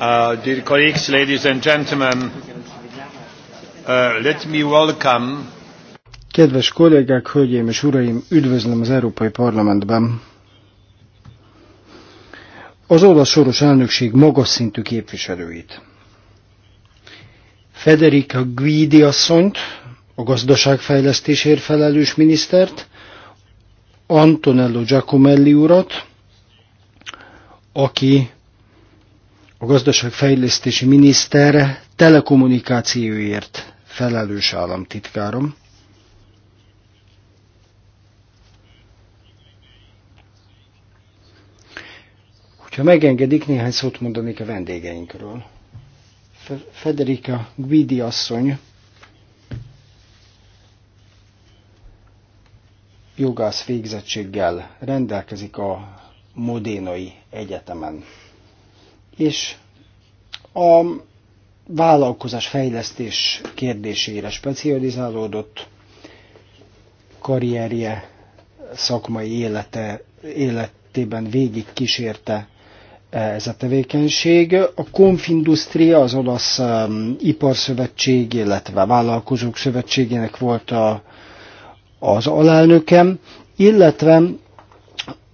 Uh, dear colleagues, ladies and gentlemen, uh, let me welcome. Kedves kollégák, hölgyeim és uraim, üdvözlöm az Európai Parlamentben. Az olasz soros elnökség magas szintű képviselőit. Federica Guidi asszonyt, a gazdaságfejlesztésért felelős minisztert, Antonello Giacomelli urat, aki a gazdaságfejlesztési miniszter telekommunikációért felelős államtitkárom. Hogyha megengedik, néhány szót mondanék a vendégeinkről. Federica Guidi asszony, jogász végzettséggel rendelkezik a Modénai Egyetemen és a vállalkozás fejlesztés kérdésére specializálódott karrierje, szakmai élete, életében végig kísérte eh, ez a tevékenység. A Konfindustria, az olasz um, iparszövetség, illetve vállalkozók szövetségének volt a, az alelnökem, illetve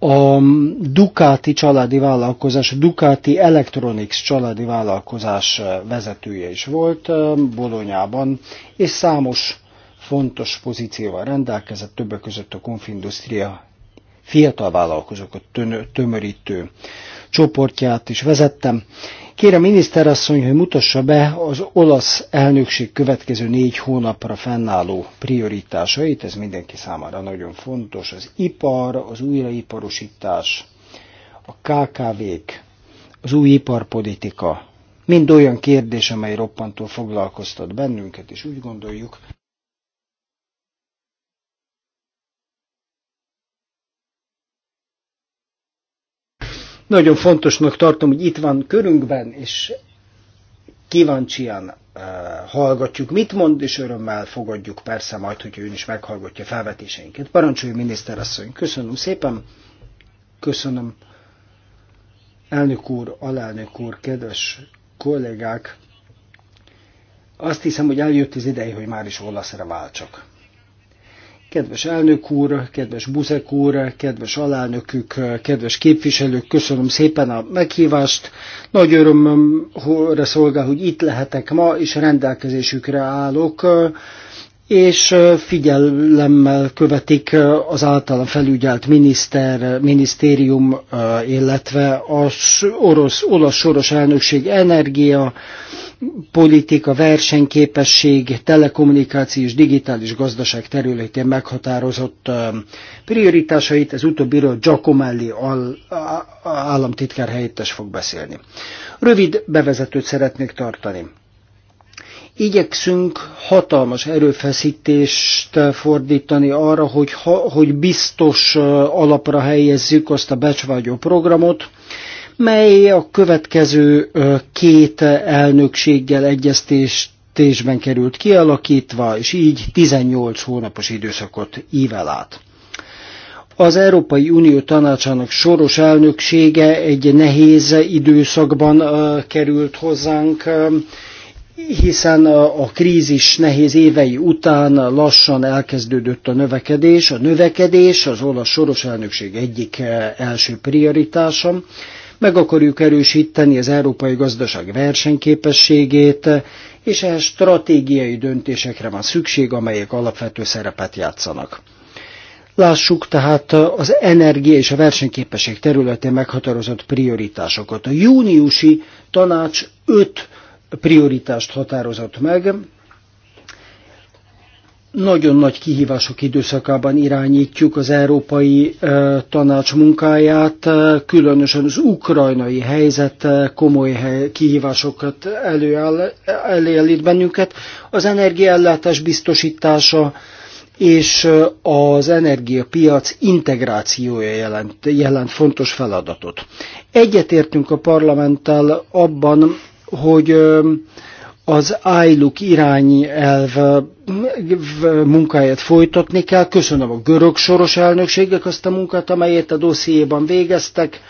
a Ducati családi vállalkozás, a Ducati Electronics családi vállalkozás vezetője is volt Bolonyában, és számos fontos pozícióval rendelkezett, többek között a Confindustria fiatal vállalkozókat tömörítő csoportját is vezettem, Kérem miniszterasszony, hogy mutassa be az olasz elnökség következő négy hónapra fennálló prioritásait, ez mindenki számára nagyon fontos, az ipar, az újraiparosítás, a KKV-k, az új iparpolitika, mind olyan kérdés, amely roppantól foglalkoztat bennünket, és úgy gondoljuk, Nagyon fontosnak tartom, hogy itt van körünkben, és kíváncsian uh, hallgatjuk, mit mond, és örömmel fogadjuk persze majd, hogy ő is meghallgatja felvetéseinket. Parancsolj, miniszterasszony, köszönöm szépen, köszönöm elnök úr, alelnök úr, kedves kollégák, azt hiszem, hogy eljött az ideje, hogy már is olaszra váltsak. Kedves elnök úr, kedves Buzek úr, kedves alelnökük, kedves képviselők, köszönöm szépen a meghívást. Nagy örömömre szolgál, hogy itt lehetek ma, és rendelkezésükre állok és figyelemmel követik az általa felügyelt miniszter, minisztérium, illetve az orosz, olasz soros elnökség energia, politika, versenyképesség, telekommunikációs, digitális gazdaság területén meghatározott prioritásait, ez utóbbiről Giacomelli államtitkár helyettes fog beszélni. Rövid bevezetőt szeretnék tartani igyekszünk hatalmas erőfeszítést eh, fordítani arra, hogy, ha, hogy biztos eh, alapra helyezzük azt a becsvágyó programot, mely a következő eh, két elnökséggel egyeztésben került kialakítva, és így 18 hónapos időszakot ível át. Az Európai Unió tanácsának soros elnöksége egy nehéz időszakban került hozzánk, hiszen a, a krízis nehéz évei után lassan elkezdődött a növekedés. A növekedés az olasz soros elnökség egyik eh, első prioritása. Meg akarjuk erősíteni az európai gazdaság versenyképességét, és ehhez stratégiai döntésekre van szükség, amelyek alapvető szerepet játszanak. Lássuk tehát az energia és a versenyképesség területén meghatározott prioritásokat. A júniusi tanács öt prioritást határozott meg, nagyon nagy kihívások időszakában irányítjuk az Európai Tanács munkáját, különösen az ukrajnai helyzet komoly kihívásokat előállít bennünket. Az energiaellátás biztosítása és az energiapiac integrációja jelent, jelent fontos feladatot. Egyetértünk a parlamenttel abban, hogy az ILUK elv munkáját folytatni kell. Köszönöm a görög soros elnökségek azt a munkát, amelyet a dossziéban végeztek,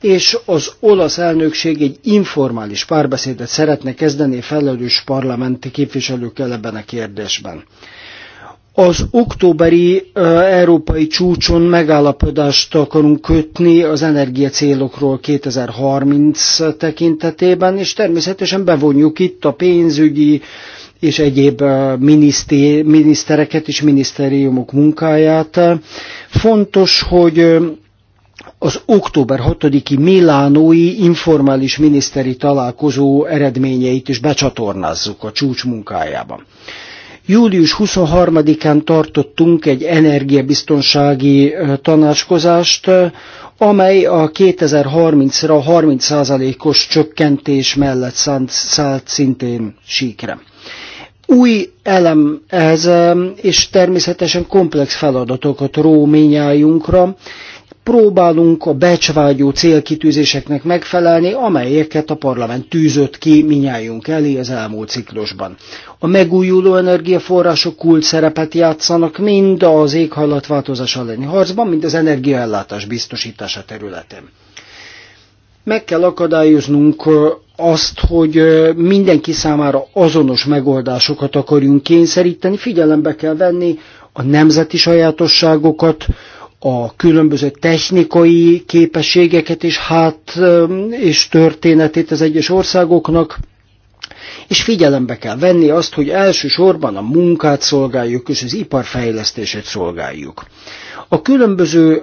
és az olasz elnökség egy informális párbeszédet szeretne kezdeni felelős parlamenti képviselőkkel ebben a kérdésben. Az októberi európai csúcson megállapodást akarunk kötni az energiacélokról 2030 tekintetében, és természetesen bevonjuk itt a pénzügyi és egyéb minisztereket és minisztériumok munkáját. Fontos, hogy az október 6-i Milánói informális miniszteri találkozó eredményeit is becsatornázzuk a csúcs munkájába. Július 23-án tartottunk egy energiabiztonsági tanácskozást, amely a 2030-ra 30%-os csökkentés mellett szállt szintén síkre. Új elem ez, és természetesen komplex feladatokat ró minnyájunkra, próbálunk a becsvágyó célkitűzéseknek megfelelni, amelyeket a parlament tűzött ki minnyájunk elé az elmúlt ciklusban. A megújuló energiaforrások kult szerepet játszanak mind az éghajlatváltozás elleni harcban, mind az energiaellátás biztosítása területén. Meg kell akadályoznunk azt, hogy mindenki számára azonos megoldásokat akarjunk kényszeríteni, figyelembe kell venni a nemzeti sajátosságokat, a különböző technikai képességeket és hát és történetét az egyes országoknak, és figyelembe kell venni azt, hogy elsősorban a munkát szolgáljuk és az iparfejlesztését szolgáljuk. A különböző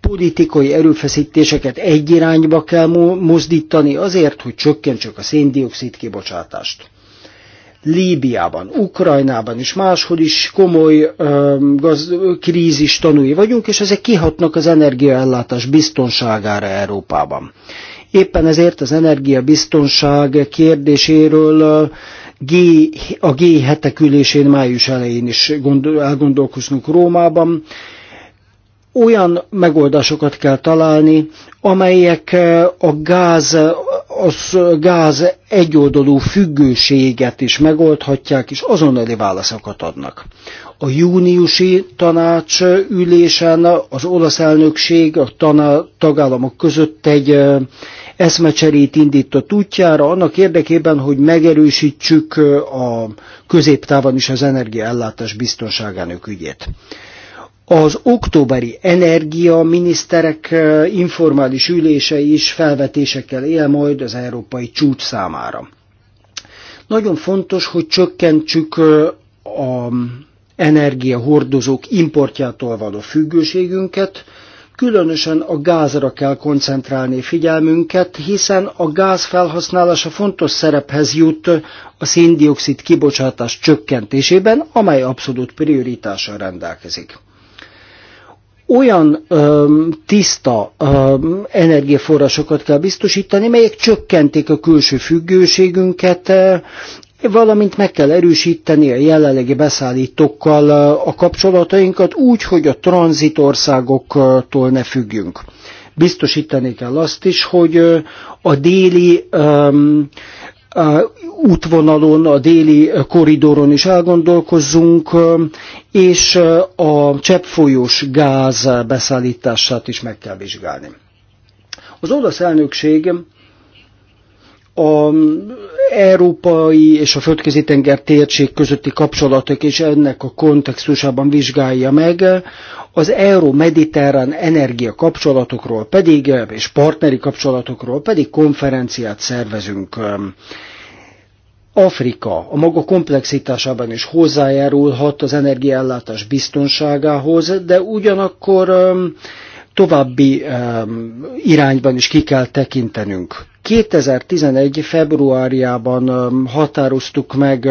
politikai erőfeszítéseket egy irányba kell mozdítani azért, hogy csökkentsük a széndiokszid kibocsátást. Líbiában, Ukrajnában és máshol is komoly öm, gaz, krízis tanúi vagyunk, és ezek kihatnak az energiaellátás biztonságára Európában. Éppen ezért az energiabiztonság kérdéséről G, a G7 ülésén május elején is gondol, elgondolkoznunk Rómában, olyan megoldásokat kell találni, amelyek eh, a gáz, az gáz egyoldalú függőséget is megoldhatják, és azonnali válaszokat adnak. A júniusi tanács ülésen az olasz elnökség a taná, tagállamok között egy eh, eszmecserét indított útjára, annak érdekében, hogy megerősítsük eh, a középtávon is az energiaellátás biztonságának ügyét. Az októberi energiaminiszterek informális ülése is felvetésekkel él majd az európai csúcs számára. Nagyon fontos, hogy csökkentsük a energiahordozók importjától való függőségünket, Különösen a gázra kell koncentrálni figyelmünket, hiszen a gáz felhasználása fontos szerephez jut a széndiokszid kibocsátás csökkentésében, amely abszolút prioritással rendelkezik olyan öm, tiszta öm, energiaforrásokat kell biztosítani, melyek csökkentik a külső függőségünket, eh, valamint meg kell erősíteni a jelenlegi beszállítókkal eh, a kapcsolatainkat úgy, hogy a tranzitországoktól ne függjünk. Biztosítani kell azt is, hogy eh, a déli um, útvonalon, a déli koridoron is elgondolkozzunk, és a cseppfolyós gáz beszállítását is meg kell vizsgálni. Az olasz elnökség a európai és a földközi tenger térség közötti kapcsolatok és ennek a kontextusában vizsgálja meg, az euró-mediterrán energia kapcsolatokról pedig, és partneri kapcsolatokról pedig konferenciát szervezünk. Afrika a maga komplexitásában is hozzájárulhat az energiaellátás biztonságához, de ugyanakkor um, további um, irányban is ki kell tekintenünk 2011. februárjában határoztuk meg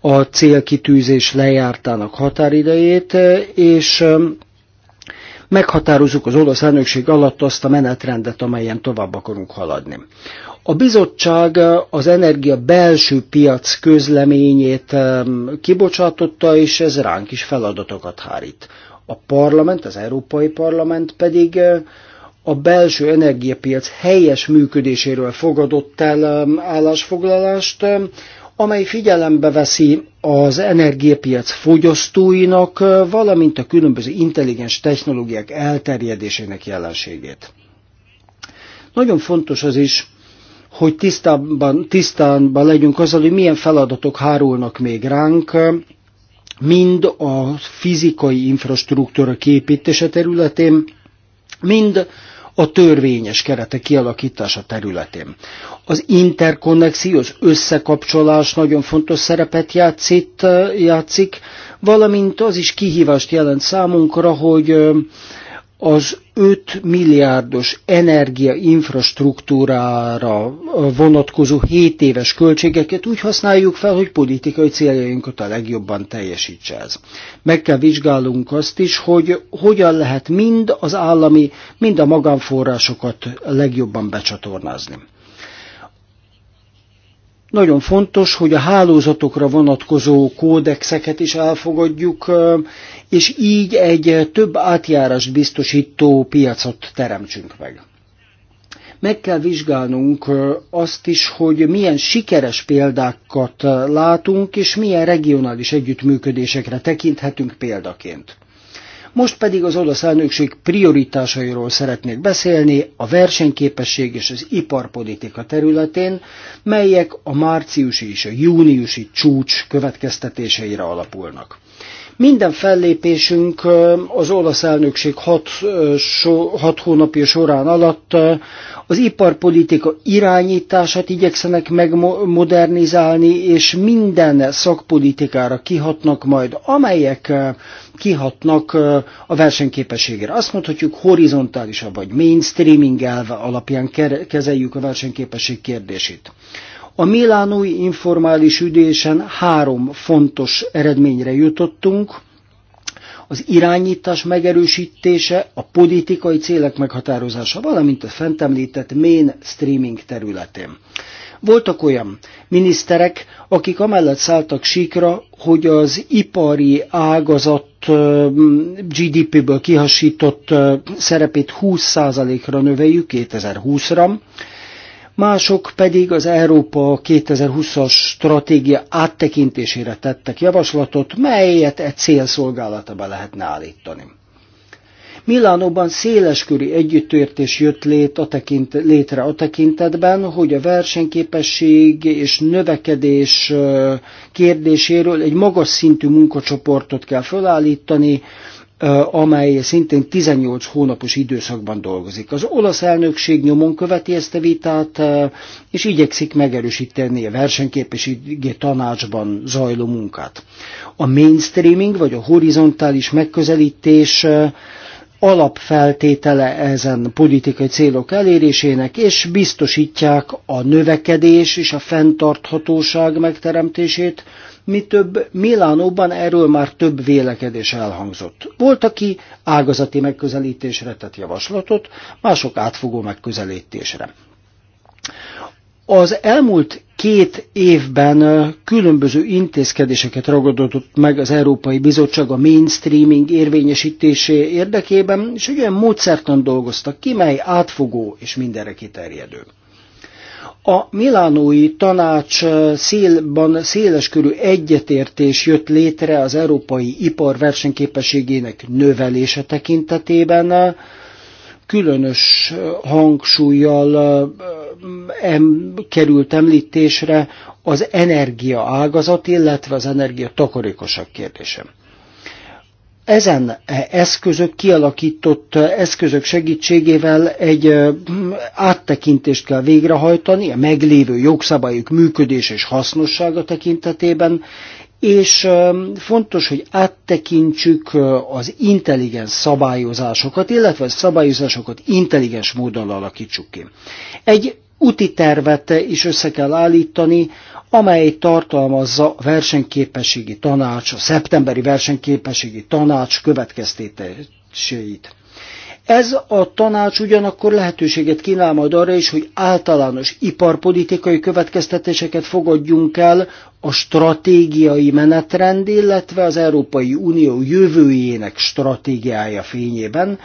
a célkitűzés lejártának határidejét, és meghatározunk az olasz elnökség alatt azt a menetrendet, amelyen tovább akarunk haladni. A bizottság az energia belső piac közleményét kibocsátotta, és ez ránk is feladatokat hárít. A parlament, az Európai Parlament pedig a belső energiapiac helyes működéséről fogadott el um, állásfoglalást, um, amely figyelembe veszi az energiapiac fogyasztóinak, uh, valamint a különböző intelligens technológiák elterjedésének jelenségét. Nagyon fontos az is, hogy tisztában, tisztánban legyünk azzal, hogy milyen feladatok hárulnak még ránk, mind a fizikai infrastruktúra képítése területén, mind a törvényes keretek kialakítása területén. Az interkonnexió, az összekapcsolás nagyon fontos szerepet játszik, eh, játszik, valamint az is kihívást jelent számunkra, hogy eh, az 5 milliárdos energiainfrastruktúrára vonatkozó 7 éves költségeket úgy használjuk fel, hogy politikai céljainkat a legjobban teljesítse ez. Meg kell vizsgálnunk azt is, hogy hogyan lehet mind az állami, mind a magánforrásokat legjobban becsatornázni. Nagyon fontos, hogy a hálózatokra vonatkozó kódexeket is elfogadjuk, és így egy több átjárást biztosító piacot teremtsünk meg meg kell vizsgálnunk azt is, hogy milyen sikeres példákat látunk, és milyen regionális együttműködésekre tekinthetünk példaként. Most pedig az olasz elnökség prioritásairól szeretnék beszélni a versenyképesség és az iparpolitika területén, melyek a márciusi és a júniusi csúcs következtetéseire alapulnak. Minden fellépésünk az olasz elnökség hat, so, hat hónapja során alatt az iparpolitika irányítását igyekszenek megmodernizálni, és minden szakpolitikára kihatnak majd, amelyek kihatnak a versenyképességre. Azt mondhatjuk, horizontálisabb vagy mainstreaming elve alapján kezeljük a versenyképesség kérdését. A Milánói informális üdésen három fontos eredményre jutottunk. Az irányítás megerősítése, a politikai célek meghatározása, valamint a fent említett streaming területén. Voltak olyan miniszterek, akik amellett szálltak síkra, hogy az ipari ágazat GDP-ből kihasított szerepét 20%-ra növeljük 2020-ra, mások pedig az Európa 2020-as stratégia áttekintésére tettek javaslatot, melyet egy cél szolgálatába lehetne állítani. Milánóban széleskörű együttértés jött lét a tekint, létre a tekintetben, hogy a versenyképesség és növekedés kérdéséről egy magas szintű munkacsoportot kell felállítani, amely szintén 18 hónapos időszakban dolgozik. Az olasz elnökség nyomon követi ezt a vitát, és igyekszik megerősíteni a versenyképességi tanácsban zajló munkát. A mainstreaming, vagy a horizontális megközelítés alapfeltétele ezen politikai célok elérésének, és biztosítják a növekedés és a fenntarthatóság megteremtését, mi több, Milánóban erről már több vélekedés elhangzott. Volt, aki ágazati megközelítésre tett javaslatot, mások átfogó megközelítésre. Az elmúlt két évben különböző intézkedéseket ragadott meg az Európai Bizottság a mainstreaming érvényesítésé érdekében, és egy olyan módszertan dolgoztak ki, mely átfogó és mindenre kiterjedő. A Milánói tanács eh, szélban széleskörű egyetértés jött létre az európai ipar versenyképességének növelése tekintetében, különös eh, hangsúlyjal eh, em, került említésre az energia ágazat, illetve az energia takarékosak kérdése. Ezen eszközök kialakított eszközök segítségével egy áttekintést kell végrehajtani a meglévő jogszabályok működés és hasznossága tekintetében, és fontos, hogy áttekintsük az intelligens szabályozásokat, illetve a szabályozásokat intelligens módon alakítsuk ki. Egy úti tervet is össze kell állítani, amely tartalmazza a versenyképességi tanács, a szeptemberi versenyképességi tanács következtetéseit. Ez a tanács ugyanakkor lehetőséget kínál majd arra is, hogy általános iparpolitikai következtetéseket fogadjunk el a stratégiai menetrend, illetve az Európai Unió jövőjének stratégiája fényében,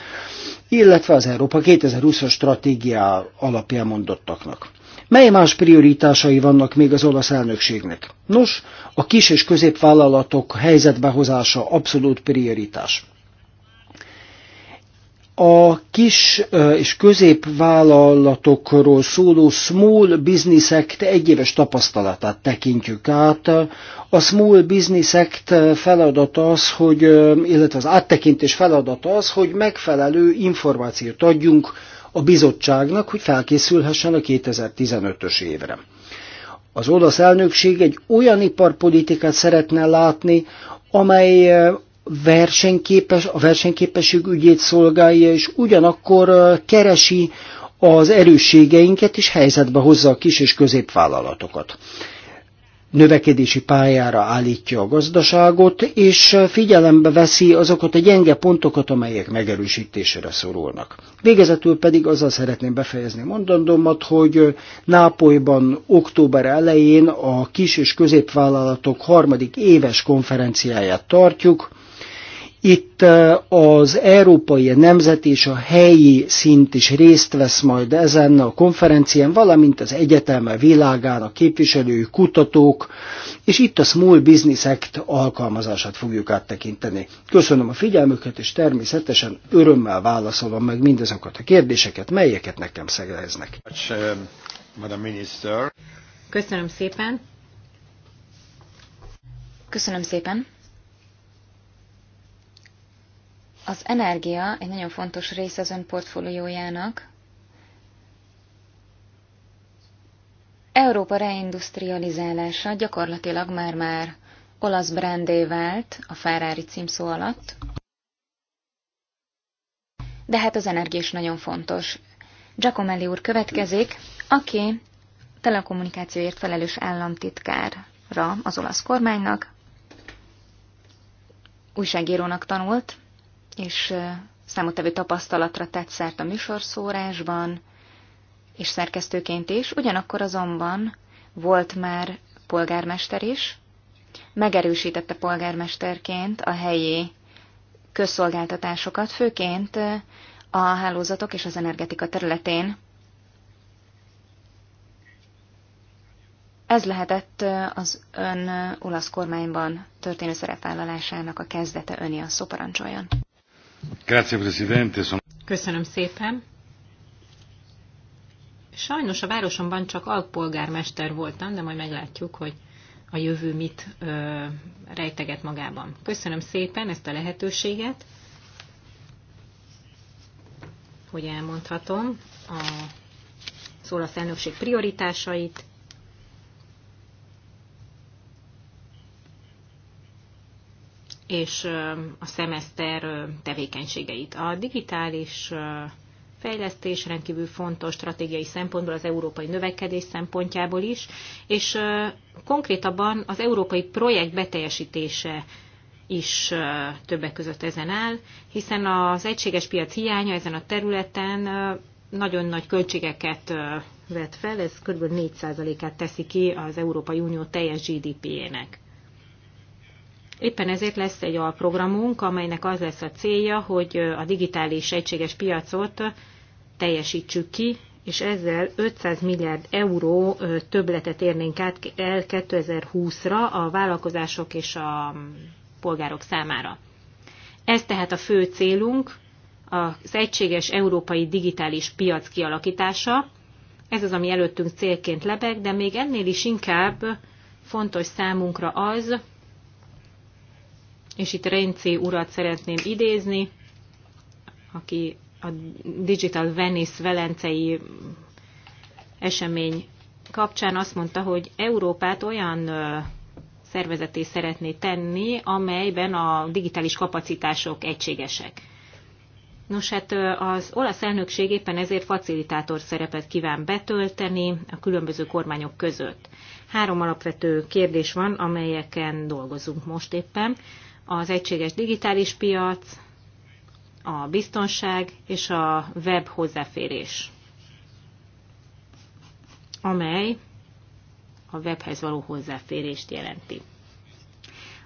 illetve az Európa 2020-as stratégiá alapján mondottaknak. Mely más prioritásai vannak még az olasz elnökségnek? Nos, a kis és középvállalatok helyzetbehozása abszolút prioritás. A kis és középvállalatokról szóló Small Business Act egyéves tapasztalatát tekintjük át. A Small Business Act feladata az, hogy, illetve az áttekintés feladata az, hogy megfelelő információt adjunk a bizottságnak, hogy felkészülhessen a 2015-ös évre. Az olasz elnökség egy olyan iparpolitikát szeretne látni, amely eh, versenyképes, a versenyképesség ügyét szolgálja, és ugyanakkor eh, keresi az erősségeinket, és helyzetbe hozza a kis és középvállalatokat növekedési pályára állítja a gazdaságot, és figyelembe veszi azokat a gyenge pontokat, amelyek megerősítésére szorulnak. Végezetül pedig azzal szeretném befejezni mondandómat, hogy Nápolyban október elején a kis és középvállalatok harmadik éves konferenciáját tartjuk, itt az európai, nemzet és a helyi szint is részt vesz majd ezen a konferencián, valamint az egyetemek világának képviselői kutatók, és itt a Small Business Act alkalmazását fogjuk áttekinteni. Köszönöm a figyelmüket, és természetesen örömmel válaszolom meg mindazokat a kérdéseket, melyeket nekem szegeleznek. Köszönöm szépen. Köszönöm szépen. Az energia egy nagyon fontos része az ön portfóliójának. Európa reindustrializálása gyakorlatilag már-már olasz brandé vált a Ferrari címszó alatt. De hát az energia is nagyon fontos. Giacomelli úr következik, aki telekommunikációért felelős államtitkárra az olasz kormánynak, újságírónak tanult, és számottevő tapasztalatra tett szert a műsorszórásban, és szerkesztőként is, ugyanakkor azonban volt már polgármester is, megerősítette polgármesterként a helyi közszolgáltatásokat, főként a hálózatok és az energetika területén. Ez lehetett az ön olasz kormányban történő szerepvállalásának a kezdete öni a szó parancsoljon. Köszönöm szépen. Sajnos a városomban csak alpolgármester voltam, de majd meglátjuk, hogy a jövő mit ö, rejteget magában. Köszönöm szépen ezt a lehetőséget, hogy elmondhatom a szólasz elnökség prioritásait, és a szemeszter tevékenységeit. A digitális fejlesztés rendkívül fontos stratégiai szempontból, az európai növekedés szempontjából is, és konkrétabban az európai projekt beteljesítése is többek között ezen áll, hiszen az egységes piac hiánya ezen a területen nagyon nagy költségeket vet fel, ez kb. 4%-át teszi ki az Európai Unió teljes GDP-jének. Éppen ezért lesz egy alprogramunk, amelynek az lesz a célja, hogy a digitális egységes piacot teljesítsük ki, és ezzel 500 milliárd euró többletet érnénk át el 2020-ra a vállalkozások és a mm, polgárok számára. Ez tehát a fő célunk, az egységes európai digitális piac kialakítása. Ez az, ami előttünk célként lebeg, de még ennél is inkább fontos számunkra az, és itt Renci urat szeretném idézni, aki a Digital Venice velencei esemény kapcsán azt mondta, hogy Európát olyan szervezeté szeretné tenni, amelyben a digitális kapacitások egységesek. Nos, hát az olasz elnökség éppen ezért facilitátor szerepet kíván betölteni a különböző kormányok között. Három alapvető kérdés van, amelyeken dolgozunk most éppen az egységes digitális piac, a biztonság és a web hozzáférés, amely a webhez való hozzáférést jelenti.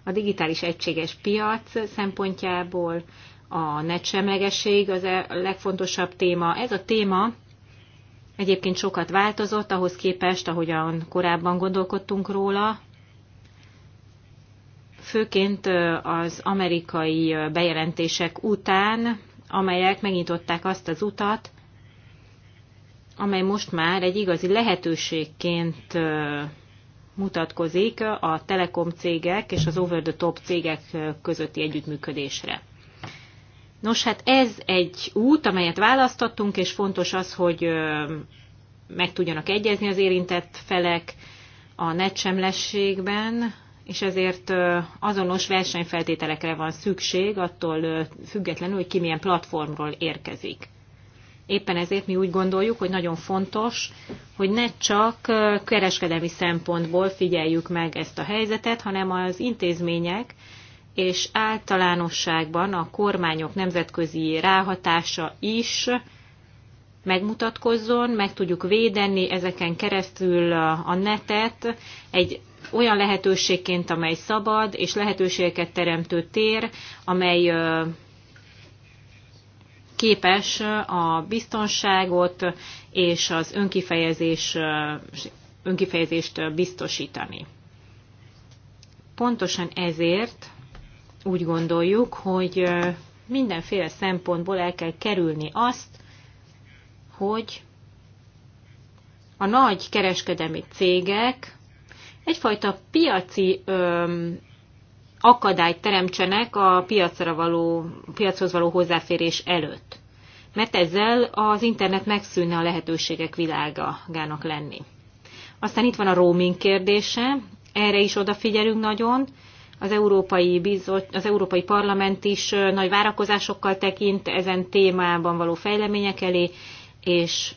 A digitális egységes piac szempontjából a netsemlegesség az e- a legfontosabb téma. Ez a téma egyébként sokat változott ahhoz képest, ahogyan korábban gondolkodtunk róla, főként az amerikai bejelentések után, amelyek megnyitották azt az utat, amely most már egy igazi lehetőségként mutatkozik a telekom cégek és az over-the-top cégek közötti együttműködésre. Nos, hát ez egy út, amelyet választottunk, és fontos az, hogy meg tudjanak egyezni az érintett felek a netsemlességben, és ezért azonos versenyfeltételekre van szükség, attól függetlenül, hogy ki milyen platformról érkezik. Éppen ezért mi úgy gondoljuk, hogy nagyon fontos, hogy ne csak kereskedelmi szempontból figyeljük meg ezt a helyzetet, hanem az intézmények és általánosságban a kormányok nemzetközi ráhatása is megmutatkozzon, meg tudjuk védeni ezeken keresztül a netet egy olyan lehetőségként, amely szabad és lehetőségeket teremtő tér, amely képes a biztonságot és az önkifejezés, önkifejezést biztosítani. Pontosan ezért úgy gondoljuk, hogy mindenféle szempontból el kell kerülni azt, hogy a nagy kereskedelmi cégek egyfajta piaci öm, akadályt teremtsenek a piacra való, piachoz való hozzáférés előtt. Mert ezzel az internet megszűnne a lehetőségek világának lenni. Aztán itt van a roaming kérdése, erre is odafigyelünk nagyon. Az Európai, Bizot, az Európai Parlament is nagy várakozásokkal tekint ezen témában való fejlemények elé, és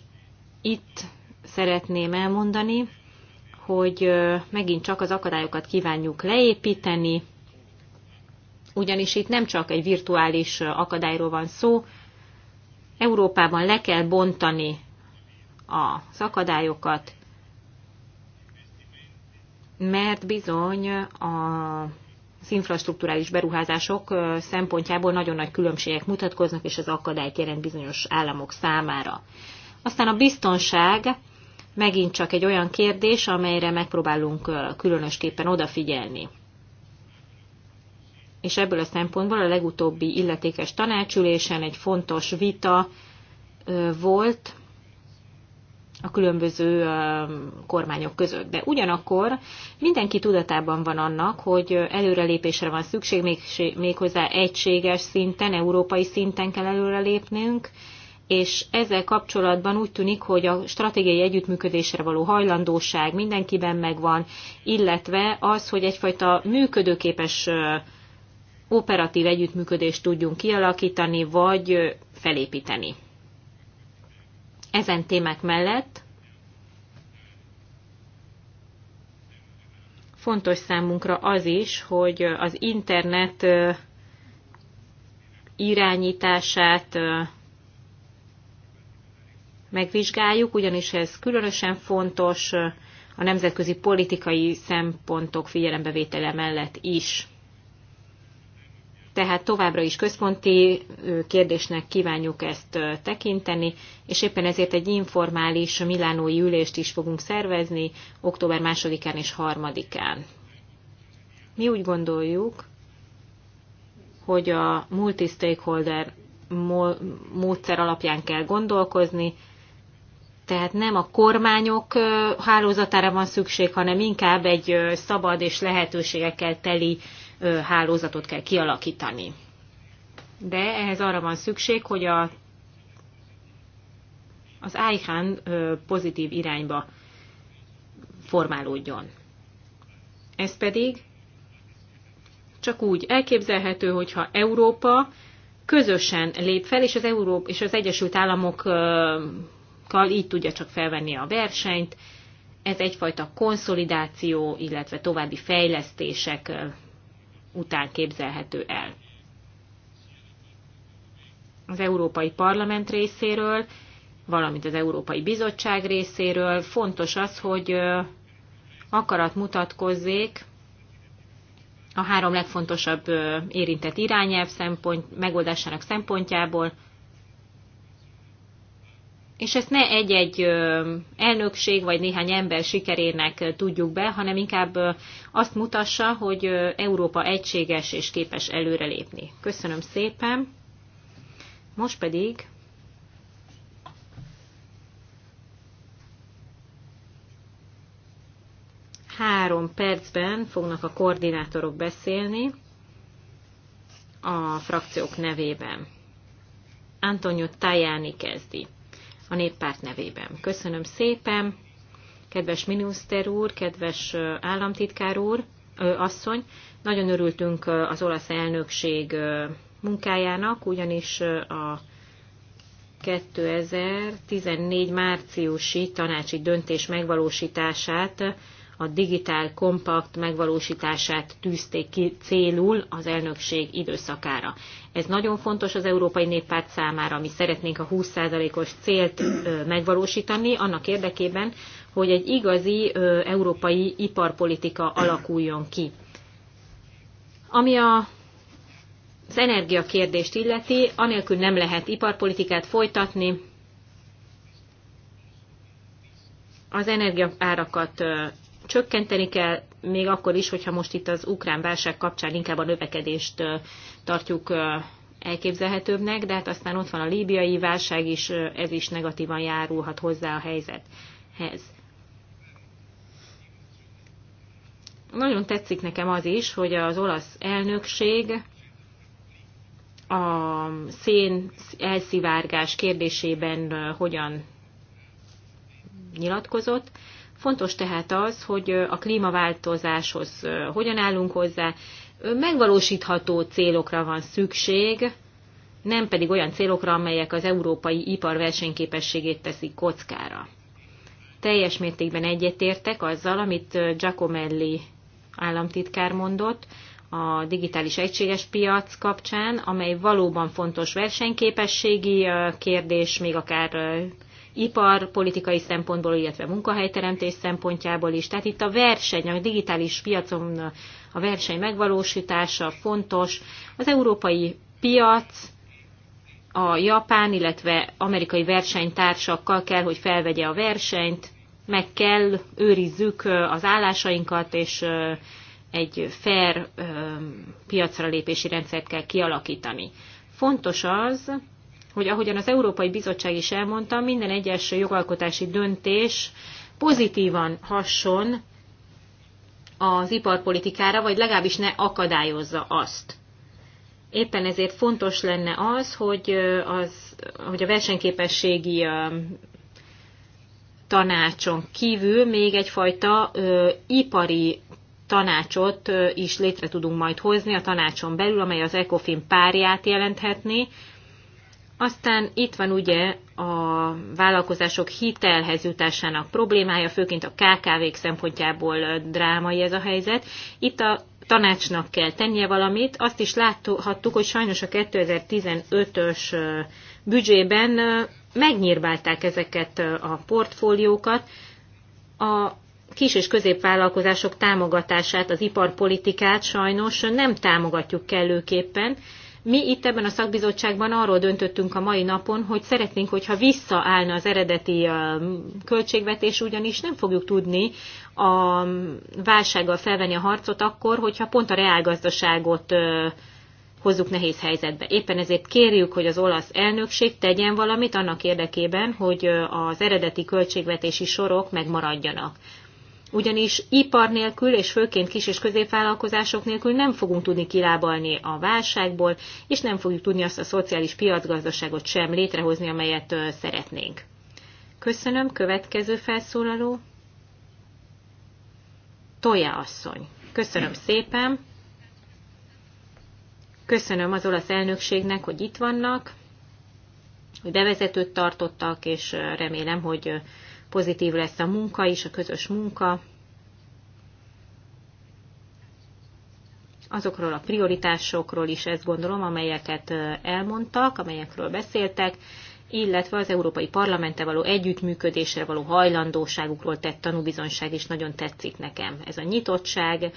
itt szeretném elmondani, hogy megint csak az akadályokat kívánjuk leépíteni, ugyanis itt nem csak egy virtuális akadályról van szó, Európában le kell bontani az akadályokat, mert bizony az infrastruktúrális beruházások szempontjából nagyon nagy különbségek mutatkoznak, és az akadályt jelent bizonyos államok számára. Aztán a biztonság, megint csak egy olyan kérdés, amelyre megpróbálunk különösképpen odafigyelni. És ebből a szempontból a legutóbbi illetékes tanácsülésen egy fontos vita volt a különböző kormányok között. De ugyanakkor mindenki tudatában van annak, hogy előrelépésre van szükség, méghozzá egységes szinten, európai szinten kell előrelépnünk, és ezzel kapcsolatban úgy tűnik, hogy a stratégiai együttműködésre való hajlandóság mindenkiben megvan, illetve az, hogy egyfajta működőképes operatív együttműködést tudjunk kialakítani, vagy felépíteni. Ezen témák mellett fontos számunkra az is, hogy az internet irányítását megvizsgáljuk, ugyanis ez különösen fontos a nemzetközi politikai szempontok figyelembevétele mellett is. Tehát továbbra is központi kérdésnek kívánjuk ezt tekinteni, és éppen ezért egy informális milánói ülést is fogunk szervezni október 2-án és 3-án. Mi úgy gondoljuk, hogy a multi-stakeholder módszer alapján kell gondolkozni, tehát nem a kormányok hálózatára van szükség, hanem inkább egy szabad és lehetőségekkel teli hálózatot kell kialakítani. De ehhez arra van szükség, hogy a, az IHAN pozitív irányba formálódjon. Ez pedig csak úgy elképzelhető, hogyha Európa közösen lép fel, és az Európa és az Egyesült Államok piacokkal, így tudja csak felvenni a versenyt. Ez egyfajta konszolidáció, illetve további fejlesztések után képzelhető el. Az Európai Parlament részéről, valamint az Európai Bizottság részéről fontos az, hogy akarat mutatkozzék a három legfontosabb érintett irányelv szempont, megoldásának szempontjából, és ezt ne egy-egy elnökség vagy néhány ember sikerének tudjuk be, hanem inkább azt mutassa, hogy Európa egységes és képes előrelépni. Köszönöm szépen. Most pedig három percben fognak a koordinátorok beszélni a frakciók nevében. Antonio Tajani kezdi a néppárt nevében. Köszönöm szépen, kedves miniszter úr, kedves államtitkár úr, asszony. Nagyon örültünk az olasz elnökség munkájának, ugyanis a 2014 márciusi tanácsi döntés megvalósítását a digitál kompakt megvalósítását tűzték ki célul az elnökség időszakára. Ez nagyon fontos az Európai Néppárt számára, mi szeretnénk a 20%-os célt megvalósítani, annak érdekében, hogy egy igazi európai iparpolitika alakuljon ki. Ami a az energiakérdést illeti, anélkül nem lehet iparpolitikát folytatni, az energiaárakat csökkenteni kell, még akkor is, hogyha most itt az ukrán válság kapcsán inkább a növekedést tartjuk elképzelhetőbbnek, de hát aztán ott van a líbiai válság is, ez is negatívan járulhat hozzá a helyzethez. Nagyon tetszik nekem az is, hogy az olasz elnökség a szén elszivárgás kérdésében hogyan nyilatkozott. Fontos tehát az, hogy a klímaváltozáshoz hogyan állunk hozzá. Megvalósítható célokra van szükség, nem pedig olyan célokra, amelyek az európai ipar versenyképességét teszik kockára. Teljes mértékben egyetértek azzal, amit Giacomelli államtitkár mondott a digitális egységes piac kapcsán, amely valóban fontos versenyképességi kérdés, még akár iparpolitikai szempontból, illetve munkahelyteremtés szempontjából is. Tehát itt a verseny, a digitális piacon a verseny megvalósítása fontos. Az európai piac a japán, illetve amerikai versenytársakkal kell, hogy felvegye a versenyt, meg kell őrizzük az állásainkat, és egy fair piacra lépési rendszert kell kialakítani. Fontos az, hogy ahogyan az Európai Bizottság is elmondta, minden egyes jogalkotási döntés pozitívan hasson az iparpolitikára, vagy legalábbis ne akadályozza azt. Éppen ezért fontos lenne az, hogy, az, hogy a versenyképességi tanácson kívül még egyfajta ö, ipari tanácsot ö, is létre tudunk majd hozni a tanácson belül, amely az ECOFIN párját jelenthetné, aztán itt van ugye a vállalkozások hitelhez jutásának problémája, főként a KKV-k szempontjából drámai ez a helyzet. Itt a tanácsnak kell tennie valamit. Azt is láthattuk, hogy sajnos a 2015-ös büdzsében megnyírbálták ezeket a portfóliókat. A kis és középvállalkozások támogatását, az iparpolitikát sajnos nem támogatjuk kellőképpen, mi itt ebben a szakbizottságban arról döntöttünk a mai napon, hogy szeretnénk, hogyha visszaállna az eredeti költségvetés, ugyanis nem fogjuk tudni a válsággal felvenni a harcot akkor, hogyha pont a reálgazdaságot hozzuk nehéz helyzetbe. Éppen ezért kérjük, hogy az olasz elnökség tegyen valamit annak érdekében, hogy az eredeti költségvetési sorok megmaradjanak ugyanis ipar nélkül és főként kis- és középvállalkozások nélkül nem fogunk tudni kilábalni a válságból, és nem fogjuk tudni azt a szociális piacgazdaságot sem létrehozni, amelyet szeretnénk. Köszönöm, következő felszólaló. Tolja asszony. Köszönöm szépen. Köszönöm az olasz elnökségnek, hogy itt vannak, hogy bevezetőt tartottak, és remélem, hogy pozitív lesz a munka is, a közös munka. Azokról a prioritásokról is ezt gondolom, amelyeket elmondtak, amelyekről beszéltek, illetve az Európai Parlamente való együttműködésre való hajlandóságukról tett tanúbizonyság is nagyon tetszik nekem. Ez a nyitottság,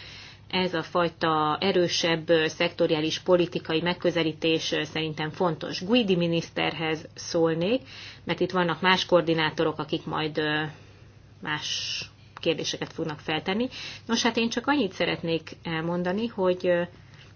ez a fajta erősebb szektoriális politikai megközelítés szerintem fontos. Guidi miniszterhez szólnék, mert itt vannak más koordinátorok, akik majd más kérdéseket fognak feltenni. Nos, hát én csak annyit szeretnék elmondani, hogy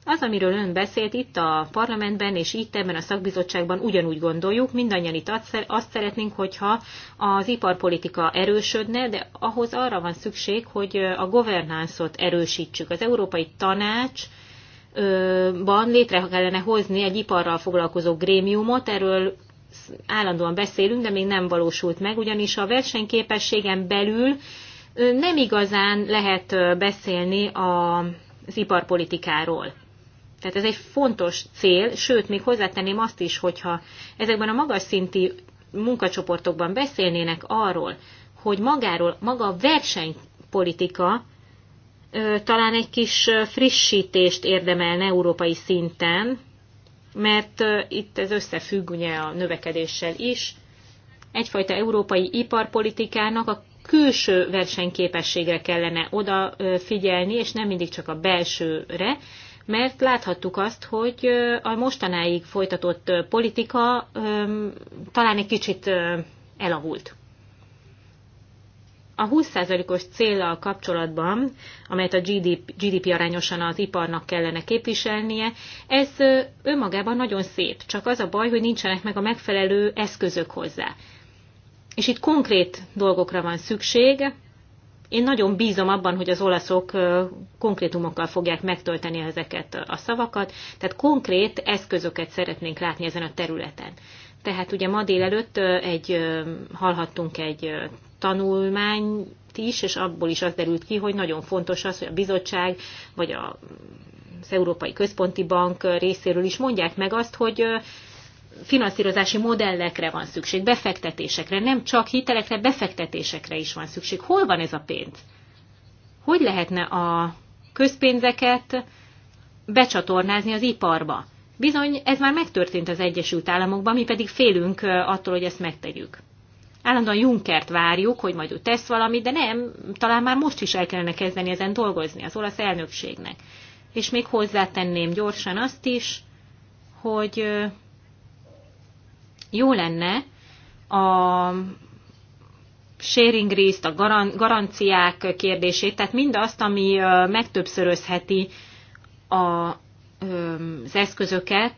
az, amiről ön beszélt itt a parlamentben és itt ebben a szakbizottságban ugyanúgy gondoljuk, mindannyian itt azt szeretnénk, hogyha az iparpolitika erősödne, de ahhoz arra van szükség, hogy a governánszot erősítsük. Az Európai Tanács ban létre kellene hozni egy iparral foglalkozó grémiumot, erről állandóan beszélünk, de még nem valósult meg, ugyanis a versenyképességen belül nem igazán lehet beszélni az iparpolitikáról. Tehát ez egy fontos cél, sőt, még hozzátenném azt is, hogyha ezekben a magas szinti munkacsoportokban beszélnének arról, hogy magáról, maga a versenypolitika talán egy kis frissítést érdemelne európai szinten, mert itt ez összefügg ugye a növekedéssel is. Egyfajta európai iparpolitikának a külső versenyképességre kellene odafigyelni, és nem mindig csak a belsőre, mert láthattuk azt, hogy a mostanáig folytatott politika talán egy kicsit elavult. A 20%-os céllal kapcsolatban, amelyet a GDP, GDP arányosan az iparnak kellene képviselnie, ez önmagában nagyon szép, csak az a baj, hogy nincsenek meg a megfelelő eszközök hozzá. És itt konkrét dolgokra van szükség, én nagyon bízom abban, hogy az olaszok konkrétumokkal fogják megtölteni ezeket a szavakat, tehát konkrét eszközöket szeretnénk látni ezen a területen. Tehát ugye ma délelőtt egy, hallhattunk egy tanulmányt is, és abból is az derült ki, hogy nagyon fontos az, hogy a bizottság vagy a, az Európai Központi Bank részéről is mondják meg azt, hogy finanszírozási modellekre van szükség, befektetésekre, nem csak hitelekre, befektetésekre is van szükség. Hol van ez a pénz? Hogy lehetne a közpénzeket becsatornázni az iparba? Bizony, ez már megtörtént az Egyesült Államokban, mi pedig félünk attól, hogy ezt megtegyük. Állandóan Junkert várjuk, hogy majd ő tesz valamit, de nem, talán már most is el kellene kezdeni ezen dolgozni az olasz elnökségnek. És még hozzátenném gyorsan azt is, hogy jó lenne a sharing részt, a garanciák kérdését, tehát mindazt, ami megtöbbszörözheti a, az eszközöket.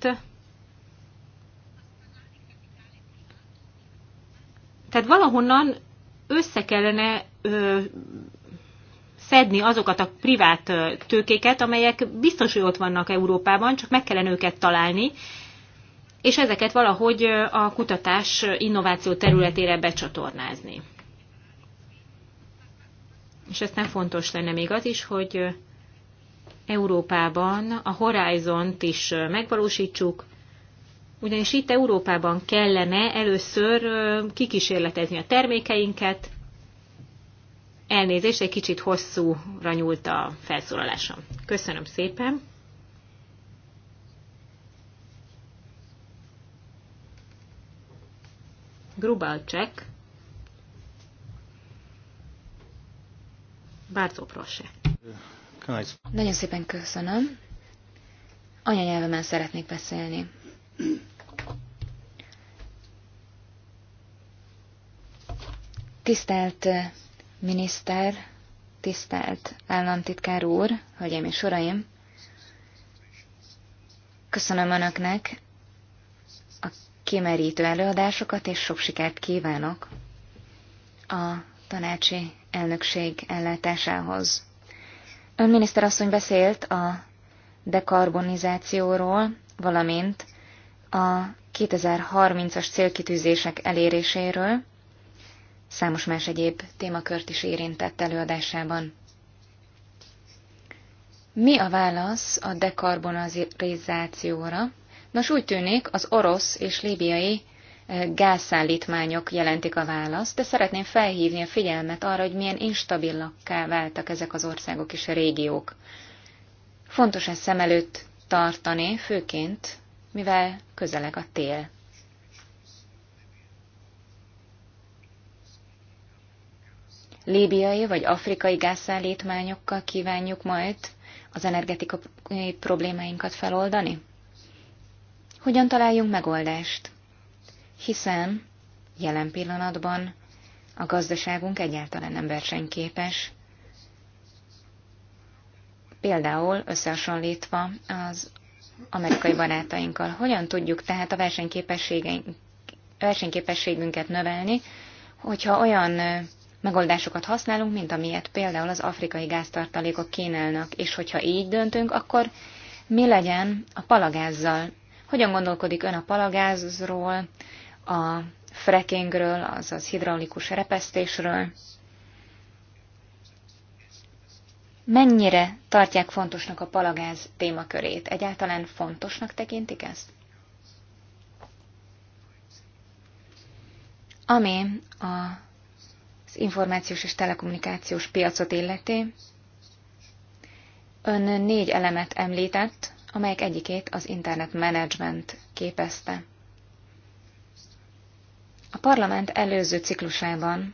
Tehát valahonnan össze kellene szedni azokat a privát tőkéket, amelyek biztos, hogy ott vannak Európában, csak meg kellene őket találni, és ezeket valahogy a kutatás innováció területére becsatornázni. És nem fontos lenne még az is, hogy Európában a Horizont is megvalósítsuk, ugyanis itt Európában kellene először kikísérletezni a termékeinket. Elnézést, egy kicsit hosszúra nyúlt a felszólalásom. Köszönöm szépen! Grubalcsek, bardzo prosse. Nagyon szépen köszönöm. Anyanyelvemen szeretnék beszélni. Tisztelt eh, miniszter, tisztelt államtitkár úr, hölgyeim és uraim! Köszönöm Önöknek a kimerítő előadásokat, és sok sikert kívánok a tanácsi elnökség ellátásához. Ön miniszter asszony beszélt a dekarbonizációról, valamint a 2030-as célkitűzések eléréséről, számos más egyéb témakört is érintett előadásában. Mi a válasz a dekarbonizációra? Nos, úgy tűnik, az orosz és líbiai e, gázszállítmányok jelentik a választ, de szeretném felhívni a figyelmet arra, hogy milyen instabilakká váltak ezek az országok és a régiók. Fontos ezt szem előtt tartani, főként, mivel közeleg a tél. Líbiai vagy afrikai gázszállítmányokkal kívánjuk majd az energetikai problémáinkat feloldani? hogyan találjunk megoldást. Hiszen jelen pillanatban a gazdaságunk egyáltalán nem versenyképes. Például összehasonlítva az amerikai barátainkkal. Hogyan tudjuk tehát a versenyképességünket növelni, hogyha olyan megoldásokat használunk, mint amilyet például az afrikai gáztartalékok kínálnak, és hogyha így döntünk, akkor mi legyen a palagázzal hogyan gondolkodik ön a palagázról, a frackingről, azaz hidraulikus repesztésről? Mennyire tartják fontosnak a palagáz témakörét? Egyáltalán fontosnak tekintik ezt? Ami a az információs és telekommunikációs piacot illeti. Ön négy elemet említett, amelyek egyikét az internet management képezte. A parlament előző ciklusában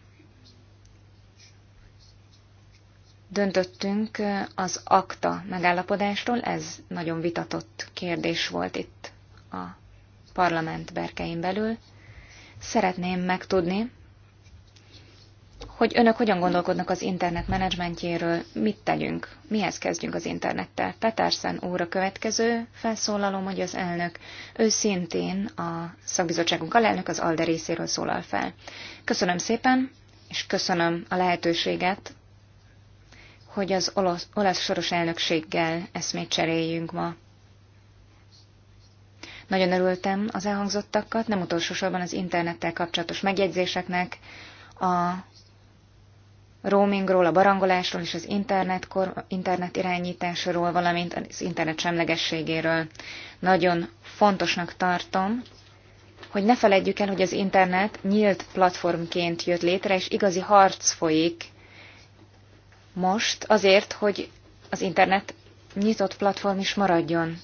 döntöttünk az akta megállapodásról, ez nagyon vitatott kérdés volt itt a parlament berkein belül. Szeretném megtudni, hogy önök hogyan gondolkodnak az internet menedzsmentjéről, mit tegyünk, mihez kezdjünk az internettel. Petárszán úr a következő felszólaló, hogy az elnök, ő szintén a szakbizottságunk alelnök az ALDE részéről szólal fel. Köszönöm szépen, és köszönöm a lehetőséget, hogy az olasz, olasz soros elnökséggel eszmét cseréljünk ma. Nagyon örültem az elhangzottakat, nem utolsó sorban az internettel kapcsolatos megjegyzéseknek, a roamingról, a barangolásról és az internetkor, internet irányításról, valamint az internet semlegességéről. Nagyon fontosnak tartom, hogy ne feledjük el, hogy az internet nyílt platformként jött létre, és igazi harc folyik most azért, hogy az internet nyitott platform is maradjon.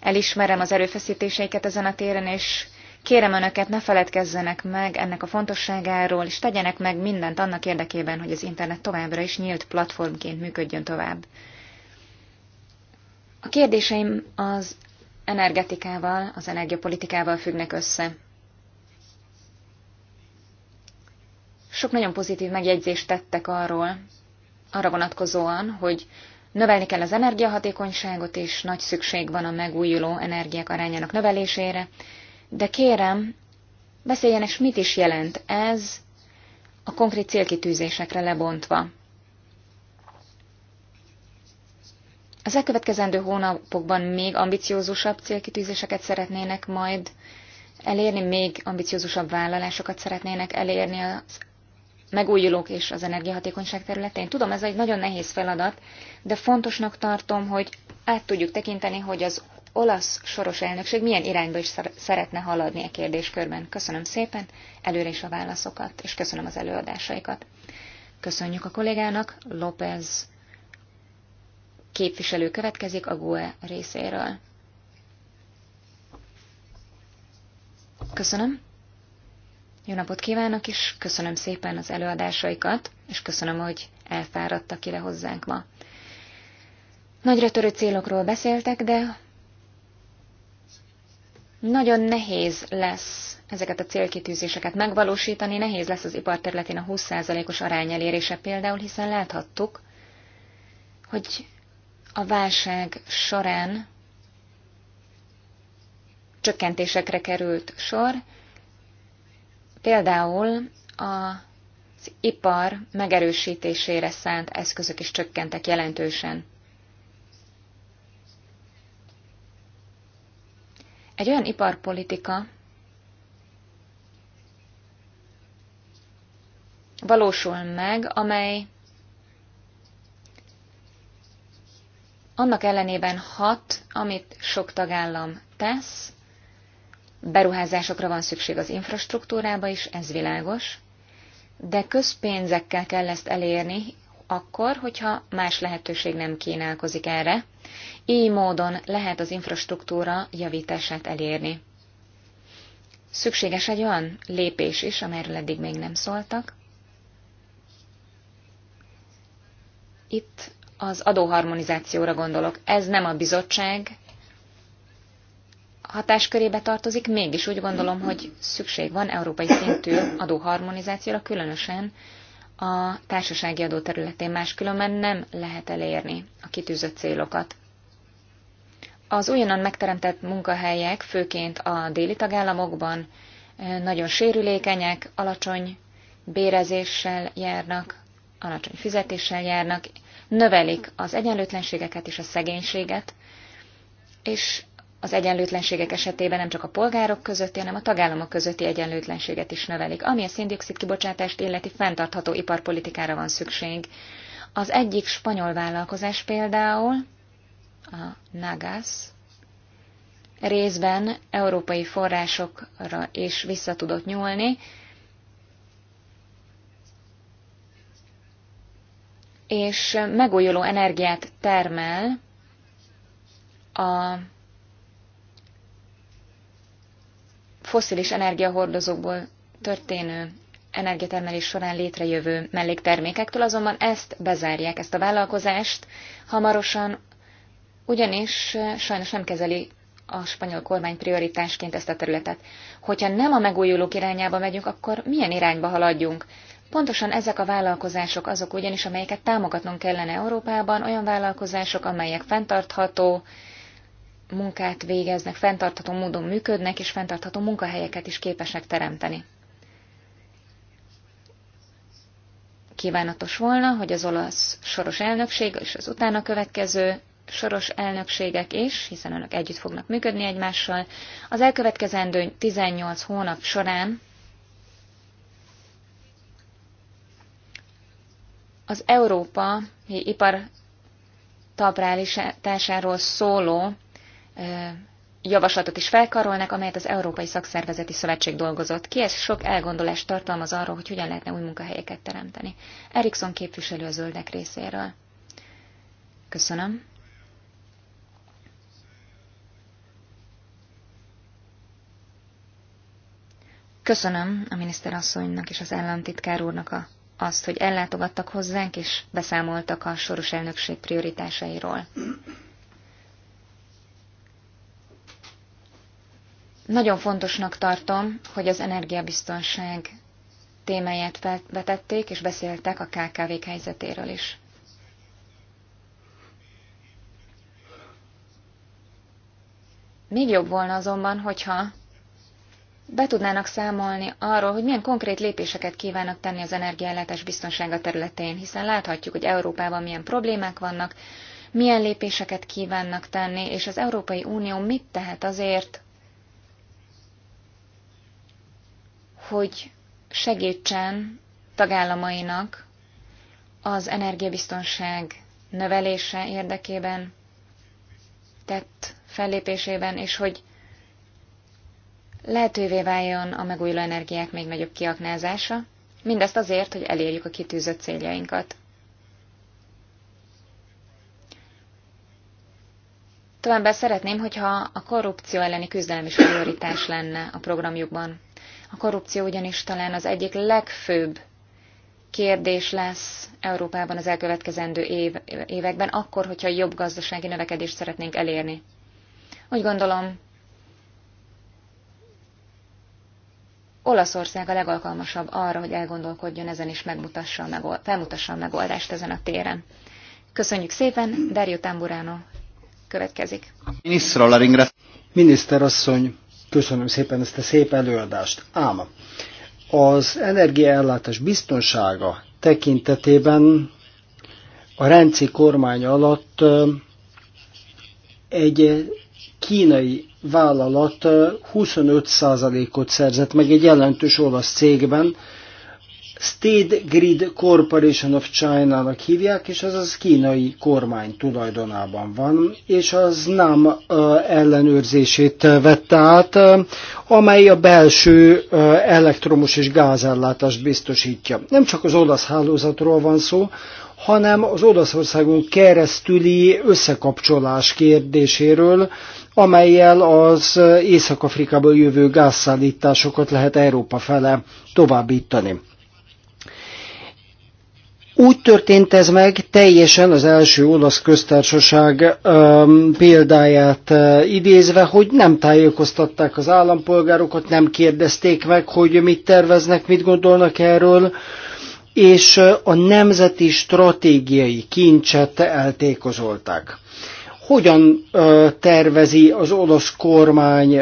Elismerem az erőfeszítéseiket ezen a téren, és Kérem Önöket, ne feledkezzenek meg ennek a fontosságáról, és tegyenek meg mindent annak érdekében, hogy az internet továbbra is nyílt platformként működjön tovább. A kérdéseim az energetikával, az energiapolitikával függnek össze. Sok nagyon pozitív megjegyzést tettek arról, arra vonatkozóan, hogy növelni kell az energiahatékonyságot, és nagy szükség van a megújuló energiák arányának növelésére, de kérem, beszéljenek, és mit is jelent ez a konkrét célkitűzésekre lebontva. Az elkövetkezendő hónapokban még ambiciózusabb célkitűzéseket szeretnének majd elérni, még ambiciózusabb vállalásokat szeretnének elérni az megújulók és az energiahatékonyság területén. Tudom, ez egy nagyon nehéz feladat, de fontosnak tartom, hogy át tudjuk tekinteni, hogy az olasz soros elnökség milyen irányba is szeretne haladni a e kérdéskörben. Köszönöm szépen előre is a válaszokat, és köszönöm az előadásaikat. Köszönjük a kollégának, López képviselő következik a GUE részéről. Köszönöm. Jó napot kívánok, és köszönöm szépen az előadásaikat, és köszönöm, hogy elfáradtak ide hozzánk ma. Nagyra törő célokról beszéltek, de nagyon nehéz lesz ezeket a célkitűzéseket megvalósítani, nehéz lesz az iparterületén a 20%-os arány elérése például, hiszen láthattuk, hogy a válság során csökkentésekre került sor, például az ipar megerősítésére szánt eszközök is csökkentek jelentősen. egy olyan iparpolitika valósul meg, amely annak ellenében hat, amit sok tagállam tesz, beruházásokra van szükség az infrastruktúrába is, ez világos, de közpénzekkel kell ezt elérni, akkor, hogyha más lehetőség nem kínálkozik erre. Így módon lehet az infrastruktúra javítását elérni. Szükséges egy olyan lépés is, amelyről eddig még nem szóltak. Itt az adóharmonizációra gondolok. Ez nem a bizottság hatáskörébe tartozik, mégis úgy gondolom, hogy szükség van európai szintű adóharmonizációra, különösen a társasági adó területén máskülönben nem lehet elérni a kitűzött célokat. Az újonnan megteremtett munkahelyek, főként a déli tagállamokban, nagyon sérülékenyek, alacsony bérezéssel járnak, alacsony fizetéssel járnak, növelik az egyenlőtlenségeket és a szegénységet, és az egyenlőtlenségek esetében nem csak a polgárok közötti, hanem a tagállamok közötti egyenlőtlenséget is növelik, ami a széndiokszid kibocsátást illeti fenntartható iparpolitikára van szükség. Az egyik spanyol vállalkozás például, a Nagas, részben európai forrásokra is vissza tudott nyúlni, és megújuló energiát termel a foszilis energiahordozókból történő energiatermelés során létrejövő melléktermékektől, azonban ezt bezárják, ezt a vállalkozást hamarosan, ugyanis eh, sajnos nem kezeli a spanyol kormány prioritásként ezt a területet. Hogyha nem a megújulók irányába megyünk, akkor milyen irányba haladjunk? Pontosan ezek a vállalkozások azok ugyanis, amelyeket támogatnunk kellene Európában, olyan vállalkozások, amelyek fenntartható, munkát végeznek, fenntartható módon működnek, és fenntartható munkahelyeket is képesek teremteni. Kívánatos volna, hogy az olasz soros elnökség és az utána következő soros elnökségek is, hiszen önök együtt fognak működni egymással, az elkövetkezendő 18 hónap során az Európa ipar ipartabrálisátásáról szóló javaslatot is felkarolnak, amelyet az Európai Szakszervezeti Szövetség dolgozott ki. Ez sok elgondolást tartalmaz arról, hogy hogyan lehetne új munkahelyeket teremteni. Erikson képviselő a zöldek részéről. Köszönöm. Köszönöm a miniszterasszonynak és az államtitkár úrnak a, azt, hogy ellátogattak hozzánk és beszámoltak a soros elnökség prioritásairól. Nagyon fontosnak tartom, hogy az energiabiztonság témáját vetették és beszéltek a KKV-k helyzetéről is. Még jobb volna azonban, hogyha be tudnának számolni arról, hogy milyen konkrét lépéseket kívánnak tenni az energiállátás biztonsága területén, hiszen láthatjuk, hogy Európában milyen problémák vannak, milyen lépéseket kívánnak tenni, és az Európai Unió mit tehet azért, hogy segítsen tagállamainak az energiabiztonság növelése érdekében tett fellépésében, és hogy lehetővé váljon a megújuló energiák még nagyobb kiaknázása, mindezt azért, hogy elérjük a kitűzött céljainkat. Továbbá szeretném, hogyha a korrupció elleni küzdelem is prioritás lenne a programjukban. A korrupció ugyanis talán az egyik legfőbb kérdés lesz Európában az elkövetkezendő év, években, akkor, hogyha jobb gazdasági növekedést szeretnénk elérni. Úgy gondolom, Olaszország a legalkalmasabb arra, hogy elgondolkodjon ezen és megmutassa a megold, felmutassa a megoldást ezen a téren. Köszönjük szépen, Dario Tamburano következik. Miniszter asszony, Köszönöm szépen ezt a szép előadást. Ám az energiaellátás biztonsága tekintetében a Renci kormány alatt egy kínai vállalat 25%-ot szerzett meg egy jelentős olasz cégben, State Grid Corporation of China-nak hívják, és az az kínai kormány tulajdonában van, és az nem ellenőrzését vette át, amely a belső elektromos és gázellátást biztosítja. Nem csak az olasz hálózatról van szó, hanem az Olaszországon keresztüli összekapcsolás kérdéséről, amelyel az Észak-Afrikából jövő gázszállításokat lehet Európa fele továbbítani. Úgy történt ez meg, teljesen az első olasz köztársaság um, példáját uh, idézve, hogy nem tájékoztatták az állampolgárokat, nem kérdezték meg, hogy mit terveznek, mit gondolnak erről, és a nemzeti stratégiai kincset eltékozolták. Hogyan tervezi az olasz kormány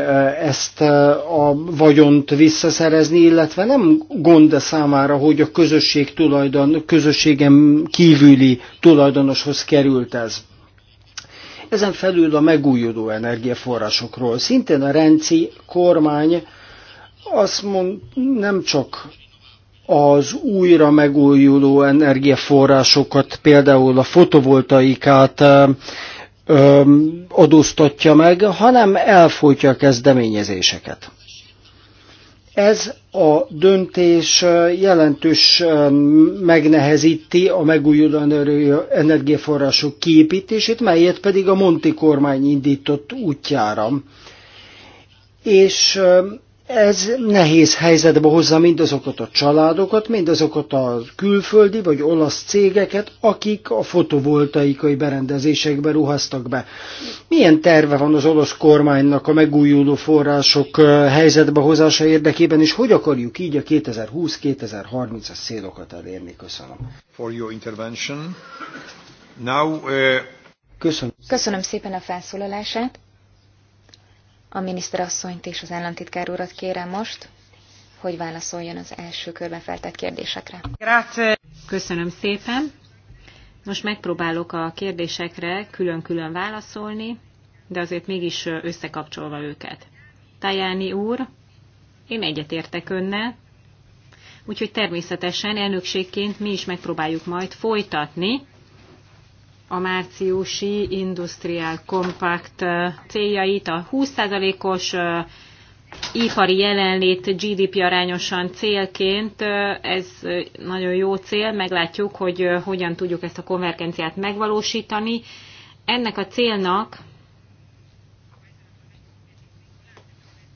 ezt a vagyont visszaszerezni, illetve nem gond -e számára, hogy a közösség tulajdon, közösségem kívüli tulajdonoshoz került ez? Ezen felül a megújuló energiaforrásokról. Szintén a Renci kormány azt mond, nem csak az újra megújuló energiaforrásokat, például a fotovoltaikát adóztatja meg, hanem elfolytja a kezdeményezéseket. Ez a döntés jelentős megnehezíti a megújuló energiaforrások kiépítését, melyet pedig a Monti kormány indított útjára. És ez nehéz helyzetbe hozza mindazokat a családokat, mindazokat a külföldi vagy olasz cégeket, akik a fotovoltaikai berendezésekbe ruháztak be. Milyen terve van az olasz kormánynak a megújuló források helyzetbe hozása érdekében, és hogy akarjuk így a 2020-2030-as célokat elérni? Köszönöm. For your intervention. Now, uh... Köszönöm. Köszönöm szépen a felszólalását. A miniszterasszonyt és az államtitkár urat kérem most, hogy válaszoljon az első körben feltett kérdésekre. Köszönöm szépen. Most megpróbálok a kérdésekre külön-külön válaszolni, de azért mégis összekapcsolva őket. Tajáni úr, én egyetértek önnel, úgyhogy természetesen elnökségként mi is megpróbáljuk majd folytatni a márciusi Industrial Compact eh, céljait, a 20%-os eh, ipari jelenlét GDP arányosan célként, eh, ez nagyon jó cél, meglátjuk, hogy hogyan tudjuk ezt a konvergenciát megvalósítani. Ennek a célnak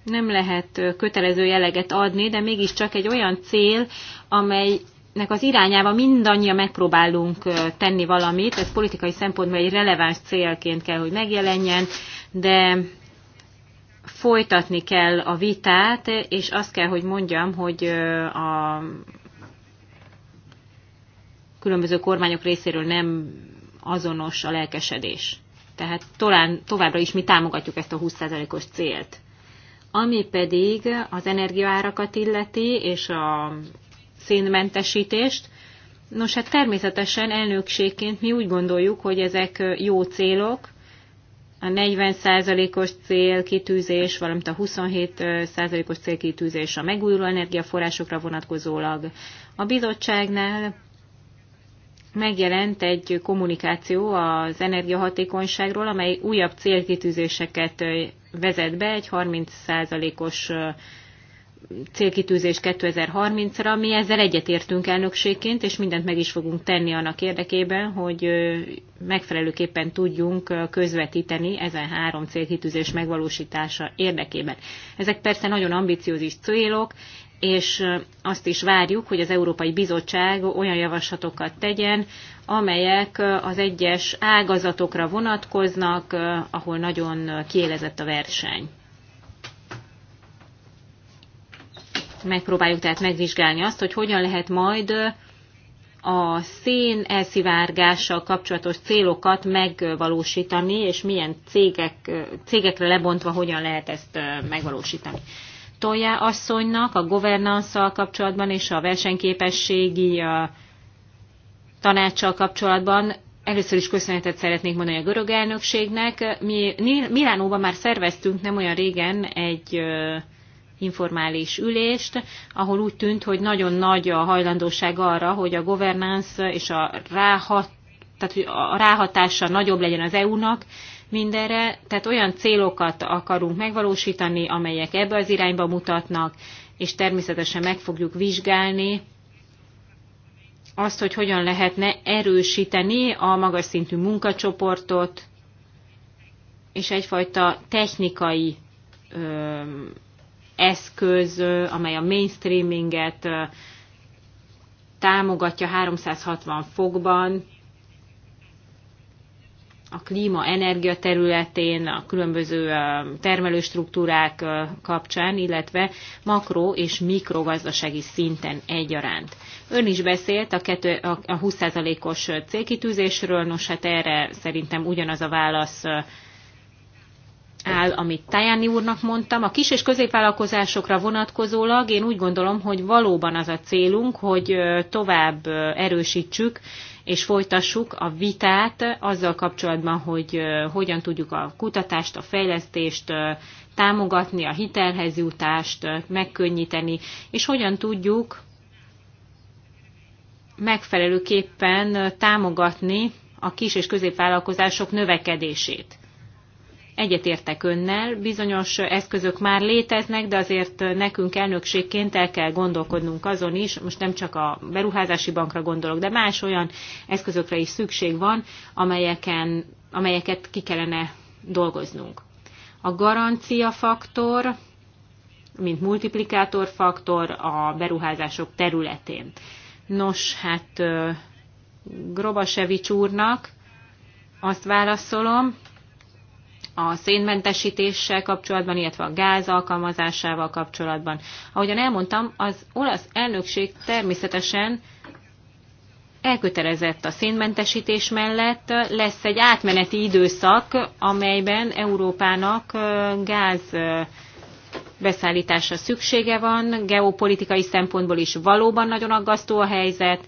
nem lehet kötelező jeleget adni, de mégiscsak egy olyan cél, amely nek az irányába mindannyian megpróbálunk tenni valamit, ez politikai szempontból egy releváns célként kell, hogy megjelenjen, de folytatni kell a vitát, és azt kell, hogy mondjam, hogy a különböző kormányok részéről nem azonos a lelkesedés. Tehát talán továbbra is mi támogatjuk ezt a 20%-os célt. Ami pedig az energiaárakat illeti, és a szénmentesítést. Nos, hát természetesen elnökségként mi úgy gondoljuk, hogy ezek jó célok, a 40%-os célkitűzés, valamint a 27%-os célkitűzés a megújuló energiaforrásokra vonatkozólag. A bizottságnál megjelent egy kommunikáció az energiahatékonyságról, amely újabb célkitűzéseket vezet be, egy 30%-os célkitűzés 2030-ra. Mi ezzel egyetértünk elnökségként, és mindent meg is fogunk tenni annak érdekében, hogy megfelelőképpen tudjunk közvetíteni ezen három célkitűzés megvalósítása érdekében. Ezek persze nagyon ambiciózis célok, és azt is várjuk, hogy az Európai Bizottság olyan javaslatokat tegyen, amelyek az egyes ágazatokra vonatkoznak, ahol nagyon kiélezett a verseny. Megpróbáljuk tehát megvizsgálni azt, hogy hogyan lehet majd a szén elszivárgással kapcsolatos célokat megvalósítani, és milyen cégek, cégekre lebontva hogyan lehet ezt megvalósítani. Tojá, asszonynak a governance kapcsolatban és a versenyképességi tanácssal kapcsolatban először is köszönetet szeretnék mondani a görög elnökségnek. Mi Milánóban már szerveztünk nem olyan régen egy informális ülést, ahol úgy tűnt, hogy nagyon nagy a hajlandóság arra, hogy a governance és a, ráhat, tehát, hogy a ráhatása nagyobb legyen az EU-nak mindenre, tehát olyan célokat akarunk megvalósítani, amelyek ebbe az irányba mutatnak, és természetesen meg fogjuk vizsgálni azt, hogy hogyan lehetne erősíteni a magas szintű munkacsoportot, és egyfajta technikai eszköz, amely a mainstreaminget támogatja 360 fokban, a klíma, energia területén, a különböző termelőstruktúrák kapcsán, illetve makro és mikrogazdasági szinten egyaránt. Ön is beszélt a, a 20%-os célkitűzésről, nos hát erre szerintem ugyanaz a válasz, áll, amit Tajani úrnak mondtam. A kis és középvállalkozásokra vonatkozólag én úgy gondolom, hogy valóban az a célunk, hogy tovább erősítsük és folytassuk a vitát azzal kapcsolatban, hogy hogyan tudjuk a kutatást, a fejlesztést támogatni, a hitelhez jutást megkönnyíteni, és hogyan tudjuk megfelelőképpen támogatni a kis és középvállalkozások növekedését egyetértek önnel, bizonyos eszközök már léteznek, de azért nekünk elnökségként el kell gondolkodnunk azon is, most nem csak a beruházási bankra gondolok, de más olyan eszközökre is szükség van, amelyeken, amelyeket ki kellene dolgoznunk. A garanciafaktor, mint multiplikátorfaktor a beruházások területén. Nos, hát Grobasevics úrnak azt válaszolom, a szénmentesítéssel kapcsolatban, illetve a gáz alkalmazásával kapcsolatban. Ahogyan elmondtam, az olasz elnökség természetesen elkötelezett a szénmentesítés mellett. Lesz egy átmeneti időszak, amelyben Európának gáz beszállításra szüksége van. Geopolitikai szempontból is valóban nagyon aggasztó a helyzet,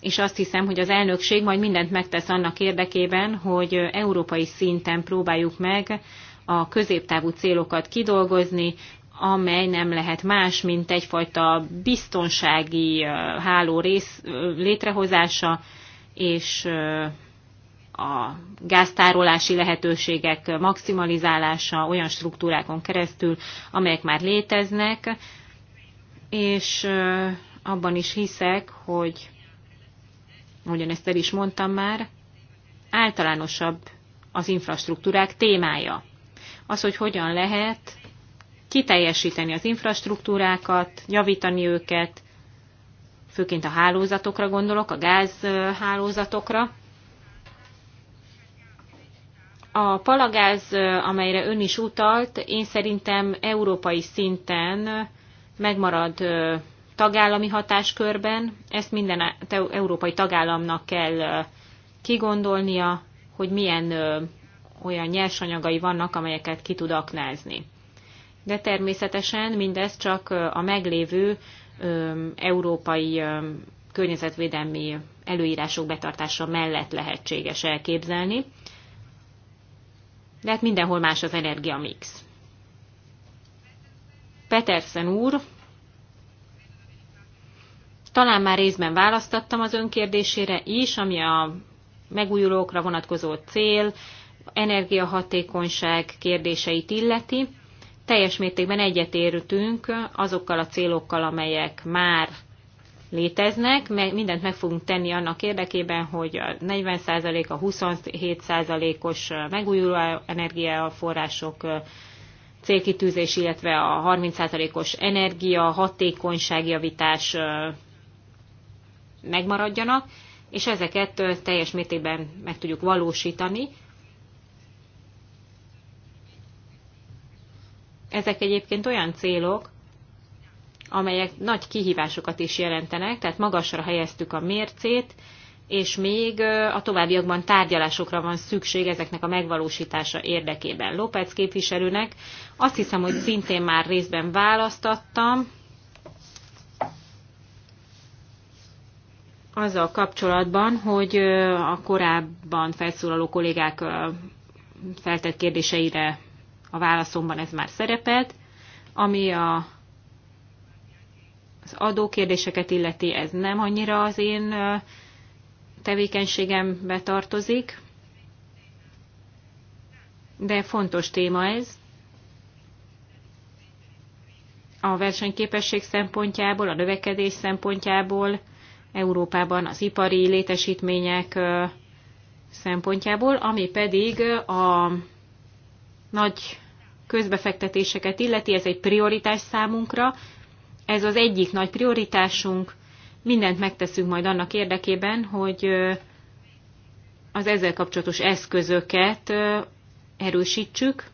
és azt hiszem, hogy az elnökség majd mindent megtesz annak érdekében, hogy európai szinten próbáljuk meg a középtávú célokat kidolgozni, amely nem lehet más, mint egyfajta biztonsági háló rész létrehozása, és a gáztárolási lehetőségek maximalizálása olyan struktúrákon keresztül, amelyek már léteznek, és abban is hiszek, hogy ahogyan ezt el is mondtam már, általánosabb az infrastruktúrák témája. Az, hogy hogyan lehet kiteljesíteni az infrastruktúrákat, javítani őket, főként a hálózatokra gondolok, a gázhálózatokra. A palagáz, amelyre ön is utalt, én szerintem európai szinten megmarad tagállami hatáskörben, ezt minden e- európai tagállamnak kell kigondolnia, hogy milyen olyan nyersanyagai vannak, amelyeket ki tud aknázni. De természetesen mindez csak a meglévő európai környezetvédelmi előírások betartása mellett lehetséges elképzelni. De hát mindenhol más az energiamix. Petersen úr talán már részben választattam az önkérdésére is, ami a megújulókra vonatkozó cél, energiahatékonyság kérdéseit illeti. Teljes mértékben egyetértünk azokkal a célokkal, amelyek már léteznek, meg mindent meg fogunk tenni annak érdekében, hogy a 40%, a 27%-os megújuló energiaforrások célkitűzés, illetve a 30%-os energia hatékonyságjavítás megmaradjanak, és ezeket teljes mértékben meg tudjuk valósítani. Ezek egyébként olyan célok, amelyek nagy kihívásokat is jelentenek, tehát magasra helyeztük a mércét, és még a továbbiakban tárgyalásokra van szükség ezeknek a megvalósítása érdekében. López képviselőnek azt hiszem, hogy szintén már részben választattam, azzal kapcsolatban, hogy a korábban felszólaló kollégák feltett kérdéseire a válaszomban ez már szerepelt, ami a az adókérdéseket illeti, ez nem annyira az én tevékenységembe tartozik, de fontos téma ez. A versenyképesség szempontjából, a növekedés szempontjából Európában az ipari létesítmények szempontjából, ami pedig a nagy közbefektetéseket illeti, ez egy prioritás számunkra, ez az egyik nagy prioritásunk, mindent megteszünk majd annak érdekében, hogy az ezzel kapcsolatos eszközöket erősítsük,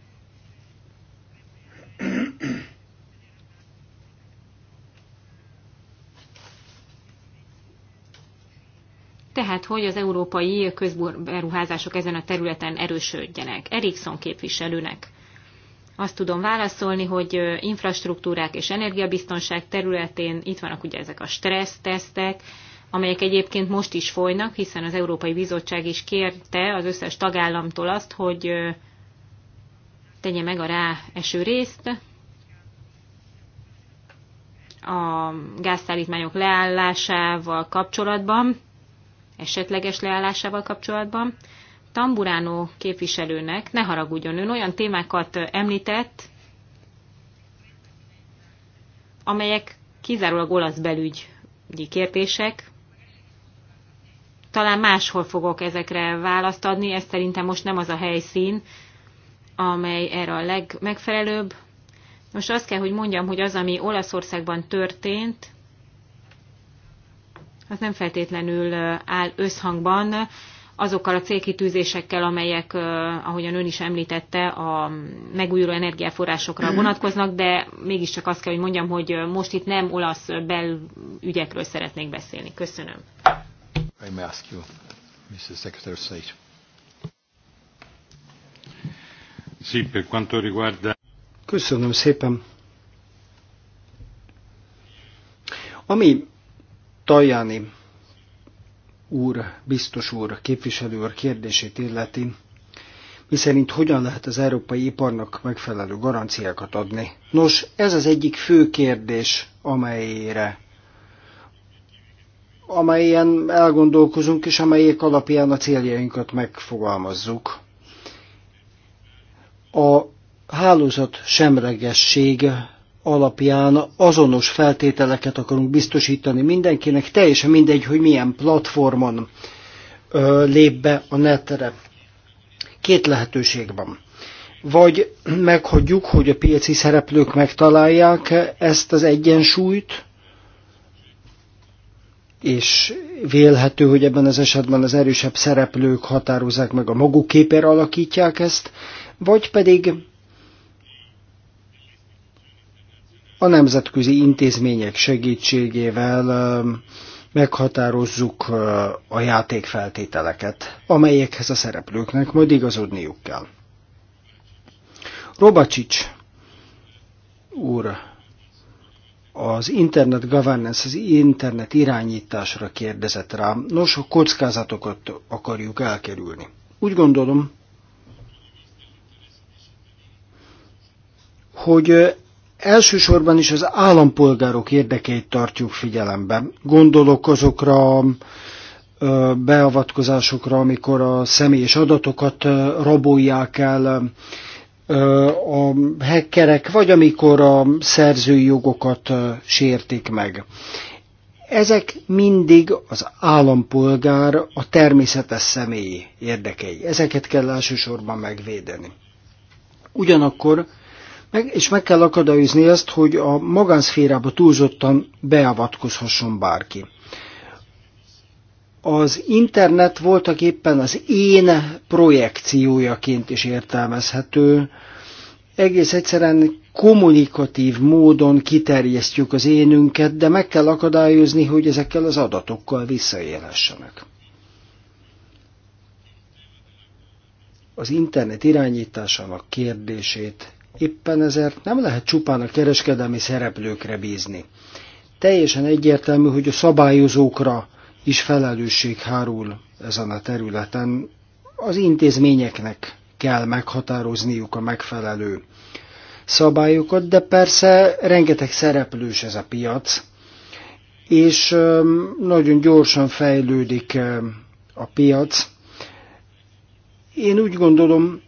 tehát hogy az európai közberuházások ezen a területen erősödjenek. Ericsson képviselőnek azt tudom válaszolni, hogy infrastruktúrák és energiabiztonság területén itt vannak ugye ezek a stressztesztek, amelyek egyébként most is folynak, hiszen az Európai Bizottság is kérte az összes tagállamtól azt, hogy tegye meg a rá eső részt. A gázszállítmányok leállásával kapcsolatban esetleges leállásával kapcsolatban. Tamburánó képviselőnek, ne haragudjon, ön olyan témákat említett, amelyek kizárólag olasz belügyi kérdések. Talán máshol fogok ezekre választ adni, ez szerintem most nem az a helyszín, amely erre a legmegfelelőbb. Most azt kell, hogy mondjam, hogy az, ami Olaszországban történt, az nem feltétlenül áll összhangban azokkal a célkitűzésekkel, amelyek, ahogyan ön is említette, a megújuló energiaforrásokra mhm. vonatkoznak, de mégiscsak azt kell, hogy mondjam, hogy most itt nem olasz belügyekről szeretnék beszélni. Köszönöm. I may ask you, Mr. Secretary of State. Sì, per quanto riguarda... Köszönöm szépen. Ami Tajani úr, biztos úr, képviselő úr kérdését illeti, miszerint hogyan lehet az európai iparnak megfelelő garanciákat adni. Nos, ez az egyik fő kérdés, amelyre amelyen elgondolkozunk, és amelyek alapján a céljainkat megfogalmazzuk. A hálózat semlegessége alapján azonos feltételeket akarunk biztosítani mindenkinek, teljesen mindegy, hogy milyen platformon ö, lép be a netre. Két lehetőség van. Vagy meghagyjuk, hogy a piaci szereplők megtalálják ezt az egyensúlyt, és vélhető, hogy ebben az esetben az erősebb szereplők határozzák meg a maguk képer alakítják ezt, vagy pedig a nemzetközi intézmények segítségével um, meghatározzuk uh, a játékfeltételeket, amelyekhez a szereplőknek majd igazodniuk kell. Robacsics úr az internet governance, az internet irányításra kérdezett rá. Nos, a kockázatokat akarjuk elkerülni. Úgy gondolom, hogy uh, elsősorban is az állampolgárok érdekeit tartjuk figyelemben. Gondolok azokra beavatkozásokra, amikor a személyes adatokat rabolják el a hekkerek, vagy amikor a szerzői jogokat sértik meg. Ezek mindig az állampolgár, a természetes személyi érdekei. Ezeket kell elsősorban megvédeni. Ugyanakkor meg, és meg kell akadályozni ezt, hogy a magánszférába túlzottan beavatkozhasson bárki. Az internet voltak éppen az én projekciójaként is értelmezhető. Egész egyszerűen kommunikatív módon kiterjesztjük az énünket, de meg kell akadályozni, hogy ezekkel az adatokkal visszaélhessenek. Az internet irányításának kérdését Éppen ezért nem lehet csupán a kereskedelmi szereplőkre bízni. Teljesen egyértelmű, hogy a szabályozókra is felelősség hárul ezen a területen. Az intézményeknek kell meghatározniuk a megfelelő szabályokat, de persze rengeteg szereplős ez a piac, és nagyon gyorsan fejlődik a piac. Én úgy gondolom,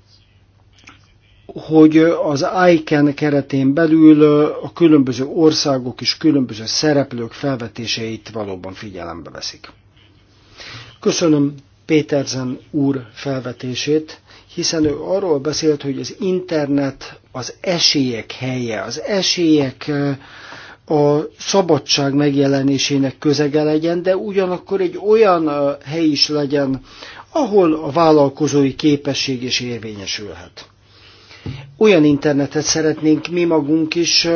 hogy az ICAN keretén belül a különböző országok és különböző szereplők felvetéseit valóban figyelembe veszik. Köszönöm Péterzen úr felvetését, hiszen ő arról beszélt, hogy az internet az esélyek helye, az esélyek a szabadság megjelenésének közege legyen, de ugyanakkor egy olyan hely is legyen, ahol a vállalkozói képesség is érvényesülhet. Olyan internetet szeretnénk mi magunk is,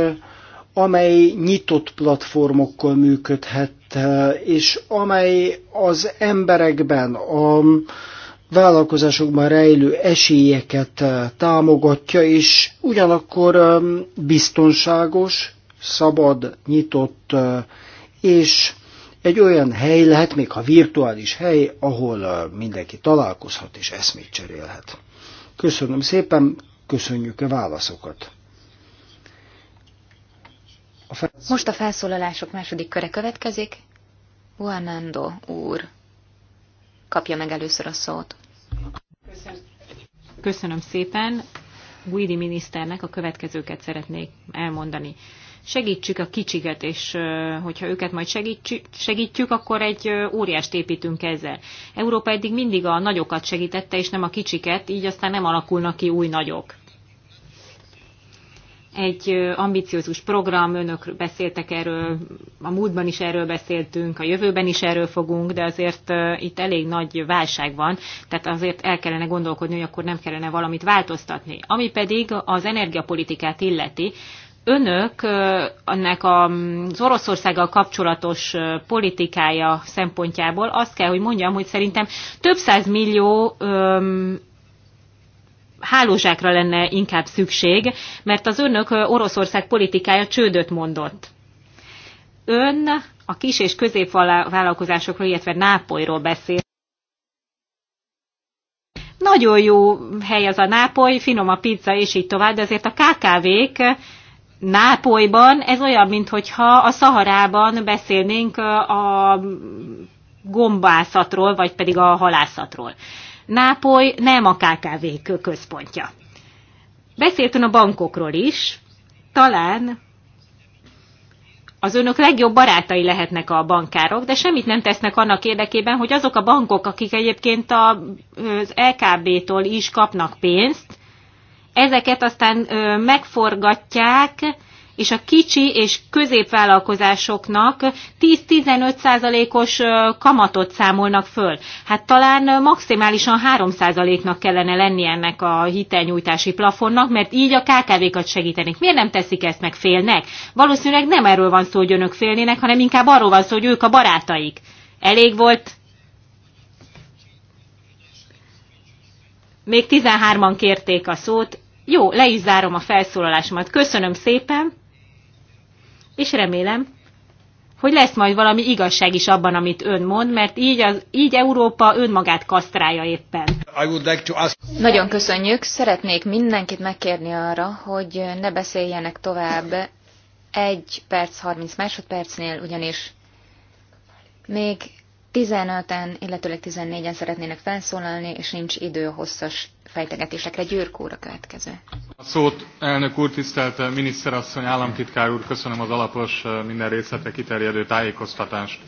amely nyitott platformokkal működhet, és amely az emberekben, a vállalkozásokban rejlő esélyeket támogatja, és ugyanakkor biztonságos, szabad, nyitott, és egy olyan hely lehet, még ha virtuális hely, ahol mindenki találkozhat és eszmét cserélhet. Köszönöm szépen, Köszönjük e válaszokat! A fel... Most a felszólalások második köre következik. Juanando úr kapja meg először a szót. Köszönöm, Köszönöm szépen. Guidi miniszternek a következőket szeretnék elmondani segítsük a kicsiket, és hogyha őket majd segítjük, akkor egy óriást építünk ezzel. Európa eddig mindig a nagyokat segítette, és nem a kicsiket, így aztán nem alakulnak ki új nagyok. Egy ambiciózus program, önök beszéltek erről, a múltban is erről beszéltünk, a jövőben is erről fogunk, de azért itt elég nagy válság van, tehát azért el kellene gondolkodni, hogy akkor nem kellene valamit változtatni. Ami pedig az energiapolitikát illeti, önök annak az Oroszországgal kapcsolatos politikája szempontjából azt kell, hogy mondjam, hogy szerintem több száz millió hálózsákra lenne inkább szükség, mert az önök Oroszország politikája csődöt mondott. Ön a kis és középvállalkozásokról, illetve Nápolyról beszél. Nagyon jó hely az a Nápoly, finom a pizza és így tovább, de azért a KKV-k Nápolyban ez olyan, mintha a Szaharában beszélnénk a gombászatról, vagy pedig a halászatról. Nápoly nem a KKV központja. Beszéltünk a bankokról is, talán az önök legjobb barátai lehetnek a bankárok, de semmit nem tesznek annak érdekében, hogy azok a bankok, akik egyébként az LKB-tól is kapnak pénzt, ezeket aztán megforgatják, és a kicsi és középvállalkozásoknak 10-15%-os kamatot számolnak föl. Hát talán maximálisan 3%-nak kellene lenni ennek a hitelnyújtási plafonnak, mert így a KKV-kat segítenék. Miért nem teszik ezt meg félnek? Valószínűleg nem erről van szó, hogy önök félnének, hanem inkább arról van szó, hogy ők a barátaik. Elég volt Még 13-an kérték a szót. Jó, le is zárom a felszólalásomat. Köszönöm szépen, és remélem, hogy lesz majd valami igazság is abban, amit ön mond, mert így, az, így Európa önmagát kasztrálja éppen. like ask... Nagyon köszönjük. Szeretnék mindenkit megkérni arra, hogy ne beszéljenek tovább egy perc 30 másodpercnél, ugyanis még 15-en, illetőleg 14-en szeretnének felszólalni, és nincs idő hosszas fejtegetésekre. Győrk úr a következő. A szót, elnök úr, tisztelt miniszterasszony, államtitkár úr, köszönöm az alapos, minden részletre kiterjedő tájékoztatást.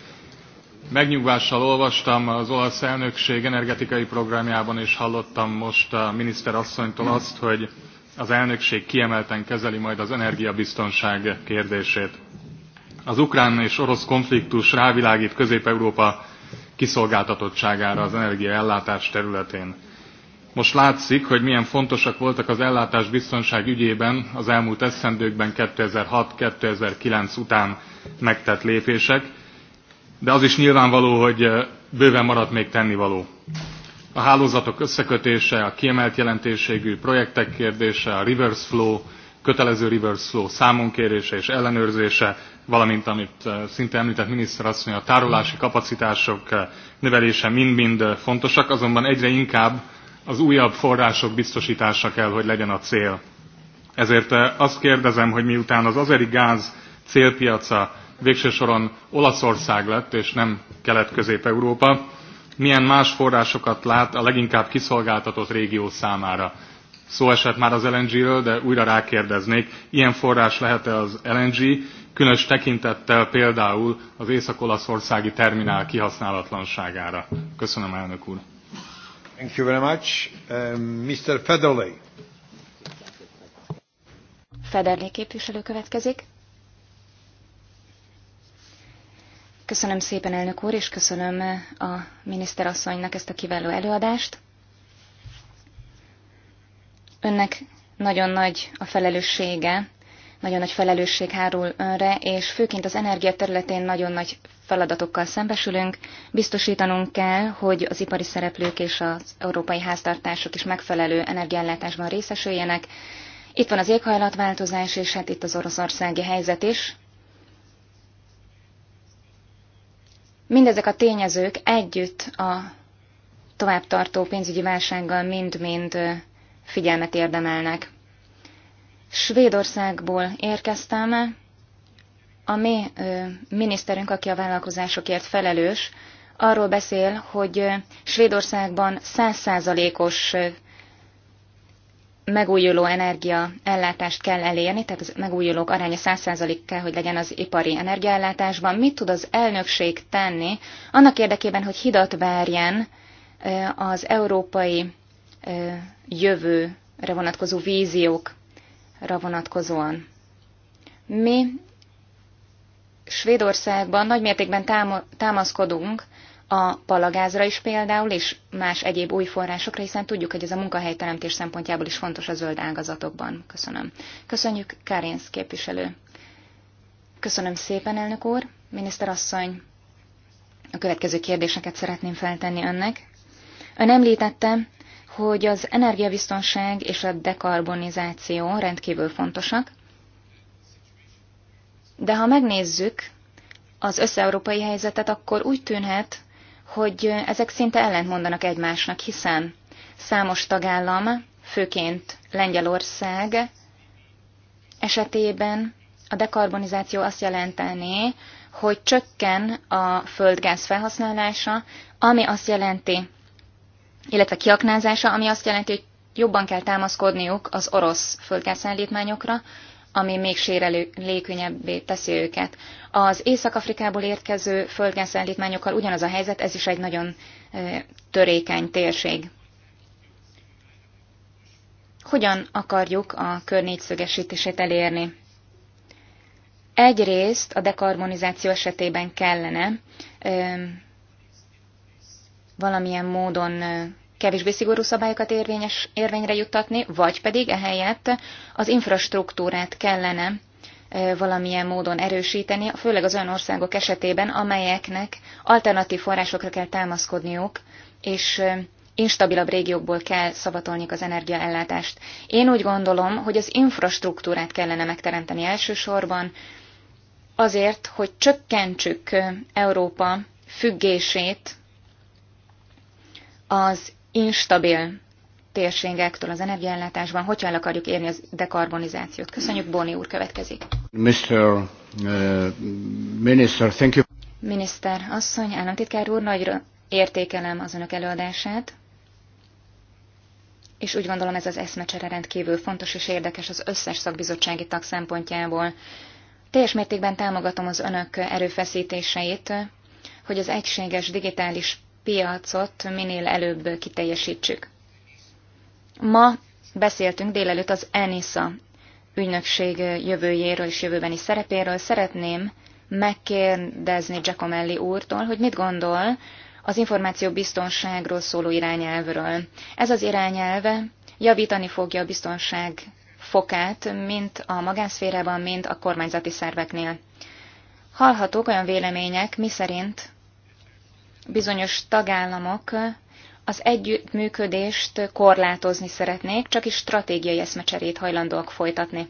Megnyugvással olvastam az olasz elnökség energetikai programjában, és hallottam most a miniszterasszonytól azt, hogy az elnökség kiemelten kezeli majd az energiabiztonság kérdését. Az ukrán és orosz konfliktus rávilágít Közép-Európa kiszolgáltatottságára az energiaellátás területén. Most látszik, hogy milyen fontosak voltak az ellátás biztonság ügyében az elmúlt eszendőkben 2006-2009 után megtett lépések, de az is nyilvánvaló, hogy bőven maradt még tennivaló. A hálózatok összekötése, a kiemelt jelentőségű projektek kérdése, a reverse flow, kötelező reverse flow számonkérése és ellenőrzése, valamint amit eh, szinte említett miniszter asszony, a tárolási kapacitások eh, növelése mind-mind eh, fontosak, azonban egyre inkább az újabb források biztosítása kell, hogy legyen a cél. Ezért azt kérdezem, hogy miután az azeri gáz célpiaca végső soron Olaszország lett, és nem Kelet-Közép-Európa, milyen más forrásokat lát a leginkább kiszolgáltatott régió számára. Szó esett már az LNG-ről, de újra rákérdeznék, ilyen forrás lehet-e az LNG, különös tekintettel például az észak-olaszországi terminál kihasználatlanságára. Köszönöm, elnök úr. Thank you very much. Um, Mr. Federley. Federley képviselő következik. Köszönöm szépen, elnök úr, és köszönöm a miniszterasszonynak ezt a kiváló előadást. Önnek nagyon nagy a felelőssége, nagyon nagy felelősség hárul önre, és főként az energia területén nagyon nagy feladatokkal szembesülünk. Biztosítanunk kell, hogy az ipari szereplők és az európai háztartások is megfelelő energiállátásban részesüljenek. Itt van az éghajlatváltozás, és hát itt az oroszországi helyzet is. Mindezek a tényezők együtt a továbbtartó pénzügyi válsággal mind-mind figyelmet érdemelnek. Svédországból érkeztem, a mi ö, miniszterünk, aki a vállalkozásokért felelős, arról beszél, hogy Svédországban százszázalékos megújuló energia ellátást kell elérni, tehát az megújulók aránya 100% kell, hogy legyen az ipari energiaellátásban. Mit tud az elnökség tenni annak érdekében, hogy hidat várjen az európai jövőre vonatkozó víziókra vonatkozóan. Mi Svédországban nagymértékben támaszkodunk a palagázra is például, és más egyéb új forrásokra, hiszen tudjuk, hogy ez a munkahelyteremtés szempontjából is fontos a zöld ágazatokban. Köszönöm. Köszönjük, Kárénsz képviselő. Köszönöm szépen, elnök úr. Miniszter asszony, a következő kérdéseket szeretném feltenni önnek. Ön említette, hogy az energiabiztonság és a dekarbonizáció rendkívül fontosak, de ha megnézzük az összeurópai helyzetet, akkor úgy tűnhet, hogy ezek szinte ellentmondanak egymásnak, hiszen számos tagállam, főként Lengyelország esetében a dekarbonizáció azt jelentené, hogy csökken a földgáz felhasználása, ami azt jelenti, illetve kiaknázása, ami azt jelenti, hogy jobban kell támaszkodniuk az orosz földgázszállítmányokra, ami még sérelőkönyebbé teszi őket. Az Észak-Afrikából érkező földgázszállítmányokkal ugyanaz a helyzet, ez is egy nagyon törékeny térség. Hogyan akarjuk a kör négyszögesítését elérni? Egyrészt a dekarbonizáció esetében kellene valamilyen módon kevésbé szigorú szabályokat érvényes, érvényre juttatni, vagy pedig ehelyett az infrastruktúrát kellene valamilyen módon erősíteni, főleg az olyan országok esetében, amelyeknek alternatív forrásokra kell támaszkodniuk, és instabilabb régiókból kell szavatolniuk az energiaellátást. Én úgy gondolom, hogy az infrastruktúrát kellene megteremteni elsősorban, azért, hogy csökkentsük Európa függését az instabil térségektől az energiállátásban, hogyan el akarjuk érni az dekarbonizációt. Köszönjük, Boni úr, következik. Mr. Uh, minister, thank you. Miniszter asszony, államtitkár úr, nagyra értékelem az önök előadását, és úgy gondolom ez az eszmecsere rendkívül fontos és érdekes az összes szakbizottsági tag szempontjából. Teljes mértékben támogatom az önök erőfeszítéseit, hogy az egységes digitális piacot minél előbb kiteljesítsük. Ma beszéltünk délelőtt az ENISA ügynökség jövőjéről és jövőbeni szerepéről. Szeretném megkérdezni Giacomelli úrtól, hogy mit gondol az információ biztonságról szóló irányelvről. Ez az irányelve javítani fogja a biztonság fokát, mint a magánszférában, mint a kormányzati szerveknél. Hallhatók olyan vélemények, miszerint bizonyos tagállamok az együttműködést korlátozni szeretnék, csak is stratégiai eszmecserét hajlandóak folytatni.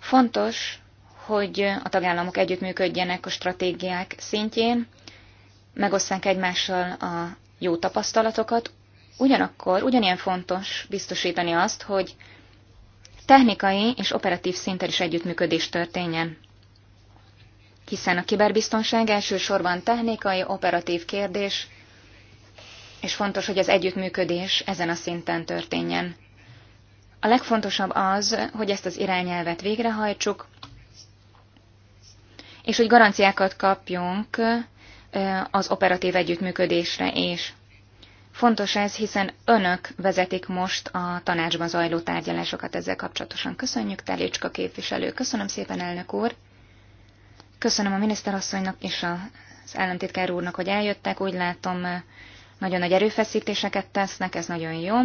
Fontos, hogy a tagállamok együttműködjenek a stratégiák szintjén, megosszák egymással a jó tapasztalatokat, ugyanakkor ugyanilyen fontos biztosítani azt, hogy technikai és operatív szinten is együttműködés történjen hiszen a kiberbiztonság elsősorban technikai, operatív kérdés, és fontos, hogy az együttműködés ezen a szinten történjen. A legfontosabb az, hogy ezt az irányelvet végrehajtsuk, és hogy garanciákat kapjunk az operatív együttműködésre is. Fontos ez, hiszen önök vezetik most a tanácsban zajló tárgyalásokat ezzel kapcsolatosan. Köszönjük, Telicska képviselő. Köszönöm szépen, elnök úr. Köszönöm a miniszterasszonynak és az ellentétkár úrnak, hogy eljöttek. Úgy látom, nagyon nagy erőfeszítéseket tesznek, ez nagyon jó.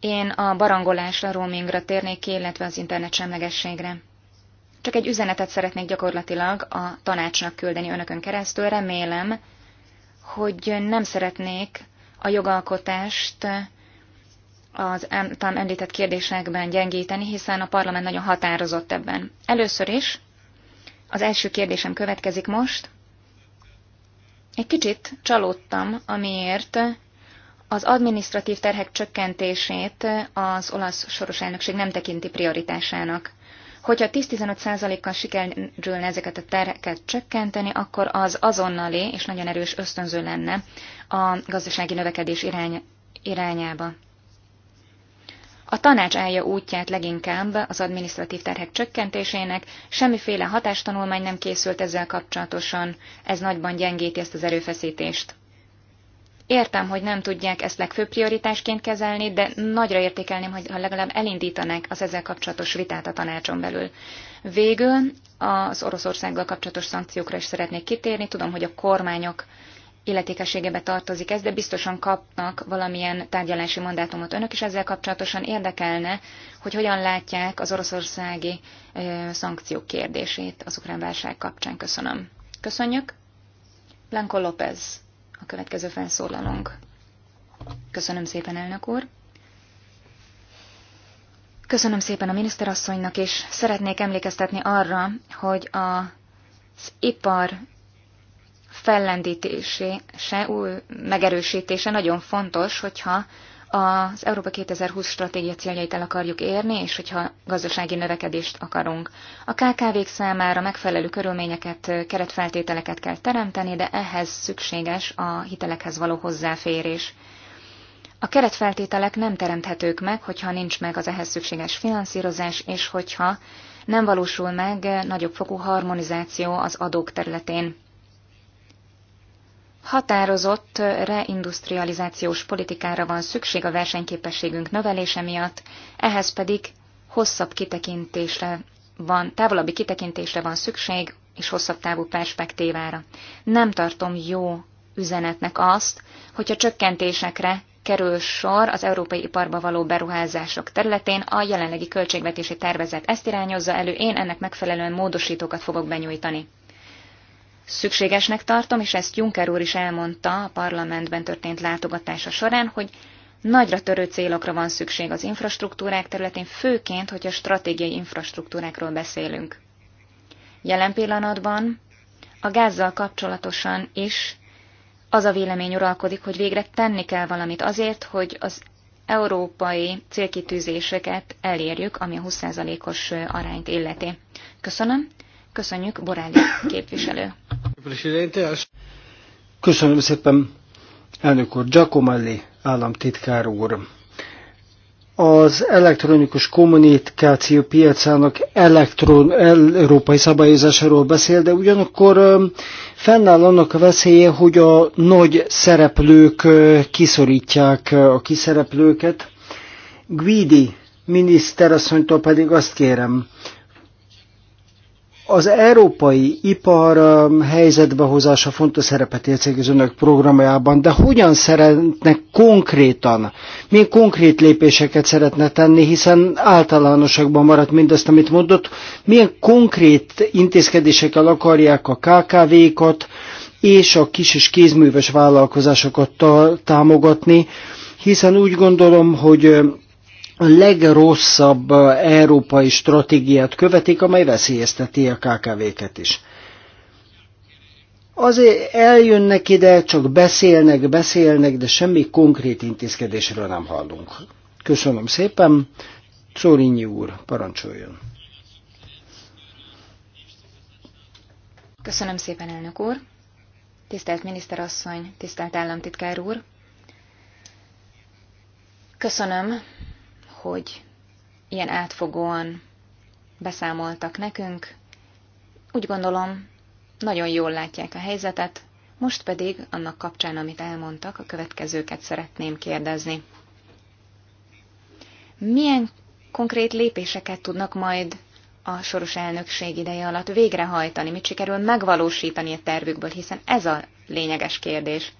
Én a barangolásra, roamingra térnék ki, illetve az internet semlegességre. Csak egy üzenetet szeretnék gyakorlatilag a tanácsnak küldeni önökön keresztül. Remélem, hogy nem szeretnék a jogalkotást az általán említett kérdésekben gyengíteni, hiszen a parlament nagyon határozott ebben. Először is az első kérdésem következik most. Egy kicsit csalódtam, amiért az administratív terhek csökkentését az olasz soros elnökség nem tekinti prioritásának. Hogyha 10-15%-kal sikerülne ezeket a terheket csökkenteni, akkor az azonnali és nagyon erős ösztönző lenne a gazdasági növekedés irány, irányába. A tanács állja útját leginkább az adminisztratív terhek csökkentésének, semmiféle hatástanulmány nem készült ezzel kapcsolatosan, ez nagyban gyengíti ezt az erőfeszítést. Értem, hogy nem tudják ezt legfőbb prioritásként kezelni, de nagyra értékelném, hogy ha legalább elindítanák az ezzel kapcsolatos vitát a tanácson belül. Végül az Oroszországgal kapcsolatos szankciókra is szeretnék kitérni. Tudom, hogy a kormányok illetékességebe tartozik ez, de biztosan kapnak valamilyen tárgyalási mandátumot önök, és ezzel kapcsolatosan érdekelne, hogy hogyan látják az oroszországi ö, szankciók kérdését az ukrán válság kapcsán. Köszönöm. Köszönjük. Blanco López, a következő felszólalónk. Köszönöm szépen, elnök úr. Köszönöm szépen a miniszterasszonynak, és szeretnék emlékeztetni arra, hogy a az ipar fellendítése, új megerősítése nagyon fontos, hogyha az Európa 2020 stratégia céljait el akarjuk érni, és hogyha gazdasági növekedést akarunk. A KKV-k számára megfelelő körülményeket, keretfeltételeket kell teremteni, de ehhez szükséges a hitelekhez való hozzáférés. A keretfeltételek nem teremthetők meg, hogyha nincs meg az ehhez szükséges finanszírozás, és hogyha nem valósul meg nagyobb fokú harmonizáció az adók területén. Határozott reindustrializációs politikára van szükség a versenyképességünk növelése miatt, ehhez pedig hosszabb kitekintésre van, távolabbi kitekintésre van szükség, és hosszabb távú perspektívára. Nem tartom jó üzenetnek azt, hogyha csökkentésekre kerül sor az európai iparba való beruházások területén, a jelenlegi költségvetési tervezet ezt irányozza elő, én ennek megfelelően módosítókat fogok benyújtani. Szükségesnek tartom, és ezt Juncker úr is elmondta a parlamentben történt látogatása során, hogy nagyra törő célokra van szükség az infrastruktúrák területén, főként, hogyha stratégiai infrastruktúrákról beszélünk. Jelen pillanatban a gázzal kapcsolatosan is az a vélemény uralkodik, hogy végre tenni kell valamit azért, hogy az európai célkitűzéseket elérjük, ami a 20%-os arányt illeti. Köszönöm. Köszönjük, Boráli képviselő. Köszönöm szépen, elnök úr Giacomelli, államtitkár úr. Az elektronikus kommunikáció piacának elektron, európai szabályozásáról beszél, de ugyanakkor fennáll annak a veszélye, hogy a nagy szereplők kiszorítják a kiszereplőket. Guidi miniszterasszonytól pedig azt kérem, az európai ipar um, helyzetbe hozása fontos szerepet játszik az önök programjában, de hogyan szeretnek konkrétan, milyen konkrét lépéseket szeretne tenni, hiszen általánosakban maradt mindazt, amit mondott, milyen konkrét intézkedésekkel akarják a KKV-kat és a kis és kézműves vállalkozásokat támogatni, hiszen úgy gondolom, hogy um, a legrosszabb európai stratégiát követik, amely veszélyezteti a KKV-ket is. Azért eljönnek ide, csak beszélnek, beszélnek, de semmi konkrét intézkedésről nem hallunk. Köszönöm szépen. Czorinyi úr, parancsoljon. Köszönöm szépen, elnök úr. Tisztelt miniszterasszony, tisztelt államtitkár úr. Köszönöm hogy ilyen átfogóan beszámoltak nekünk. Úgy gondolom, nagyon jól látják a helyzetet, most pedig annak kapcsán, amit elmondtak, a következőket szeretném kérdezni. Milyen konkrét lépéseket tudnak majd a soros elnökség ideje alatt végrehajtani, mit sikerül megvalósítani a tervükből, hiszen ez a lényeges kérdés.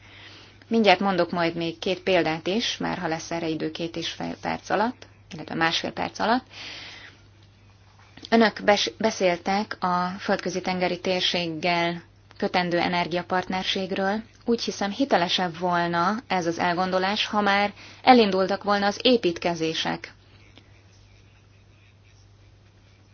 Mindjárt mondok majd még két példát is, már ha lesz erre idő két és fél perc alatt illetve másfél perc alatt. Önök beszéltek a földközi tengeri térséggel kötendő energiapartnerségről. Úgy hiszem hitelesebb volna ez az elgondolás, ha már elindultak volna az építkezések.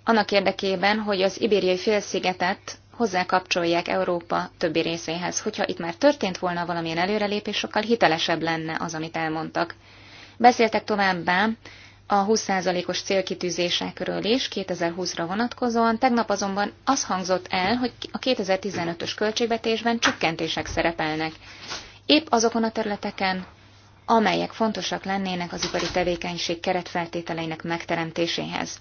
Annak érdekében, hogy az ibériai félszigetet hozzákapcsolják Európa többi részéhez. Hogyha itt már történt volna valamilyen előrelépés, sokkal hitelesebb lenne az, amit elmondtak. Beszéltek továbbá a 20%-os célkitűzésekről is 2020-ra vonatkozóan, tegnap azonban az hangzott el, hogy a 2015-ös költségvetésben csökkentések szerepelnek. Épp azokon a területeken, amelyek fontosak lennének az ipari tevékenység keretfeltételeinek megteremtéséhez.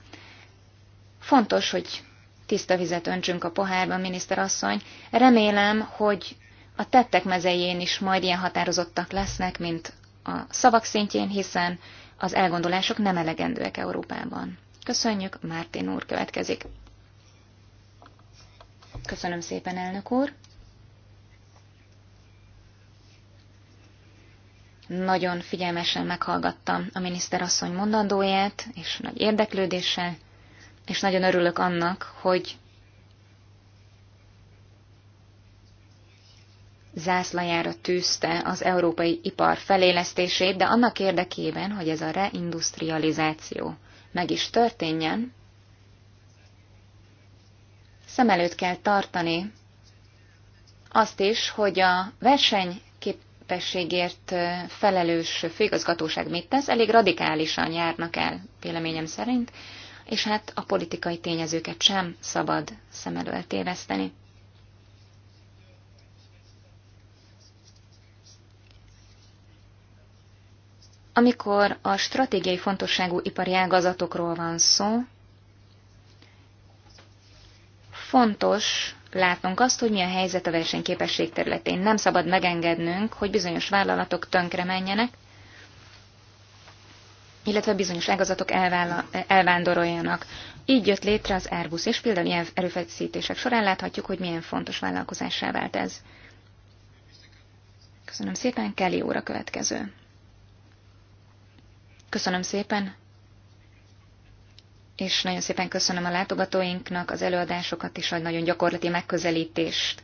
Fontos, hogy tiszta vizet öntsünk a pohárban, miniszterasszony. Remélem, hogy a tettek mezején is majd ilyen határozottak lesznek, mint a szavak szintjén, hiszen az elgondolások nem elegendőek Európában. Köszönjük, Mártin úr következik. Köszönöm szépen, elnök úr. Nagyon figyelmesen meghallgattam a miniszterasszony mondandóját, és nagy érdeklődéssel, és nagyon örülök annak, hogy zászlajára tűzte az európai ipar felélesztését, de annak érdekében, hogy ez a reindustrializáció meg is történjen, szem előtt kell tartani azt is, hogy a képességért felelős főigazgatóság mit tesz, elég radikálisan járnak el, véleményem szerint, és hát a politikai tényezőket sem szabad szem előtt éveszteni. Amikor a stratégiai fontosságú ipari ágazatokról van szó, fontos látnunk azt, hogy mi a helyzet a versenyképesség területén. Nem szabad megengednünk, hogy bizonyos vállalatok tönkre menjenek, illetve bizonyos ágazatok elvándoroljanak. Így jött létre az Airbus, és például ilyen erőfeszítések során láthatjuk, hogy milyen fontos vállalkozássá vált ez. Köszönöm szépen, Kelly óra következő. Köszönöm szépen, és nagyon szépen köszönöm a látogatóinknak az előadásokat és a nagyon gyakorlati megközelítést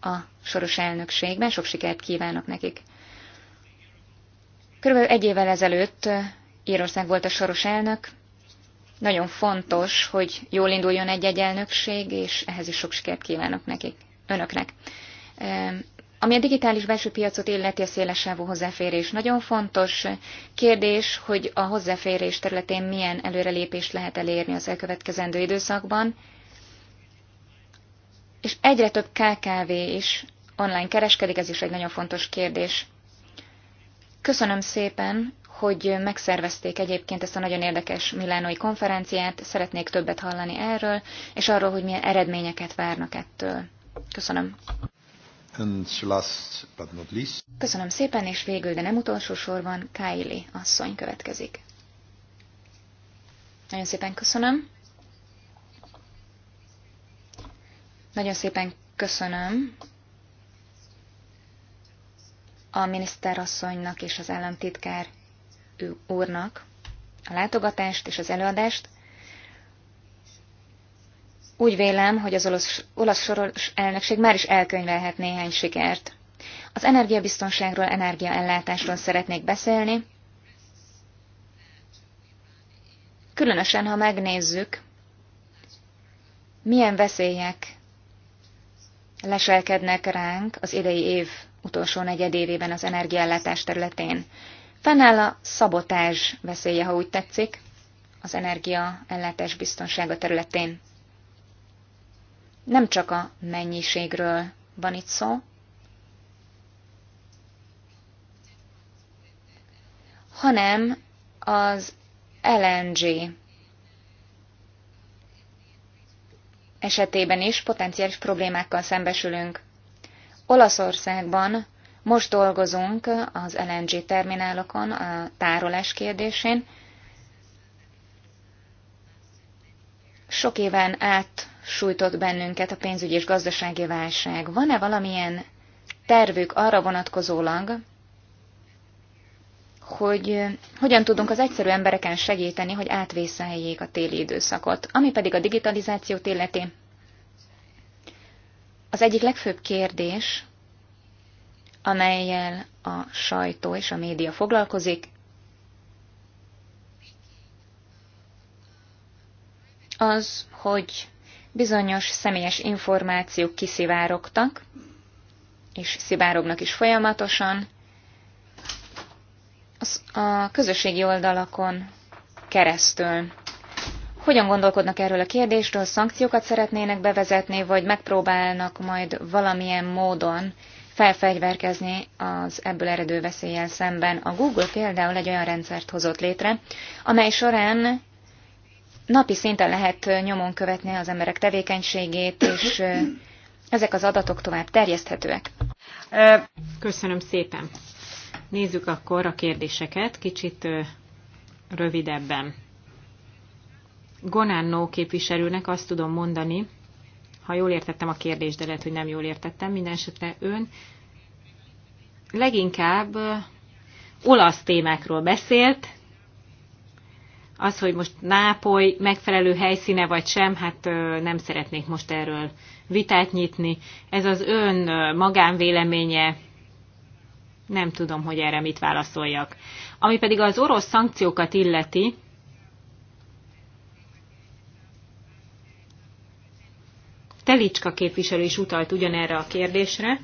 a soros elnökségben. Sok sikert kívánok nekik. Körülbelül egy évvel ezelőtt eh, Írország volt a soros elnök. Nagyon fontos, hogy jól induljon egy-egy elnökség, és ehhez is sok sikert kívánok nekik, önöknek. Ami a digitális belső piacot illeti, a szélesávú hozzáférés nagyon fontos. Kérdés, hogy a hozzáférés területén milyen előrelépést lehet elérni az elkövetkezendő időszakban. És egyre több KKV is online kereskedik, ez is egy nagyon fontos kérdés. Köszönöm szépen, hogy megszervezték egyébként ezt a nagyon érdekes milánói konferenciát, szeretnék többet hallani erről, és arról, hogy milyen eredményeket várnak ettől. Köszönöm. Köszönöm szépen, és végül, de nem utolsó sorban, Kylie asszony következik. Nagyon szépen köszönöm. Nagyon szépen köszönöm a miniszterasszonynak és az államtitkár úrnak a látogatást és az előadást. Úgy vélem, hogy az olasz, olasz soros elnökség már is elkönyvelhet néhány sikert. Az energiabiztonságról, energiaellátásról szeretnék beszélni, különösen ha megnézzük, milyen veszélyek leselkednek ránk az idei év utolsó negyedévében az energiaellátás területén. Fennáll a szabotás veszélye, ha úgy tetszik, az energiaellátás biztonsága területén. Nem csak a mennyiségről van itt szó, hanem az LNG esetében is potenciális problémákkal szembesülünk. Olaszországban most dolgozunk az LNG terminálokon a tárolás kérdésén, Sok éven át sújtott bennünket a pénzügyi és gazdasági válság. Van-e valamilyen tervük arra vonatkozólag, hogy eh, hogyan tudunk az egyszerű embereken segíteni, hogy átvészeljék a téli időszakot. Ami pedig a digitalizációt illeti, az egyik legfőbb kérdés, amelyel a sajtó és a média foglalkozik, az, hogy bizonyos személyes információk kiszivárogtak, és szivárognak is folyamatosan, a közösségi oldalakon keresztül. Hogyan gondolkodnak erről a kérdésről? Szankciókat szeretnének bevezetni, vagy megpróbálnak majd valamilyen módon felfegyverkezni az ebből eredő veszéllyel szemben. A Google például egy olyan rendszert hozott létre, amely során napi szinten lehet nyomon követni az emberek tevékenységét, és ezek az adatok tovább terjeszthetőek. Köszönöm szépen. Nézzük akkor a kérdéseket kicsit rövidebben. Gonánó képviselőnek azt tudom mondani, ha jól értettem a kérdést, de lehet, hogy nem jól értettem, minden esetre ön leginkább olasz témákról beszélt, az, hogy most Nápoly megfelelő helyszíne vagy sem, hát nem szeretnék most erről vitát nyitni. Ez az ön magánvéleménye, nem tudom, hogy erre mit válaszoljak. Ami pedig az orosz szankciókat illeti, Telicska képviselő is utalt ugyanerre a kérdésre.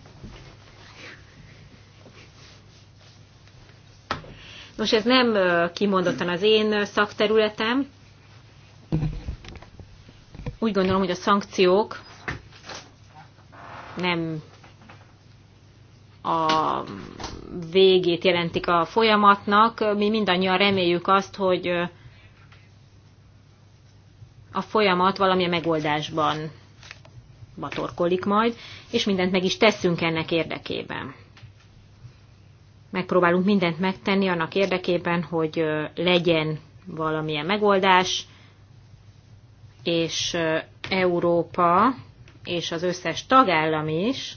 Nos, ez nem kimondottan az én szakterületem. Úgy gondolom, hogy a szankciók nem a végét jelentik a folyamatnak. Mi mindannyian reméljük azt, hogy a folyamat valamilyen megoldásban batorkolik majd, és mindent meg is teszünk ennek érdekében megpróbálunk mindent megtenni annak érdekében, hogy legyen valamilyen megoldás, és Európa és az összes tagállam is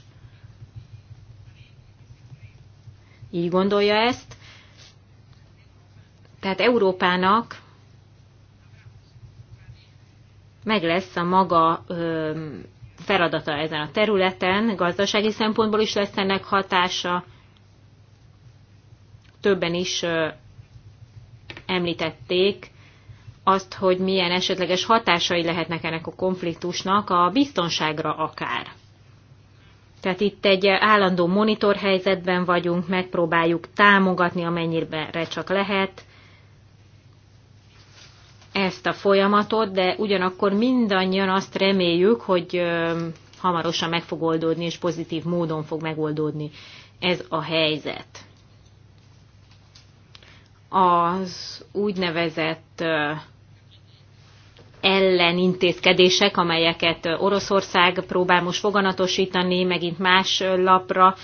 így gondolja ezt. Tehát Európának meg lesz a maga feladata ezen a területen, gazdasági szempontból is lesz ennek hatása, többen is említették azt, hogy milyen esetleges hatásai lehetnek ennek a konfliktusnak a biztonságra akár. Tehát itt egy állandó monitor helyzetben vagyunk, megpróbáljuk támogatni, amennyire csak lehet ezt a folyamatot, de ugyanakkor mindannyian azt reméljük, hogy hamarosan meg fog oldódni, és pozitív módon fog megoldódni ez a helyzet az úgynevezett ellenintézkedések, amelyeket Oroszország próbál most foganatosítani, megint más lapra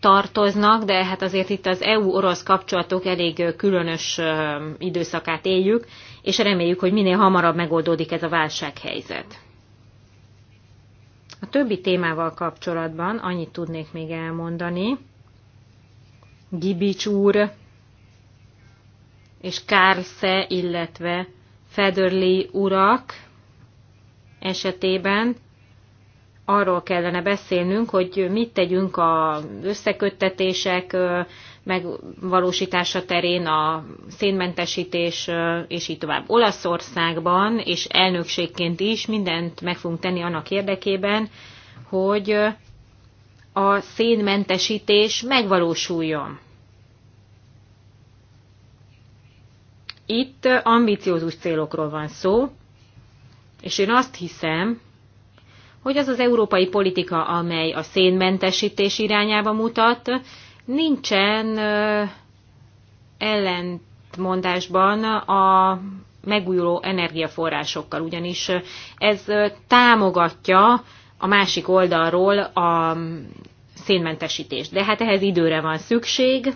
tartoznak, de hát azért itt az EU-orosz kapcsolatok elég különös időszakát éljük, és reméljük, hogy minél hamarabb megoldódik ez a válsághelyzet. A többi témával kapcsolatban annyit tudnék még elmondani. Gibics úr és Kársze, illetve Federli urak esetében arról kellene beszélnünk, hogy mit tegyünk az összeköttetések megvalósítása terén, a szénmentesítés, és így tovább. Olaszországban és elnökségként is mindent meg fogunk tenni annak érdekében, hogy a szénmentesítés megvalósuljon. Itt ambiciózus célokról van szó, és én azt hiszem, hogy az az európai politika, amely a szénmentesítés irányába mutat, nincsen ellentmondásban a megújuló energiaforrásokkal, ugyanis ez támogatja a másik oldalról a szénmentesítést. De hát ehhez időre van szükség,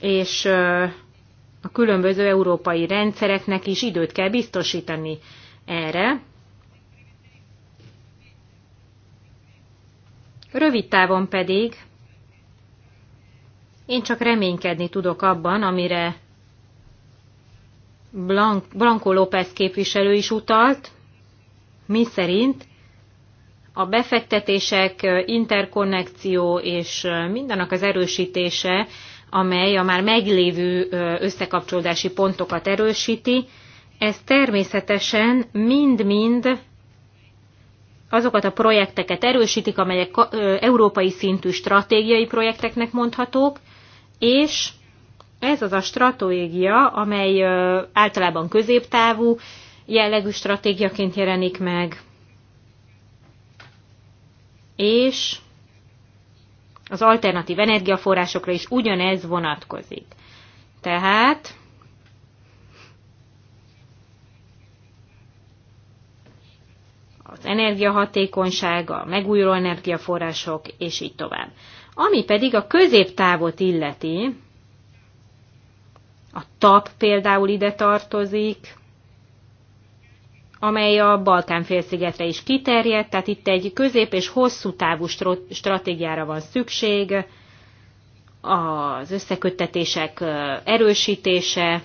és a különböző európai rendszereknek is időt kell biztosítani erre. Rövid távon pedig én csak reménykedni tudok abban, amire Blanco López képviselő is utalt, mi szerint a befektetések, interkonnekció és mindennek az erősítése amely a már meglévő összekapcsolódási pontokat erősíti, ez természetesen mind-mind azokat a projekteket erősítik, amelyek európai szintű stratégiai projekteknek mondhatók, és ez az a stratégia, amely általában középtávú jellegű stratégiaként jelenik meg, és az alternatív energiaforrásokra is ugyanez vonatkozik. Tehát az energiahatékonysága, megújuló energiaforrások, és így tovább. Ami pedig a középtávot illeti, a TAP például ide tartozik, amely a Balkán-félszigetre is kiterjed, tehát itt egy közép- és hosszú távú stratégiára van szükség, az összeköttetések erősítése,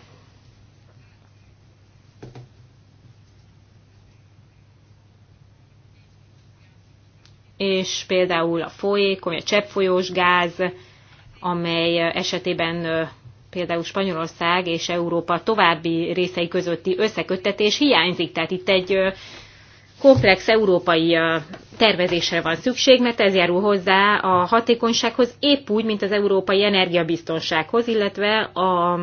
és például a folyékony, a cseppfolyós gáz, amely esetében például Spanyolország és Európa további részei közötti összeköttetés hiányzik. Tehát itt egy komplex európai tervezésre van szükség, mert ez járul hozzá a hatékonysághoz, épp úgy, mint az európai energiabiztonsághoz, illetve a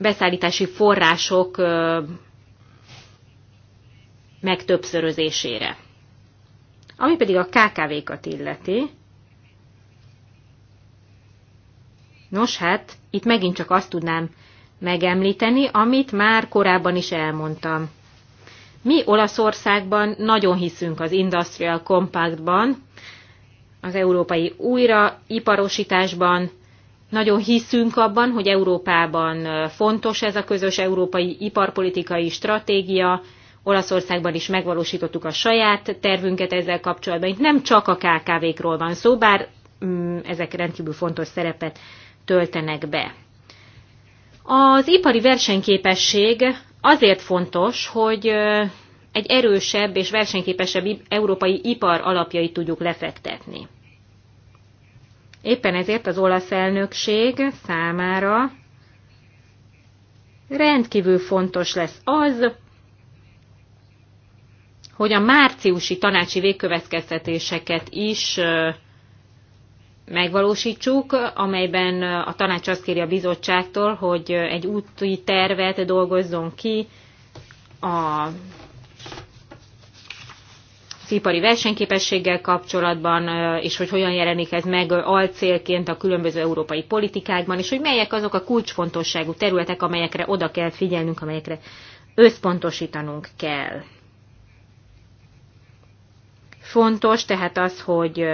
beszállítási források megtöbbszörözésére. Ami pedig a KKV-kat illeti, Nos hát, itt megint csak azt tudnám megemlíteni, amit már korábban is elmondtam. Mi Olaszországban nagyon hiszünk az Industrial Compactban, az európai újraiparosításban, nagyon hiszünk abban, hogy Európában fontos ez a közös európai iparpolitikai stratégia, Olaszországban is megvalósítottuk a saját tervünket ezzel kapcsolatban. Itt nem csak a KKV-król van szó, bár mm, ezek rendkívül fontos szerepet töltenek be. Az ipari versenyképesség azért fontos, hogy egy erősebb és versenyképesebb európai ipar alapjait tudjuk lefektetni. Éppen ezért az olasz elnökség számára rendkívül fontos lesz az, hogy a márciusi tanácsi végkövetkeztetéseket is megvalósítsuk, amelyben a tanács azt kéri a bizottságtól, hogy egy úti tervet dolgozzon ki a az ipari versenyképességgel kapcsolatban, és hogy hogyan jelenik ez meg alcélként a különböző európai politikákban, és hogy melyek azok a kulcsfontosságú területek, amelyekre oda kell figyelnünk, amelyekre összpontosítanunk kell. Fontos tehát az, hogy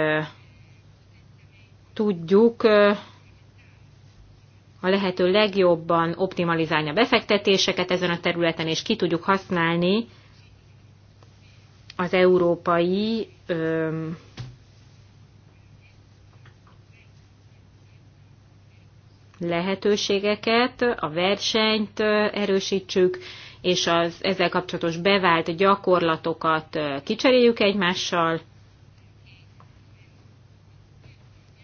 tudjuk a lehető legjobban optimalizálni a befektetéseket ezen a területen, és ki tudjuk használni az európai öm, lehetőségeket, a versenyt erősítsük, és az ezzel kapcsolatos bevált gyakorlatokat kicseréljük egymással,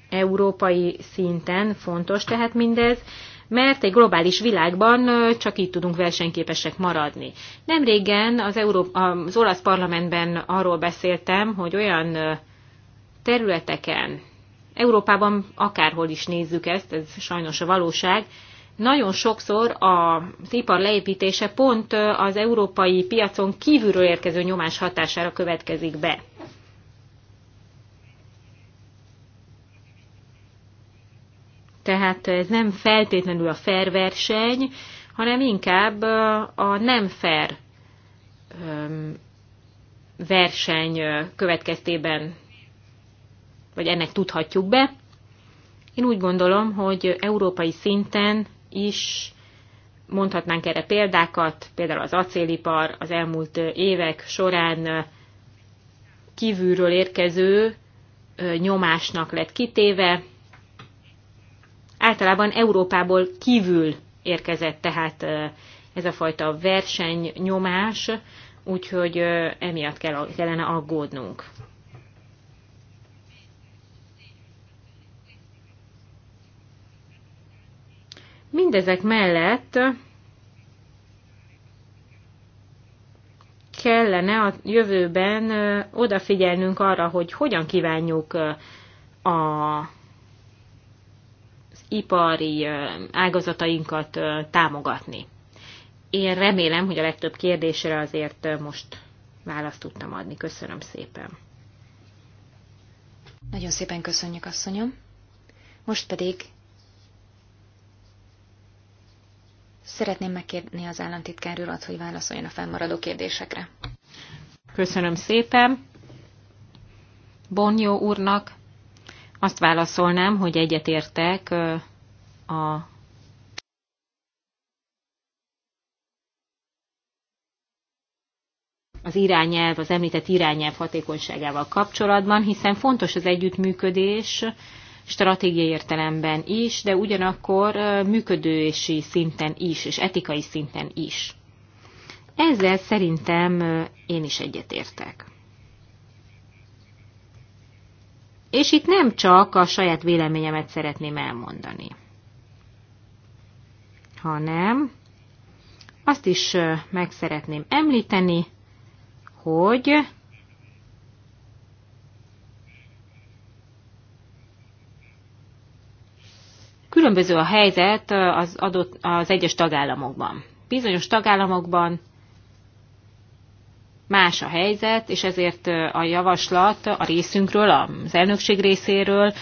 európai szinten fontos tehát mindez, mert egy globális világban csak így tudunk versenyképesek maradni. Nemrégen az, Európa, az olasz parlamentben arról beszéltem, hogy olyan területeken, Európában akárhol is nézzük ezt, ez sajnos a valóság, nagyon sokszor az ipar leépítése pont az európai piacon kívülről érkező nyomás hatására következik be. Tehát ez nem feltétlenül a fair verseny, hanem inkább a nem fair verseny következtében, vagy ennek tudhatjuk be. Én úgy gondolom, hogy európai szinten is mondhatnánk erre példákat, például az acélipar az elmúlt évek során kívülről érkező nyomásnak lett kitéve, általában Európából kívül érkezett tehát ez a fajta versenynyomás, úgyhogy emiatt kellene aggódnunk. Mindezek mellett kellene a jövőben odafigyelnünk arra, hogy hogyan kívánjuk a ipari ágazatainkat támogatni. Én remélem, hogy a legtöbb kérdésre azért most választ tudtam adni. Köszönöm szépen. Nagyon szépen köszönjük, asszonyom. Most pedig szeretném megkérni az államtitkár urat, hogy válaszoljon a felmaradó kérdésekre. Köszönöm szépen. Bonjó úrnak azt válaszolnám, hogy egyetértek a az irányelv, az említett irányelv hatékonyságával kapcsolatban, hiszen fontos az együttműködés stratégiai értelemben is, de ugyanakkor működési szinten is, és etikai szinten is. Ezzel szerintem én is egyetértek. És itt nem csak a saját véleményemet szeretném elmondani, hanem azt is meg szeretném említeni, hogy különböző a helyzet az, adott, az egyes tagállamokban. Bizonyos tagállamokban más a helyzet, és ezért a javaslat a részünkről, az elnökség részéről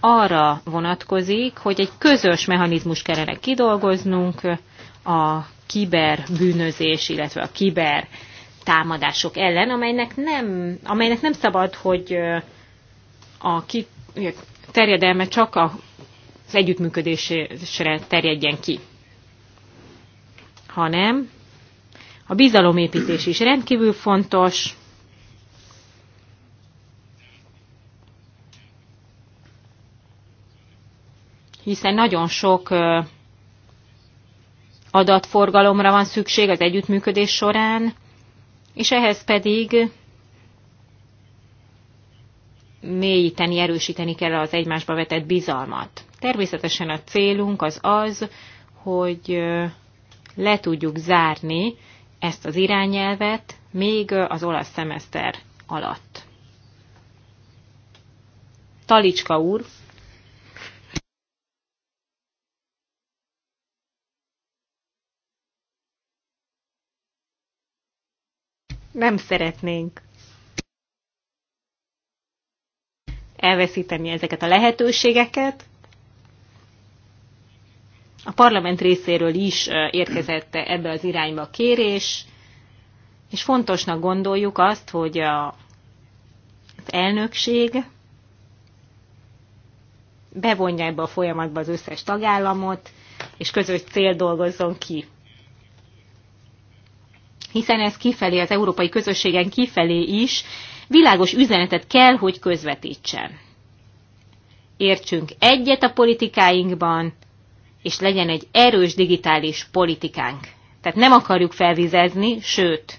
arra vonatkozik, hogy egy közös mechanizmus kellene kidolgoznunk a kiberbűnözés, illetve a kiber támadások ellen, amelynek nem, amelynek nem szabad, hogy a ki, terjedelme csak a, az együttműködésre terjedjen ki, hanem a bizalomépítés is rendkívül fontos. hiszen nagyon sok adatforgalomra van szükség az együttműködés során, és ehhez pedig mélyíteni, erősíteni kell az egymásba vetett bizalmat. Természetesen a célunk az az, hogy le tudjuk zárni ezt az irányelvet még az olasz szemeszter alatt. Talicska úr nem szeretnénk elveszíteni ezeket a lehetőségeket, a parlament részéről is érkezett ebbe az irányba a kérés, és fontosnak gondoljuk azt, hogy a, az elnökség bevonja ebbe a folyamatba az összes tagállamot, és közös cél dolgozzon ki. Hiszen ez kifelé, az európai közösségen kifelé is világos üzenetet kell, hogy közvetítsen. Értsünk egyet a politikáinkban, és legyen egy erős digitális politikánk. Tehát nem akarjuk felvizezni, sőt.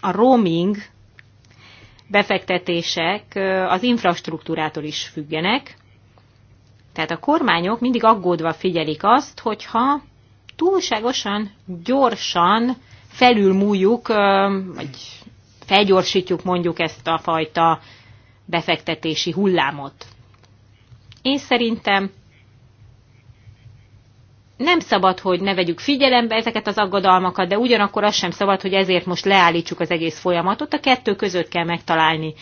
A roaming befektetések az infrastruktúrától is függenek, tehát a kormányok mindig aggódva figyelik azt, hogyha túlságosan gyorsan felülmúljuk, vagy felgyorsítjuk mondjuk ezt a fajta befektetési hullámot. Én szerintem nem szabad, hogy ne vegyük figyelembe ezeket az aggodalmakat, de ugyanakkor az sem szabad, hogy ezért most leállítsuk az egész folyamatot. A kettő között kell megtalálni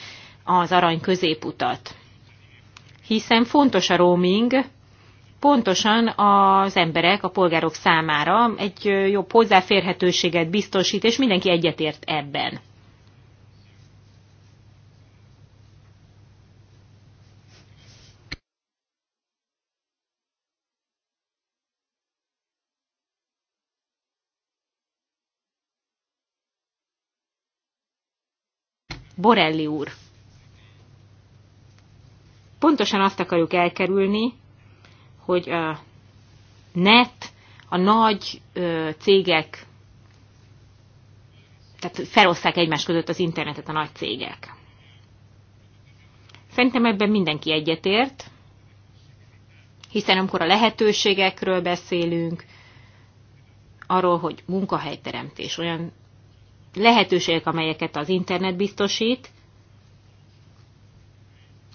az arany középutat. Hiszen fontos a roaming, pontosan az emberek, a polgárok számára egy jobb hozzáférhetőséget biztosít, és mindenki egyetért ebben. Borelli úr. Pontosan azt akarjuk elkerülni, hogy a net, a nagy cégek, tehát felosztják egymás között az internetet a nagy cégek. Szerintem ebben mindenki egyetért, hiszen amikor a lehetőségekről beszélünk, arról, hogy munkahelyteremtés, olyan lehetőségek, amelyeket az internet biztosít,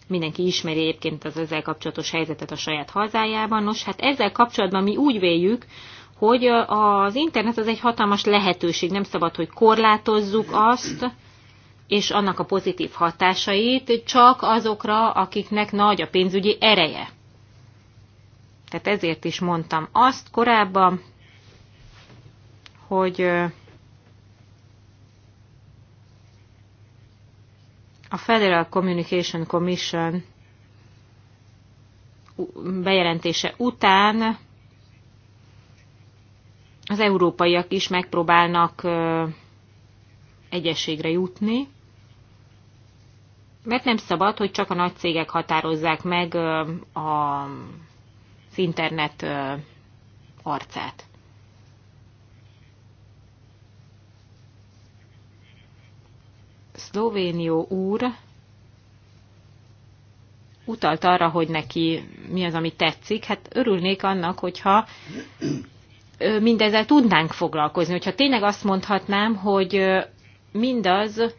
Mindenki ismeri egyébként az ezzel kapcsolatos helyzetet a saját hazájában. Nos, hát ezzel kapcsolatban mi úgy véljük, hogy az internet az egy hatalmas lehetőség, nem szabad, hogy korlátozzuk azt, és annak a pozitív hatásait csak azokra, akiknek nagy a pénzügyi ereje. Tehát ezért is mondtam azt korábban, hogy a Federal Communication Commission bejelentése után az európaiak is megpróbálnak egyességre jutni, mert nem szabad, hogy csak a nagy cégek határozzák meg az internet arcát. Szlovénió úr utalt arra, hogy neki mi az, ami tetszik. Hát örülnék annak, hogyha mindezzel tudnánk foglalkozni. Hogyha tényleg azt mondhatnám, hogy mindaz,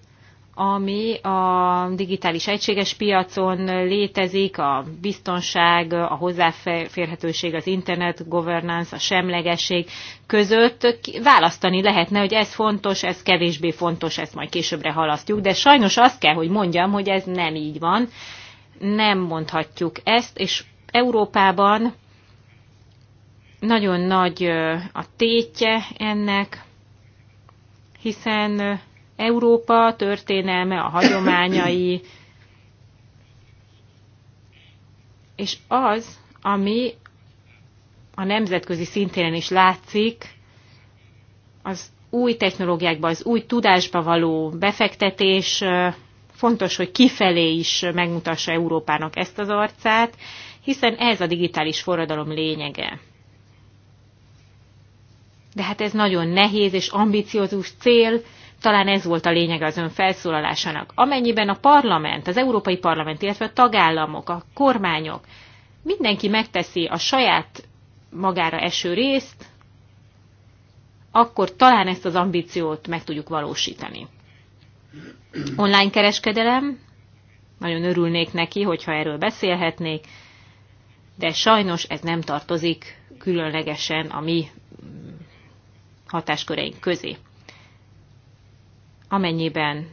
ami a digitális egységes piacon létezik, a biztonság, a hozzáférhetőség, az internet governance, a semlegesség között választani lehetne, hogy ez fontos, ez kevésbé fontos, ezt majd későbbre halasztjuk, de sajnos azt kell, hogy mondjam, hogy ez nem így van, nem mondhatjuk ezt, és Európában nagyon nagy a tétje ennek, hiszen Európa történelme, a hagyományai, és az, ami a nemzetközi szintén is látszik, az új technológiákba, az új tudásba való befektetés, fontos, hogy kifelé is megmutassa Európának ezt az arcát, hiszen ez a digitális forradalom lényege. De hát ez nagyon nehéz és ambiciózus cél, talán ez volt a lényeg az ön felszólalásának. Amennyiben a parlament, az Európai Parlament, illetve a tagállamok, a kormányok, mindenki megteszi a saját magára eső részt, akkor talán ezt az ambíciót meg tudjuk valósítani. Online kereskedelem, nagyon örülnék neki, hogyha erről beszélhetnék, de sajnos ez nem tartozik különlegesen a mi mm, hatásköreink közé amennyiben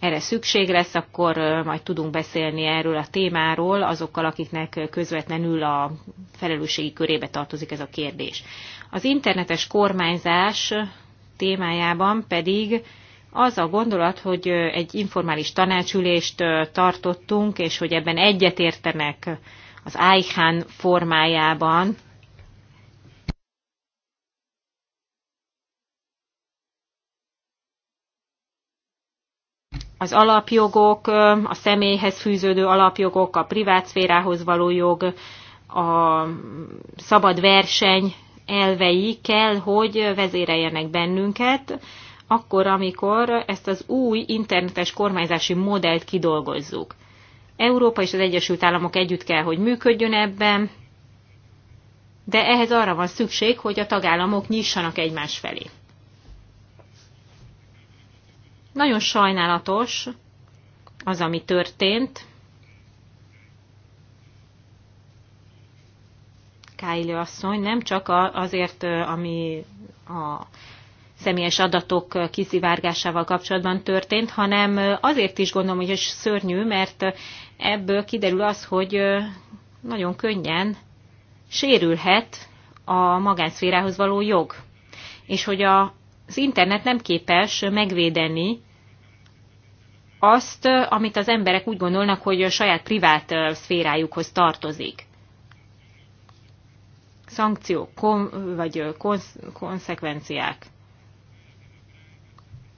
erre szükség lesz, akkor majd tudunk beszélni erről a témáról azokkal, akiknek közvetlenül a felelősségi körébe tartozik ez a kérdés. Az internetes kormányzás témájában pedig az a gondolat, hogy egy informális tanácsülést tartottunk, és hogy ebben egyetértenek az IHAN formájában az alapjogok, a személyhez fűződő alapjogok, a privátszférához való jog, a szabad verseny elvei kell, hogy vezéreljenek bennünket, akkor, amikor ezt az új internetes kormányzási modellt kidolgozzuk. Európa és az Egyesült Államok együtt kell, hogy működjön ebben, de ehhez arra van szükség, hogy a tagállamok nyissanak egymás felé. Nagyon sajnálatos az, ami történt. Káili asszony nem csak azért, ami a személyes adatok kiszivárgásával kapcsolatban történt, hanem azért is gondolom, hogy ez szörnyű, mert ebből kiderül az, hogy nagyon könnyen sérülhet a magánszférához való jog, és hogy az internet nem képes megvédeni azt, amit az emberek úgy gondolnak, hogy a saját privát szférájukhoz tartozik. Szankciók, kon, vagy konsz, konszekvenciák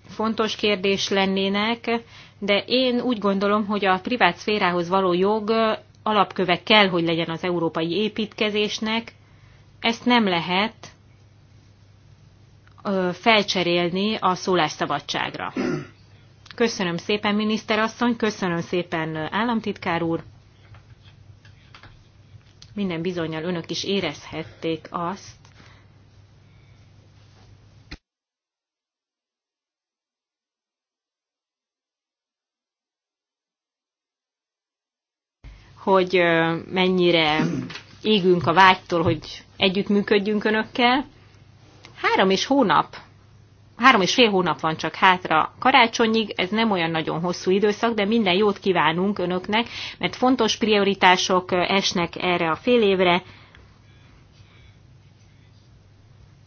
fontos kérdés lennének, de én úgy gondolom, hogy a privát szférához való jog alapköve kell, hogy legyen az európai építkezésnek. Ezt nem lehet felcserélni a szólásszabadságra. Köszönöm szépen, miniszterasszony, köszönöm szépen, államtitkár úr. Minden bizonyal önök is érezhették azt, hogy mennyire égünk a vágytól, hogy együttműködjünk önökkel. Három és hónap három és fél hónap van csak hátra karácsonyig, ez nem olyan nagyon hosszú időszak, de minden jót kívánunk önöknek, mert fontos prioritások eh, esnek erre a fél évre,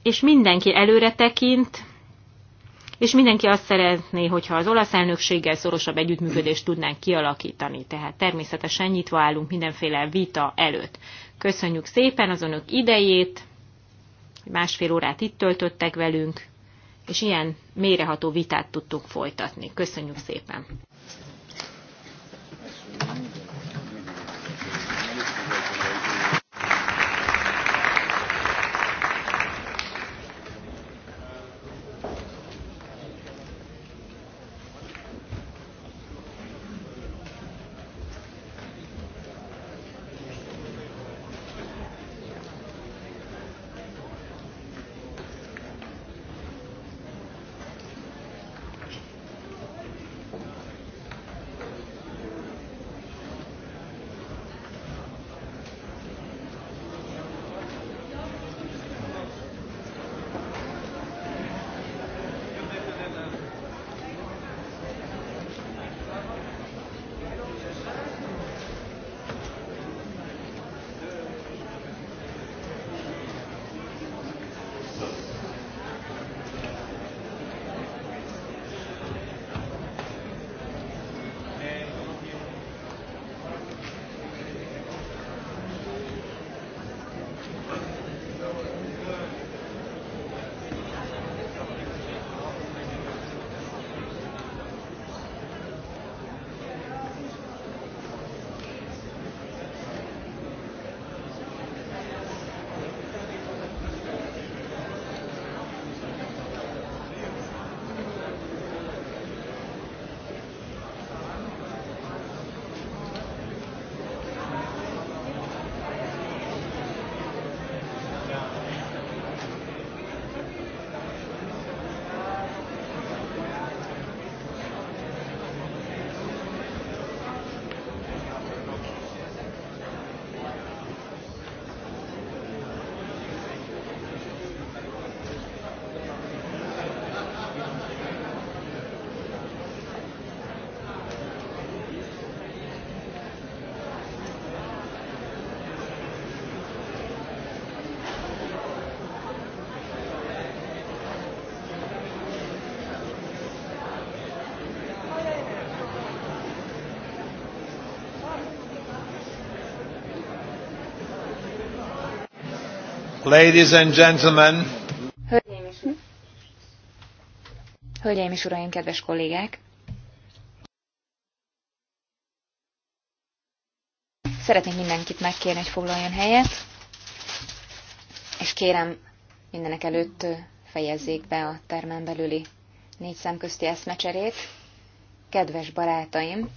és mindenki előre tekint, és mindenki azt szeretné, hogyha az olasz elnökséggel szorosabb együttműködést tudnánk kialakítani. Tehát természetesen nyitva állunk mindenféle vita előtt. Köszönjük szépen az önök idejét, hogy másfél órát itt töltöttek velünk és ilyen méreható vitát tudtunk folytatni. Köszönjük szépen! Ladies and gentlemen. Hölgyeim és, uraim, kedves kollégák! Szeretnék mindenkit megkérni, hogy foglaljon helyet, és kérem mindenek előtt fejezzék be a termen belüli négy szem közti eszmecserét. Kedves barátaim,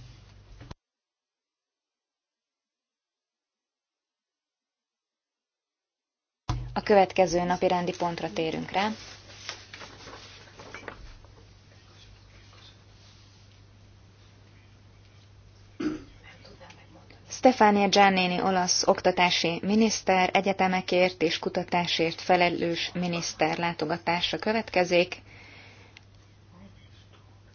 A következő napi rendi pontra térünk rá. Stefania Giannini olasz oktatási miniszter, egyetemekért és kutatásért felelős miniszter látogatása következik.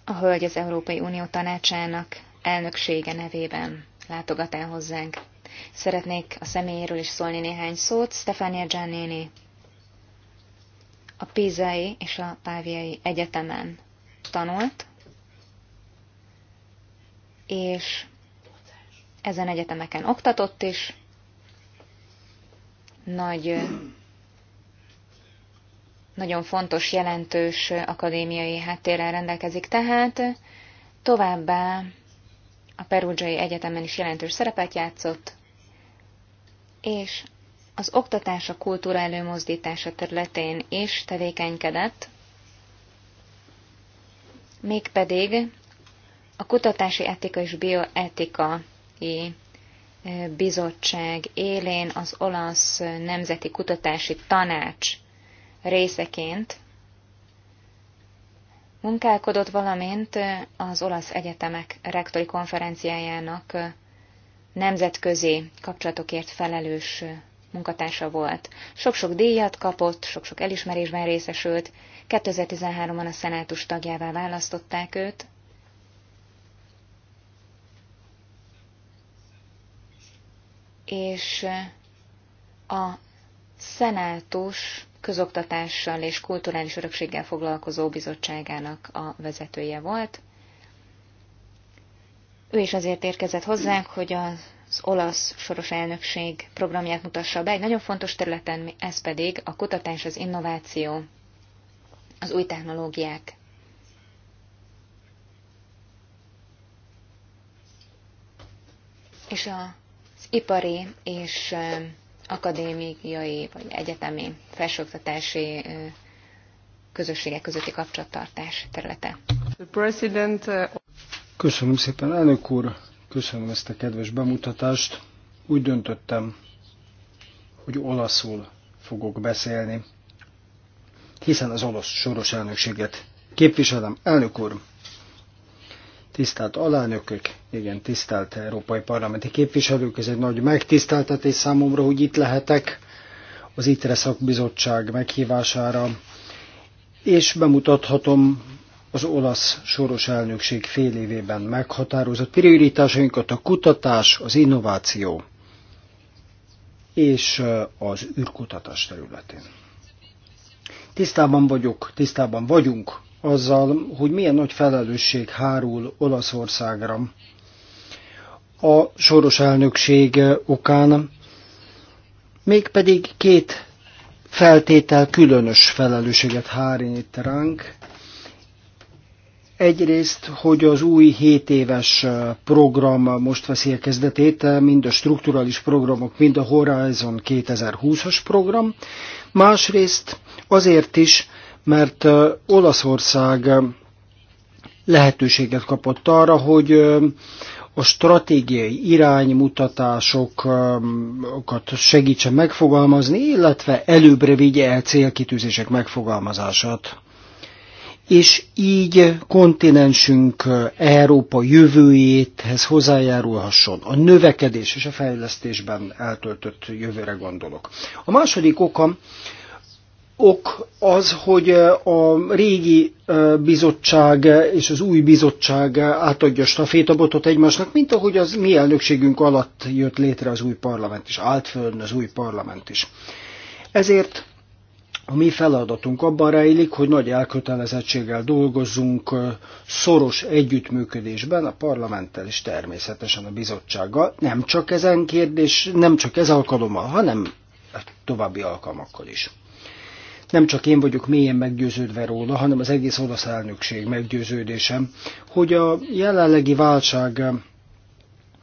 A hölgy az Európai Unió tanácsának elnöksége nevében látogat el hozzánk. Szeretnék a személyéről is szólni néhány szót. Stefania Giannini a Pizai és a Páviai Egyetemen tanult, és ezen egyetemeken oktatott is, nagy, nagyon fontos, jelentős akadémiai háttérrel rendelkezik tehát, továbbá a Perugiai Egyetemen is jelentős szerepet játszott, és az oktatás a kultúra előmozdítása területén is tevékenykedett, mégpedig a Kutatási Etika és Bioetikai e, Bizottság élén az olasz Nemzeti Kutatási Tanács részeként munkálkodott, valamint az olasz egyetemek rektori konferenciájának nemzetközi kapcsolatokért felelős munkatársa volt. Sok-sok díjat kapott, sok-sok elismerésben részesült, 2013-ban a szenátus tagjává választották őt, és a szenátus közoktatással és kulturális örökséggel foglalkozó bizottságának a vezetője volt. Ő is azért érkezett hozzánk, hogy az olasz soros elnökség programját mutassa be egy nagyon fontos területen, ez pedig a kutatás, az innováció, az új technológiák. És az ipari és um, akadémiai vagy egyetemi felsőoktatási uh, közösségek közötti kapcsolattartás területe. Köszönöm szépen, elnök úr, köszönöm ezt a kedves bemutatást. Úgy döntöttem, hogy olaszul fogok beszélni, hiszen az olasz soros elnökséget képviselem. Elnök úr, tisztelt alelnökök, igen, tisztelt európai parlamenti képviselők, ez egy nagy megtiszteltetés számomra, hogy itt lehetek az ITRE szakbizottság meghívására, és bemutathatom az olasz soros elnökség fél évében meghatározott prioritásainkat a kutatás, az innováció és az űrkutatás területén. Tisztában vagyok, tisztában vagyunk azzal, hogy milyen nagy felelősség hárul Olaszországra a soros elnökség okán, mégpedig két feltétel különös felelősséget hárít ránk, Egyrészt, hogy az új 7 éves program most veszi a kezdetét, mind a strukturális programok, mind a Horizon 2020-as program. Másrészt azért is, mert Olaszország lehetőséget kapott arra, hogy a stratégiai iránymutatásokat segítsen megfogalmazni, illetve előbbre vigye el célkitűzések megfogalmazását és így kontinensünk eh, Európa jövőjéthez hozzájárulhasson. A növekedés és a fejlesztésben eltöltött jövőre gondolok. A második oka, ok az, hogy eh, a régi eh, bizottság és az új bizottság átadja stafétabotot egymásnak, mint ahogy az mi elnökségünk alatt jött létre az új parlament is, állt az új parlament is. Ezért a mi feladatunk abban rejlik, hogy nagy elkötelezettséggel dolgozzunk szoros együttműködésben a parlamenttel és természetesen a bizottsággal, nem csak ezen kérdés, nem csak ez alkalommal, hanem hát további alkalmakkal is. Nem csak én vagyok mélyen meggyőződve róla, hanem az egész olasz elnökség meggyőződésem, hogy a jelenlegi válság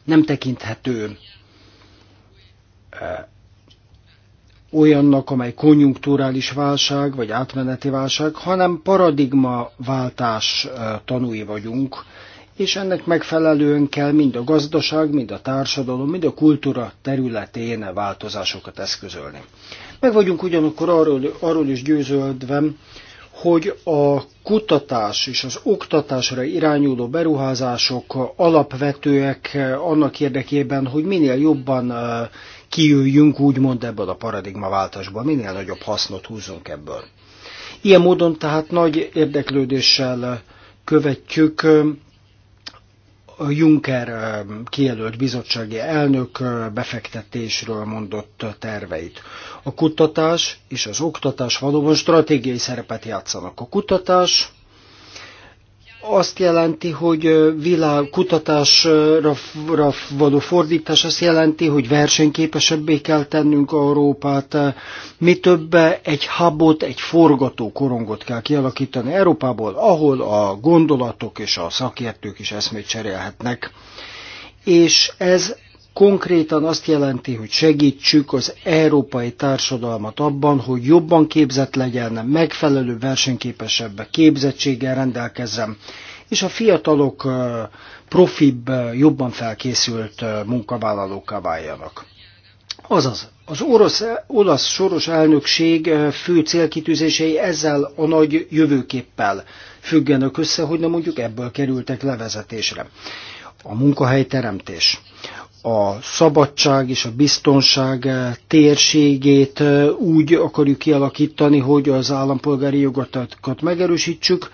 nem tekinthető olyannak, amely konjunkturális válság vagy átmeneti válság, hanem paradigmaváltás tanúi vagyunk, és ennek megfelelően kell mind a gazdaság, mind a társadalom, mind a kultúra területén változásokat eszközölni. Meg vagyunk ugyanakkor arról, arról is győződve, hogy a kutatás és az oktatásra irányuló beruházások alapvetőek annak érdekében, hogy minél jobban kiüljünk úgymond ebből a paradigmaváltásból, minél nagyobb hasznot húzunk ebből. Ilyen módon tehát nagy érdeklődéssel követjük a Juncker kijelölt bizottsági elnök befektetésről mondott terveit. A kutatás és az oktatás valóban stratégiai szerepet játszanak. A kutatás azt jelenti, hogy világ kutatásra való fordítás azt jelenti, hogy versenyképesebbé kell tennünk Európát. Mi többe egy habot, egy forgató korongot kell kialakítani Európából, ahol a gondolatok és a szakértők is eszmét cserélhetnek. És ez konkrétan azt jelenti, hogy segítsük az európai társadalmat abban, hogy jobban képzett legyen, megfelelő versenyképesebb képzettséggel rendelkezzen, és a fiatalok profibb, jobban felkészült munkavállalókká váljanak. Azaz, az orosz, olasz soros elnökség fő célkitűzései ezzel a nagy jövőképpel függenek össze, hogy nem mondjuk ebből kerültek levezetésre. A munkahelyteremtés a szabadság és a biztonság eh, térségét eh, úgy akarjuk kialakítani, hogy az állampolgári jogokat megerősítsük,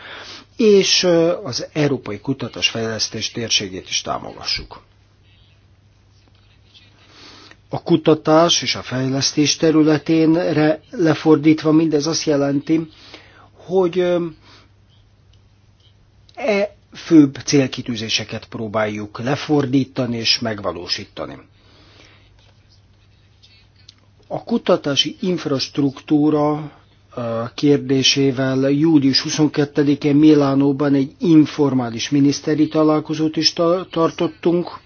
és eh, az európai kutatásfejlesztés térségét is támogassuk. A kutatás és a fejlesztés területén lefordítva mindez azt jelenti, hogy e főbb célkitűzéseket próbáljuk lefordítani és megvalósítani. A kutatási infrastruktúra kérdésével július 22-én Milánóban egy informális miniszteri találkozót is tartottunk,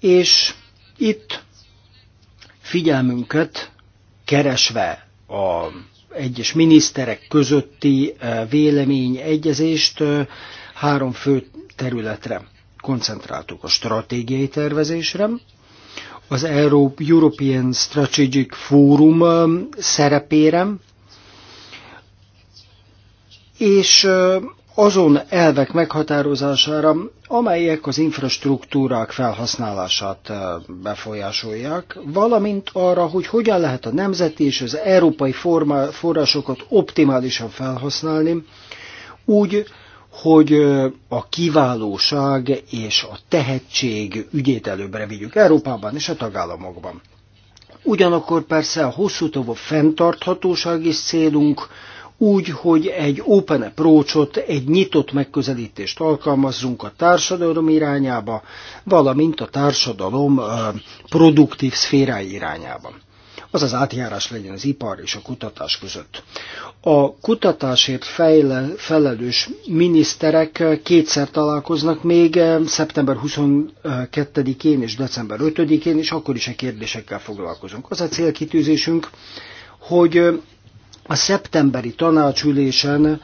és itt figyelmünket keresve a egyes miniszterek közötti véleményegyezést három fő területre koncentráltuk a stratégiai tervezésre, az European Strategic Forum um, szerepére, és uh, azon elvek meghatározására, amelyek az infrastruktúrák felhasználását uh, befolyásolják, valamint arra, hogy hogyan lehet a nemzeti és az európai forrásokat optimálisan felhasználni, úgy, hogy a kiválóság és a tehetség ügyét előbbre vigyük Európában és a tagállamokban. Ugyanakkor persze a hosszú távú fenntarthatóság is célunk, úgy, hogy egy open approachot, egy nyitott megközelítést alkalmazzunk a társadalom irányába, valamint a társadalom produktív szférái irányába azaz átjárás legyen az ipar és a kutatás között. A kutatásért fejle, felelős miniszterek kétszer találkoznak még eh, szeptember 22-én és december 5-én, és akkor is a kérdésekkel foglalkozunk. Az a célkitűzésünk, hogy eh, a szeptemberi tanácsülésen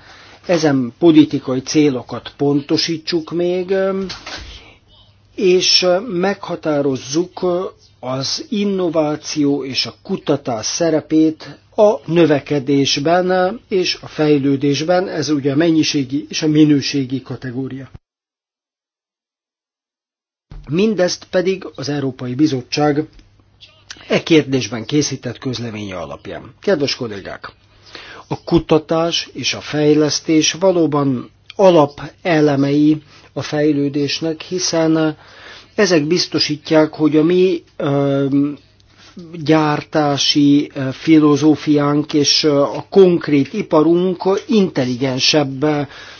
ezen politikai célokat pontosítsuk még, eh, és meghatározzuk az innováció és a kutatás szerepét a növekedésben és a fejlődésben, ez ugye a mennyiségi és a minőségi kategória. Mindezt pedig az Európai Bizottság e kérdésben készített közleménye alapján. Kedves kollégák, a kutatás és a fejlesztés valóban alapelemei a fejlődésnek, hiszen ezek biztosítják, hogy a mi gyártási filozófiánk és a konkrét iparunk intelligensebb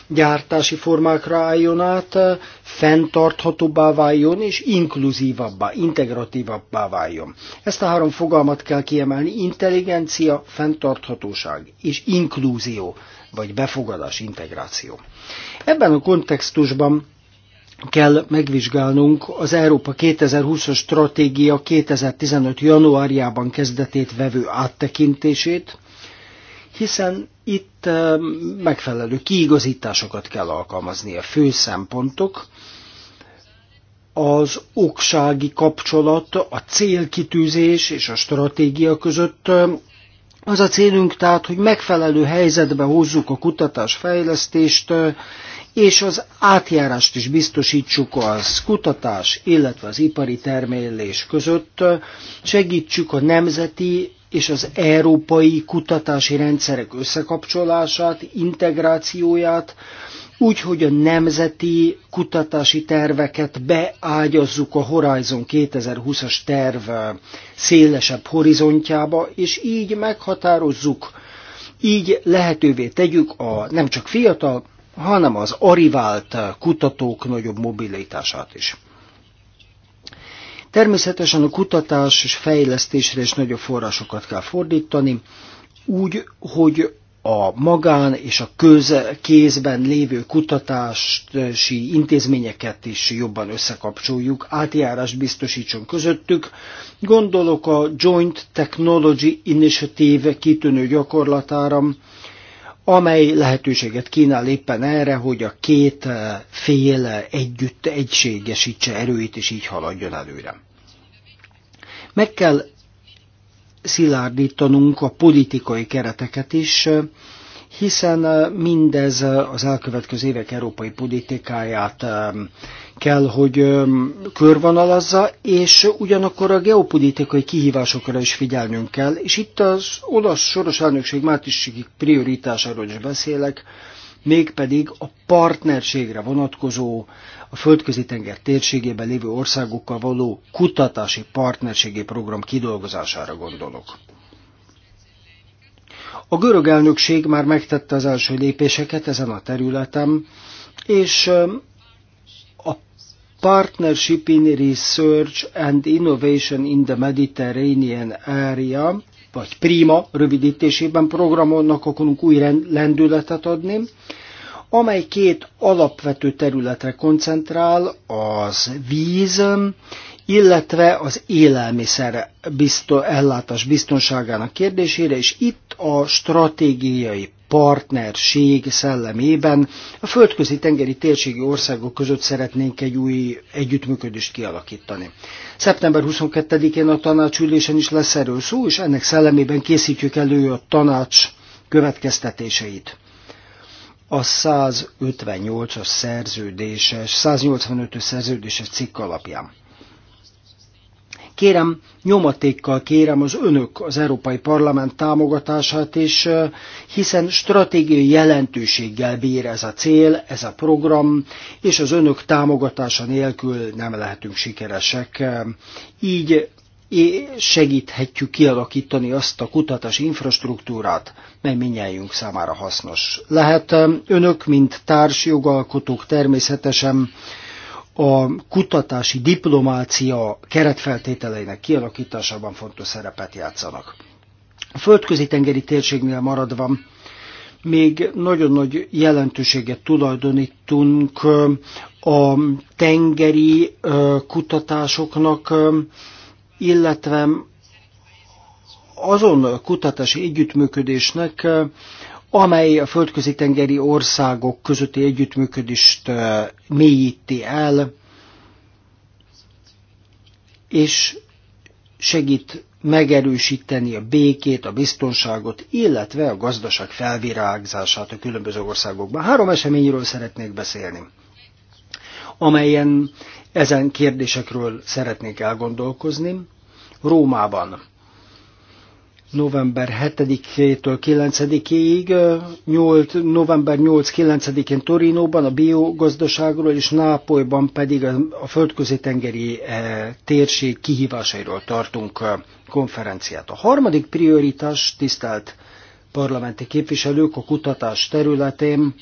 gyártási formákra álljon át, fenntarthatóbbá váljon és inkluzívabbá, integratívabbá váljon. Ezt a három fogalmat kell kiemelni, intelligencia, fenntarthatóság és inklúzió, vagy befogadás, integráció. Ebben a kontextusban kell megvizsgálnunk az Európa 2020-as stratégia 2015. januárjában kezdetét vevő áttekintését, hiszen itt eh, megfelelő kiigazításokat kell alkalmazni. A fő szempontok az oksági kapcsolat, a célkitűzés és a stratégia között az a célunk tehát, hogy megfelelő helyzetbe hozzuk a kutatásfejlesztést, fejlesztést és az átjárást is biztosítsuk az kutatás, illetve az ipari termelés között, segítsük a nemzeti és az európai kutatási rendszerek összekapcsolását, integrációját, úgy, hogy a nemzeti kutatási terveket beágyazzuk a Horizon 2020-as terv szélesebb horizontjába, és így meghatározzuk, így lehetővé tegyük a nem csak fiatal, hanem az arivált kutatók nagyobb mobilitását is. Természetesen a kutatás és fejlesztésre is nagyobb forrásokat kell fordítani, úgy, hogy a magán és a köz, kézben lévő kutatási intézményeket is jobban összekapcsoljuk, átjárást biztosítson közöttük. Gondolok a Joint Technology Initiative kitűnő gyakorlatára, amely lehetőséget kínál éppen erre, hogy a két eh, fél együtt egységesítse erőit, és így haladjon előre. Meg kell szilárdítanunk a politikai kereteket is, eh, hiszen mindez az elkövetkező évek európai politikáját kell, hogy körvonalazza, és ugyanakkor a geopolitikai kihívásokra is figyelnünk kell, és itt az olasz soros elnökség Mátisigi prioritásáról is beszélek, mégpedig a partnerségre vonatkozó, a földközi tenger térségében lévő országokkal való kutatási partnerségi program kidolgozására gondolok. A görög elnökség már megtette az első lépéseket ezen a területen, és um, a Partnership in Research and Innovation in the Mediterranean Area, vagy PRIMA rövidítésében programonnak akarunk új lendületet adni, amely két alapvető területre koncentrál, az víz illetve az élelmiszer bizto, ellátás biztonságának kérdésére, és itt a stratégiai partnerség szellemében a földközi tengeri térségi országok között szeretnénk egy új együttműködést kialakítani. Szeptember 22-én a tanácsülésen is lesz erről szó, és ennek szellemében készítjük elő a tanács következtetéseit a 158-as szerződéses, 185-ös szerződéses cikk alapján. Kérem, nyomatékkal kérem az önök az Európai Parlament támogatását, és hiszen stratégiai jelentőséggel bír ez a cél, ez a program, és az önök támogatása nélkül nem lehetünk sikeresek. Így segíthetjük kialakítani azt a kutatási infrastruktúrát, mely minnyájunk számára hasznos. Lehet önök, mint társjogalkotók természetesen a kutatási diplomácia keretfeltételeinek kialakításában fontos szerepet játszanak. A földközi tengeri térségnél maradva még nagyon nagy jelentőséget tulajdonítunk a tengeri kutatásoknak, illetve azon kutatási együttműködésnek, amely a földközi tengeri országok közötti együttműködést mélyíti el, és segít megerősíteni a békét, a biztonságot, illetve a gazdaság felvirágzását a különböző országokban. Három eseményről szeretnék beszélni, amelyen ezen kérdésekről szeretnék elgondolkozni. Rómában november 7-től 9-ig, november 8-9-én Torinóban a biogazdaságról és Nápolyban pedig a földközi tengeri térség kihívásairól tartunk konferenciát. A harmadik prioritás, tisztelt parlamenti képviselők, a kutatás területén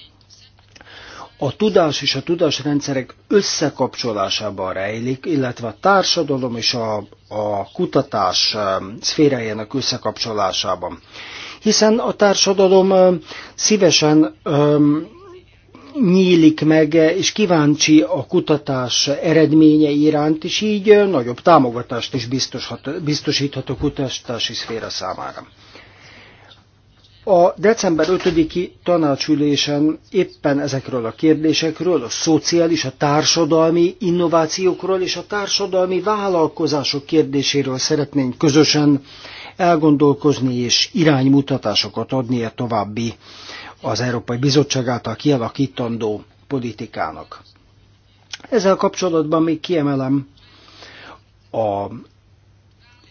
a tudás és a tudásrendszerek összekapcsolásában rejlik, illetve a társadalom és a, a kutatás szférájának összekapcsolásában. Hiszen a társadalom szívesen nyílik meg, és kíváncsi a kutatás eredménye iránt, és így nagyobb támogatást is biztosíthat a kutatási szféra számára. A december 5-i tanácsülésen éppen ezekről a kérdésekről, a szociális, a társadalmi innovációkról és a társadalmi vállalkozások kérdéséről szeretnénk közösen elgondolkozni és iránymutatásokat adni a további az Európai Bizottság által kialakítandó politikának. Ezzel kapcsolatban még kiemelem a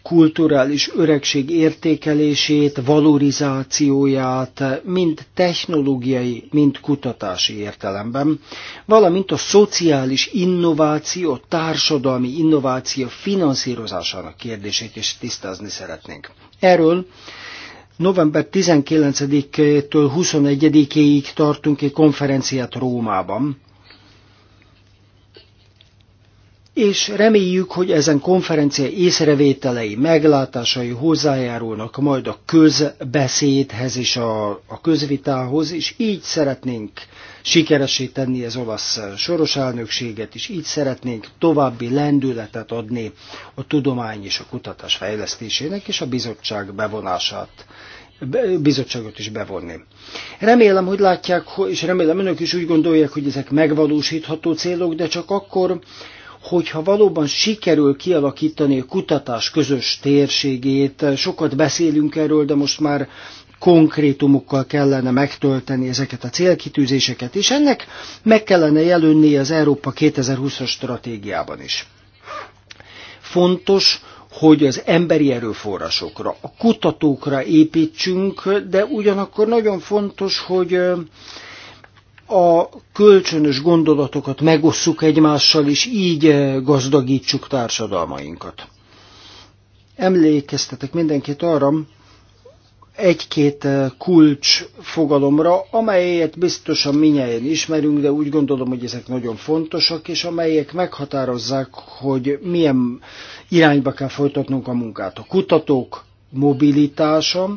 kulturális öregség értékelését, valorizációját, mind technológiai, mind kutatási értelemben, valamint a szociális innováció, társadalmi innováció finanszírozásának kérdését is tisztázni szeretnénk. Erről november 19-től 21-ig tartunk egy konferenciát Rómában, és reméljük, hogy ezen konferencia észrevételei, meglátásai hozzájárulnak majd a közbeszédhez és a, a közvitához, és így szeretnénk sikeresé tenni az olasz soros elnökséget, és így szeretnénk további lendületet adni a tudomány és a kutatás fejlesztésének, és a bizottság bevonását bizottságot is bevonni. Remélem, hogy látják, és remélem önök is úgy gondolják, hogy ezek megvalósítható célok, de csak akkor, hogyha valóban sikerül kialakítani a kutatás közös térségét, sokat beszélünk erről, de most már konkrétumokkal kellene megtölteni ezeket a célkitűzéseket, és ennek meg kellene jelölni az Európa 2020-as stratégiában is. Fontos, hogy az emberi erőforrásokra, a kutatókra építsünk, de ugyanakkor nagyon fontos, hogy a kölcsönös gondolatokat megosszuk egymással, és így eh, gazdagítsuk társadalmainkat. Emlékeztetek mindenkit arra, egy-két eh, kulcs fogalomra, amelyet biztosan minnyáján ismerünk, de úgy gondolom, hogy ezek nagyon fontosak, és amelyek meghatározzák, hogy milyen irányba kell folytatnunk a munkát. A kutatók mobilitása,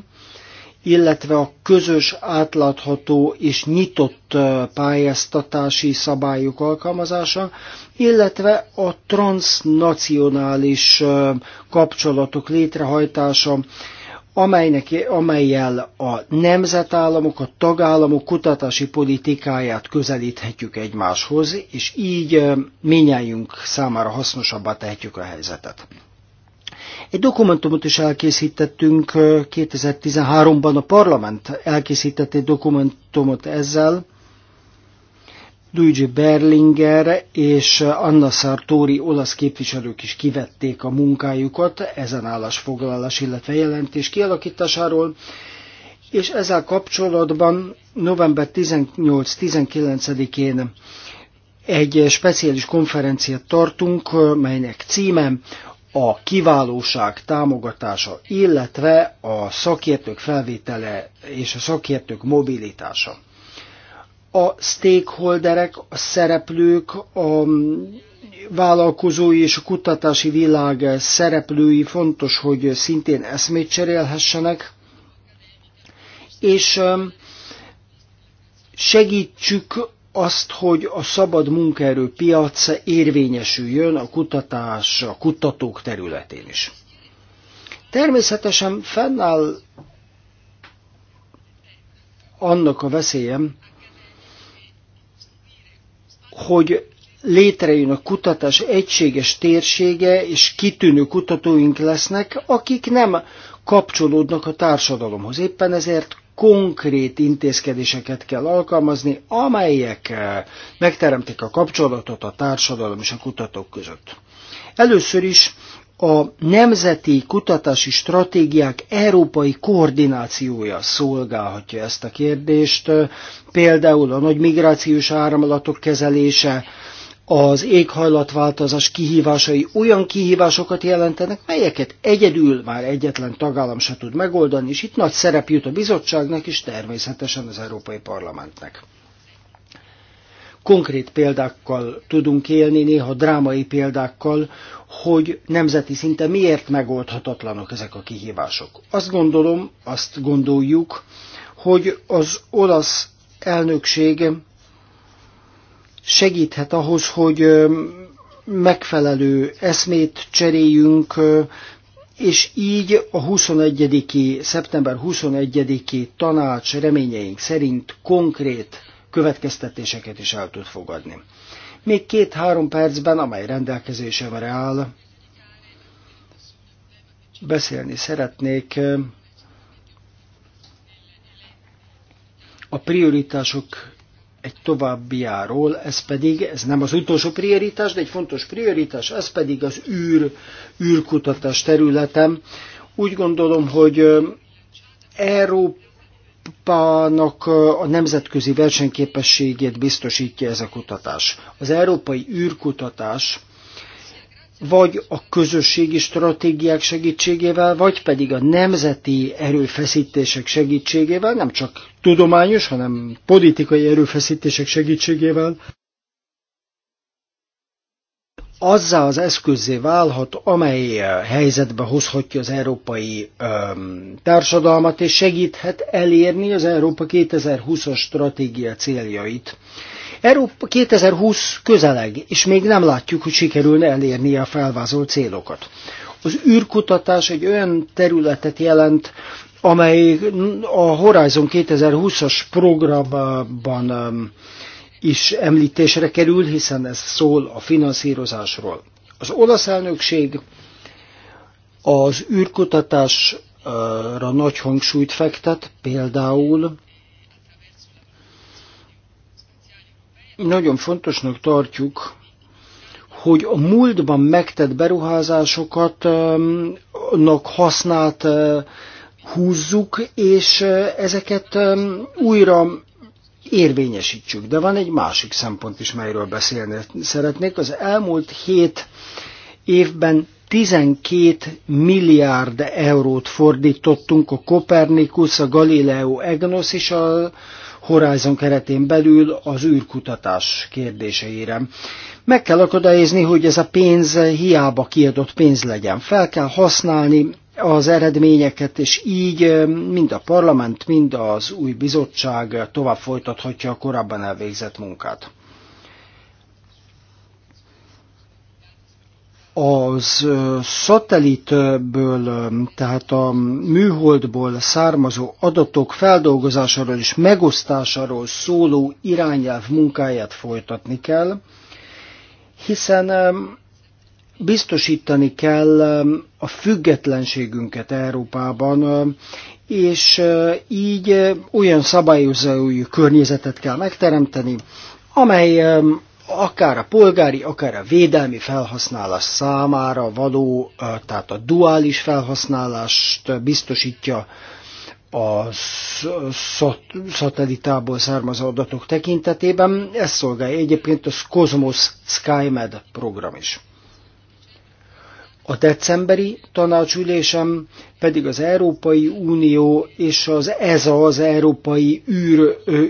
illetve a közös, átlátható és nyitott pályáztatási szabályok alkalmazása, illetve a transnacionális kapcsolatok létrehajtása, amelynek, amelyel a nemzetállamok, a tagállamok kutatási politikáját közelíthetjük egymáshoz, és így minnyájunk számára hasznosabbá tehetjük a helyzetet. Egy dokumentumot is elkészítettünk 2013-ban, a parlament elkészített egy dokumentumot ezzel, Luigi Berlinger és Anna Sartori olasz képviselők is kivették a munkájukat ezen állásfoglalás, illetve jelentés kialakításáról, és ezzel kapcsolatban november 18-19-én egy speciális konferenciát tartunk, melynek címe a kiválóság támogatása, illetve a szakértők felvétele és a szakértők mobilitása. A stakeholderek, a szereplők, a vállalkozói és a kutatási világ szereplői fontos, hogy szintén eszmét cserélhessenek, és um, segítsük azt, hogy a szabad munkaerő piac érvényesüljön a kutatás, a kutatók területén is. Természetesen fennáll annak a veszélyem, hogy létrejön a kutatás egységes térsége, és kitűnő kutatóink lesznek, akik nem kapcsolódnak a társadalomhoz. Éppen ezért konkrét intézkedéseket kell alkalmazni, amelyek eh, megteremtik a kapcsolatot a társadalom és a kutatók között. Először is a nemzeti kutatási stratégiák európai koordinációja szolgálhatja ezt a kérdést, eh, például a nagy migrációs áramlatok kezelése, az éghajlatváltozás kihívásai olyan kihívásokat jelentenek, melyeket egyedül már egyetlen tagállam se tud megoldani, és itt nagy szerep jut a bizottságnak és természetesen az Európai Parlamentnek. Konkrét példákkal tudunk élni, néha drámai példákkal, hogy nemzeti szinte miért megoldhatatlanok ezek a kihívások. Azt gondolom, azt gondoljuk, hogy az olasz elnökség segíthet ahhoz, hogy megfelelő eszmét cseréljünk, és így a 21. szeptember 21. tanács reményeink szerint konkrét következtetéseket is el tud fogadni. Még két-három percben, amely rendelkezésemre áll, beszélni szeretnék a prioritások egy továbbiáról, ez pedig, ez nem az utolsó prioritás, de egy fontos prioritás, ez pedig az űr, űrkutatás területem. Úgy gondolom, hogy Európának a nemzetközi versenyképességét biztosítja ez a kutatás. Az európai űrkutatás vagy a közösségi stratégiák segítségével, vagy pedig a nemzeti erőfeszítések segítségével, nem csak tudományos, hanem politikai erőfeszítések segítségével, azzá az eszközé válhat, amely helyzetbe hozhatja az európai öm, társadalmat, és segíthet elérni az Európa 2020-as stratégia céljait Európa 2020 közeleg, és még nem látjuk, hogy sikerülne elérnie a felvázolt célokat. Az űrkutatás egy olyan területet jelent, amely a Horizon 2020-as programban um, is említésre kerül, hiszen ez szól a finanszírozásról. Az olasz elnökség az űrkutatásra nagy hangsúlyt fektet, például Nagyon fontosnak tartjuk, hogy a múltban megtett beruházásokatnak um, használt uh, húzzuk, és uh, ezeket um, újra érvényesítsük. De van egy másik szempont is, melyről beszélni szeretnék. Az elmúlt hét évben 12 milliárd eurót fordítottunk a Kopernikus, a Galileo Egnos és a Horizon keretén belül az űrkutatás kérdéseire. Meg kell akadályozni, hogy ez a pénz hiába kiadott pénz legyen. Fel kell használni az eredményeket, és így mind a parlament, mind az új bizottság tovább folytathatja a korábban elvégzett munkát. az szatellitből, tehát a műholdból származó adatok feldolgozásáról és megosztásáról szóló irányelv munkáját folytatni kell, hiszen biztosítani kell a függetlenségünket Európában, és így olyan szabályozói környezetet kell megteremteni, amely akár a polgári, akár a védelmi felhasználás számára való, tehát a duális felhasználást biztosítja a szatellitából származó adatok tekintetében. Ez szolgálja egyébként a Cosmos SkyMed program is. A decemberi tanácsülésem pedig az Európai Unió és az ez az Európai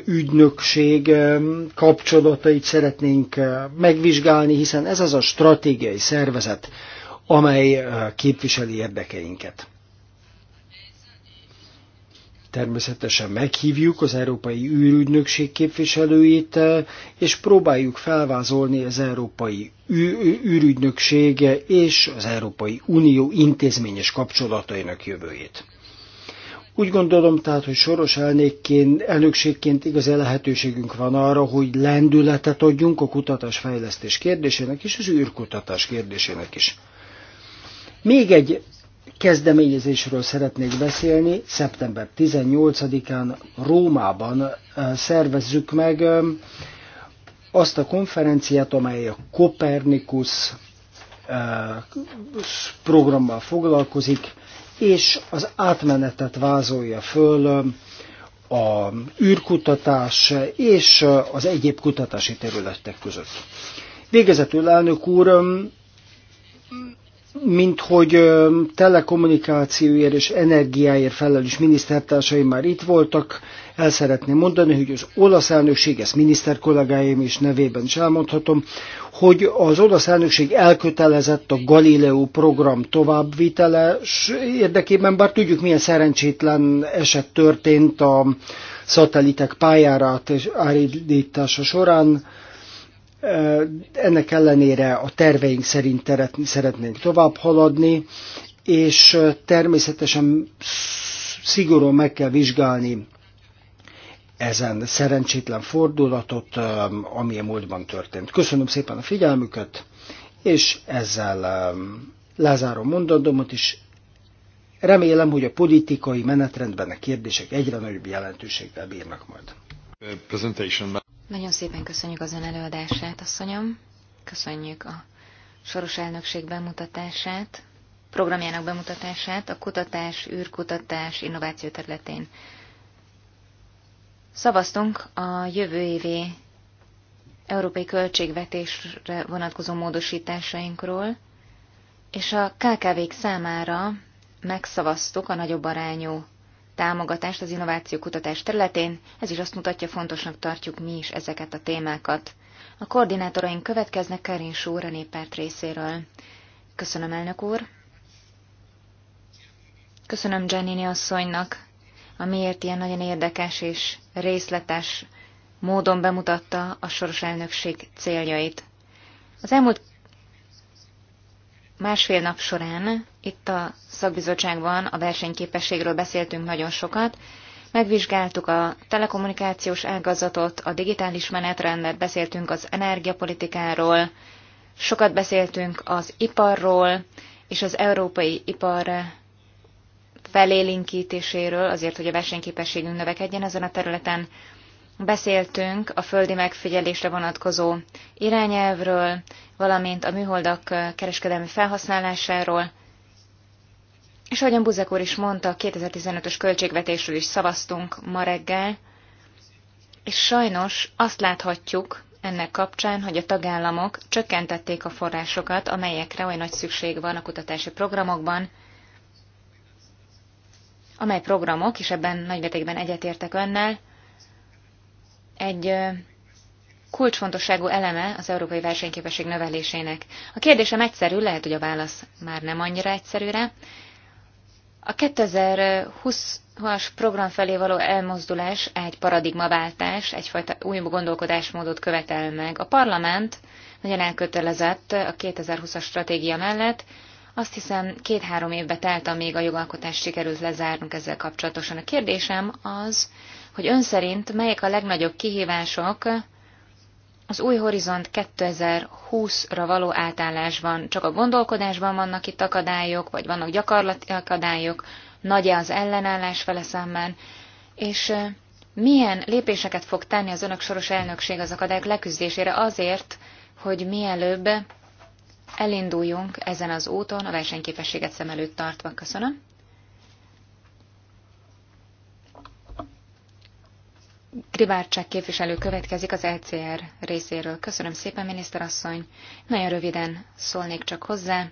ügynökség kapcsolatait szeretnénk megvizsgálni, hiszen ez az a stratégiai szervezet, amely képviseli érdekeinket. Természetesen meghívjuk az Európai űrügynökség képviselőit, eh, és próbáljuk felvázolni az Európai űrügynökség és az Európai Unió intézményes kapcsolatainak jövőjét. Úgy gondolom tehát, hogy soros elnökként, elnökségként igazi lehetőségünk van arra, hogy lendületet adjunk a kutatásfejlesztés kérdésének is, és az űrkutatás kérdésének is. Még egy kezdeményezésről szeretnék beszélni. Szeptember 18-án Rómában eh, szervezzük meg eh, azt a konferenciát, amely a Kopernikus eh, programmal foglalkozik, és az átmenetet vázolja föl a űrkutatás és az egyéb kutatási területek között. Végezetül elnök úr, mint hogy telekommunikációért és energiáért felelős minisztertársaim már itt voltak, el szeretném mondani, hogy az olasz elnökség, ezt miniszter kollégáim is nevében is elmondhatom, hogy az olasz elnökség elkötelezett a Galileo program továbbvitele érdekében, bár tudjuk milyen szerencsétlen eset történt a szatellitek pályára állítása során, ennek ellenére a terveink szerint szeretnénk tovább haladni, és természetesen szigorúan meg kell vizsgálni ezen szerencsétlen fordulatot, ami a múltban történt. Köszönöm szépen a figyelmüket, és ezzel lezárom mondatomat is. Remélem, hogy a politikai menetrendben a kérdések egyre nagyobb jelentőséggel bírnak majd. Nagyon szépen köszönjük az ön előadását, asszonyom. Köszönjük a soros elnökség bemutatását, programjának bemutatását a kutatás, űrkutatás, innováció területén. Szavaztunk a jövő évi európai költségvetésre vonatkozó módosításainkról, és a KKV-k számára megszavaztuk a nagyobb arányú támogatást az kutatás területén, ez is azt mutatja, fontosnak tartjuk mi is ezeket a témákat. A koordinátoraink következnek Karin Súr a néppárt részéről. Köszönöm, elnök úr! Köszönöm Giannini asszonynak, amiért ilyen nagyon érdekes és részletes módon bemutatta a soros elnökség céljait. Az elmúlt másfél nap során itt a szakbizottságban a versenyképességről beszéltünk nagyon sokat, megvizsgáltuk a telekommunikációs ágazatot, a digitális menetrendet, beszéltünk az energiapolitikáról, sokat beszéltünk az iparról és az európai ipar felélinkítéséről, azért, hogy a versenyképességünk növekedjen ezen a területen. Beszéltünk a földi megfigyelésre vonatkozó irányelvről, valamint a műholdak kereskedelmi felhasználásáról, és ahogyan Buzek úr is mondta, 2015-ös költségvetésről is szavaztunk ma reggel, és sajnos azt láthatjuk ennek kapcsán, hogy a tagállamok csökkentették a forrásokat, amelyekre oly nagy szükség van a kutatási programokban, amely programok, és ebben nagymértékben egyetértek önnel, egy kulcsfontosságú eleme az európai versenyképesség növelésének. A kérdésem egyszerű, lehet, hogy a válasz már nem annyira egyszerűre. A 2020-as program felé való elmozdulás egy paradigmaváltás, egyfajta új gondolkodásmódot követel meg. A parlament nagyon elkötelezett a 2020-as stratégia mellett, azt hiszem, két-három évbe telt, amíg a jogalkotást sikerült lezárnunk ezzel kapcsolatosan. A kérdésem az, hogy ön szerint melyek a legnagyobb kihívások az új horizont 2020-ra való átállásban? Csak a gondolkodásban vannak itt akadályok, vagy vannak gyakorlati akadályok? Nagy-e az ellenállás fele szemben? És milyen lépéseket fog tenni az önök soros elnökség az akadályok leküzdésére azért, hogy mielőbb elinduljunk ezen az úton, a versenyképességet szem előtt tartva. Köszönöm. Kribárcsák képviselő következik az LCR e részéről. Köszönöm szépen, miniszterasszony. Nagyon röviden szólnék csak hozzá.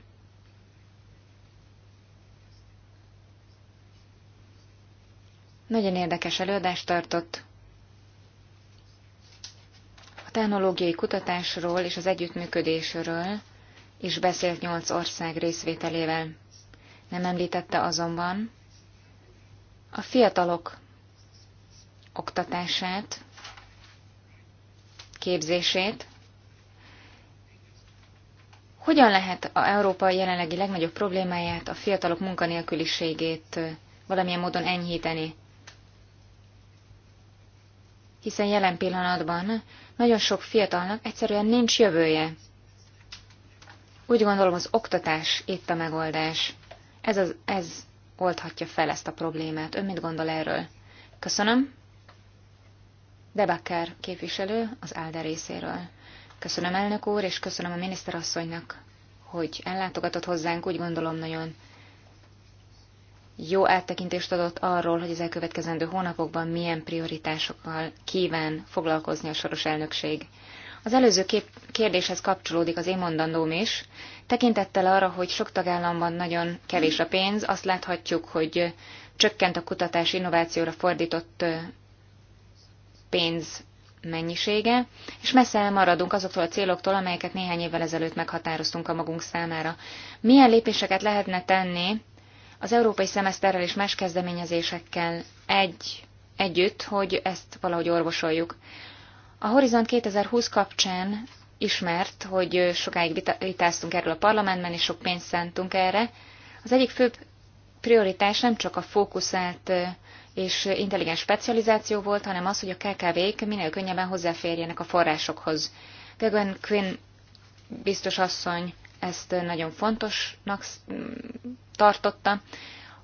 Nagyon érdekes előadást tartott. A technológiai kutatásról és az együttműködésről is beszélt nyolc ország részvételével. Nem említette azonban a fiatalok oktatását, képzését. Hogyan lehet a Európa jelenlegi legnagyobb problémáját, a fiatalok munkanélküliségét valamilyen módon enyhíteni? Hiszen jelen pillanatban nagyon sok fiatalnak egyszerűen nincs jövője. Úgy gondolom, az oktatás itt a megoldás. Ez, az, ez oldhatja fel ezt a problémát. Ön mit gondol erről? Köszönöm. Debaker képviselő az ALDE részéről. Köszönöm elnök úr, és köszönöm a miniszterasszonynak, hogy ellátogatott hozzánk, úgy gondolom nagyon jó áttekintést adott arról, hogy az elkövetkezendő hónapokban milyen prioritásokkal kíván foglalkozni a soros elnökség. Az előző kép kérdéshez kapcsolódik az én mondandóm is. Tekintettel arra, hogy sok tagállamban nagyon kevés a pénz, azt láthatjuk, hogy csökkent a kutatás innovációra fordított pénz mennyisége, és messze elmaradunk azoktól a céloktól, amelyeket néhány évvel ezelőtt meghatároztunk a magunk számára. Milyen lépéseket lehetne tenni az európai szemeszterrel és más kezdeményezésekkel egy, együtt, hogy ezt valahogy orvosoljuk? A Horizont 2020 kapcsán ismert, hogy sokáig vitáztunk erről a parlamentben, és sok pénzt szántunk erre. Az egyik főbb prioritás nem csak a fókuszált és intelligens specializáció volt, hanem az, hogy a KKV-k minél könnyebben hozzáférjenek a forrásokhoz. Gagan Quinn biztos asszony ezt nagyon fontosnak tartotta.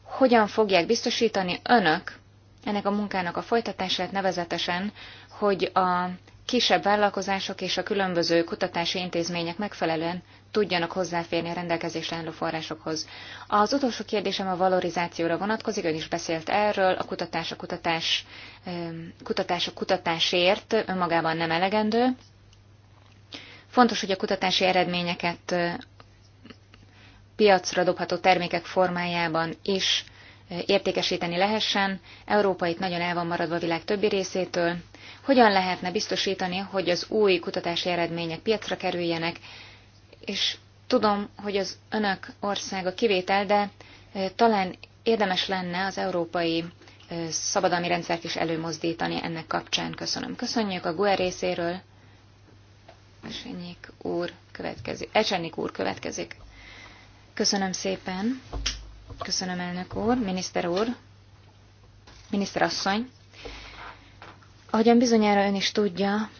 Hogyan fogják biztosítani önök ennek a munkának a folytatását nevezetesen, hogy a kisebb vállalkozások és a különböző kutatási intézmények megfelelően tudjanak hozzáférni a rendelkezésre álló forrásokhoz. Az utolsó kérdésem a valorizációra vonatkozik, ön is beszélt erről, a kutatás a kutatás, kutatás a kutatásért önmagában nem elegendő. Fontos, hogy a kutatási eredményeket piacra dobható termékek formájában is értékesíteni lehessen. Európa itt nagyon el van maradva a világ többi részétől. Hogyan lehetne biztosítani, hogy az új kutatási eredmények piacra kerüljenek, és tudom, hogy az önök országa kivétel, de talán érdemes lenne az európai szabadalmi rendszert is előmozdítani ennek kapcsán. Köszönöm. Köszönjük a GUE részéről. Esenyik úr következik. Ecsenik úr következik. Köszönöm szépen. Köszönöm elnök úr, miniszter úr, miniszter asszony. Ahogyan bizonyára ön is tudja,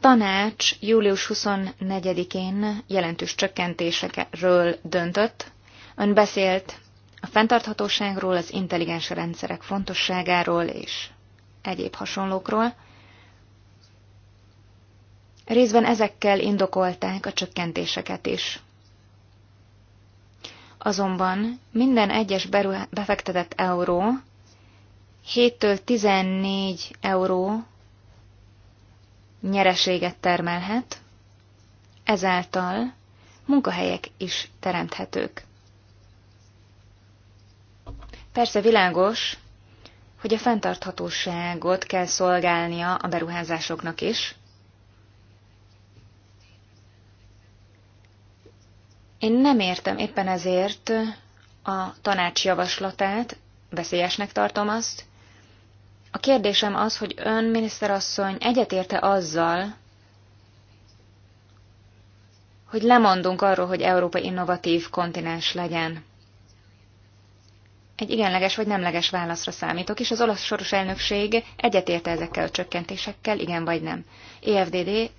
tanács július 24-én jelentős csökkentésekről döntött. Ön beszélt a fenntarthatóságról, az intelligens rendszerek fontosságáról és egyéb hasonlókról. Részben ezekkel indokolták a csökkentéseket is. Azonban minden egyes befektetett euró 7-től 14 euró nyereséget termelhet, ezáltal munkahelyek is teremthetők. Persze világos, hogy a fenntarthatóságot kell szolgálnia a beruházásoknak is. Én nem értem éppen ezért a tanács javaslatát, veszélyesnek tartom azt, a kérdésem az, hogy ön, miniszterasszony, egyetérte azzal, hogy lemondunk arról, hogy Európa innovatív kontinens legyen. Egy igenleges vagy nemleges válaszra számítok, és az olasz soros elnökség egyetérte ezekkel a csökkentésekkel, igen vagy nem. EFDD,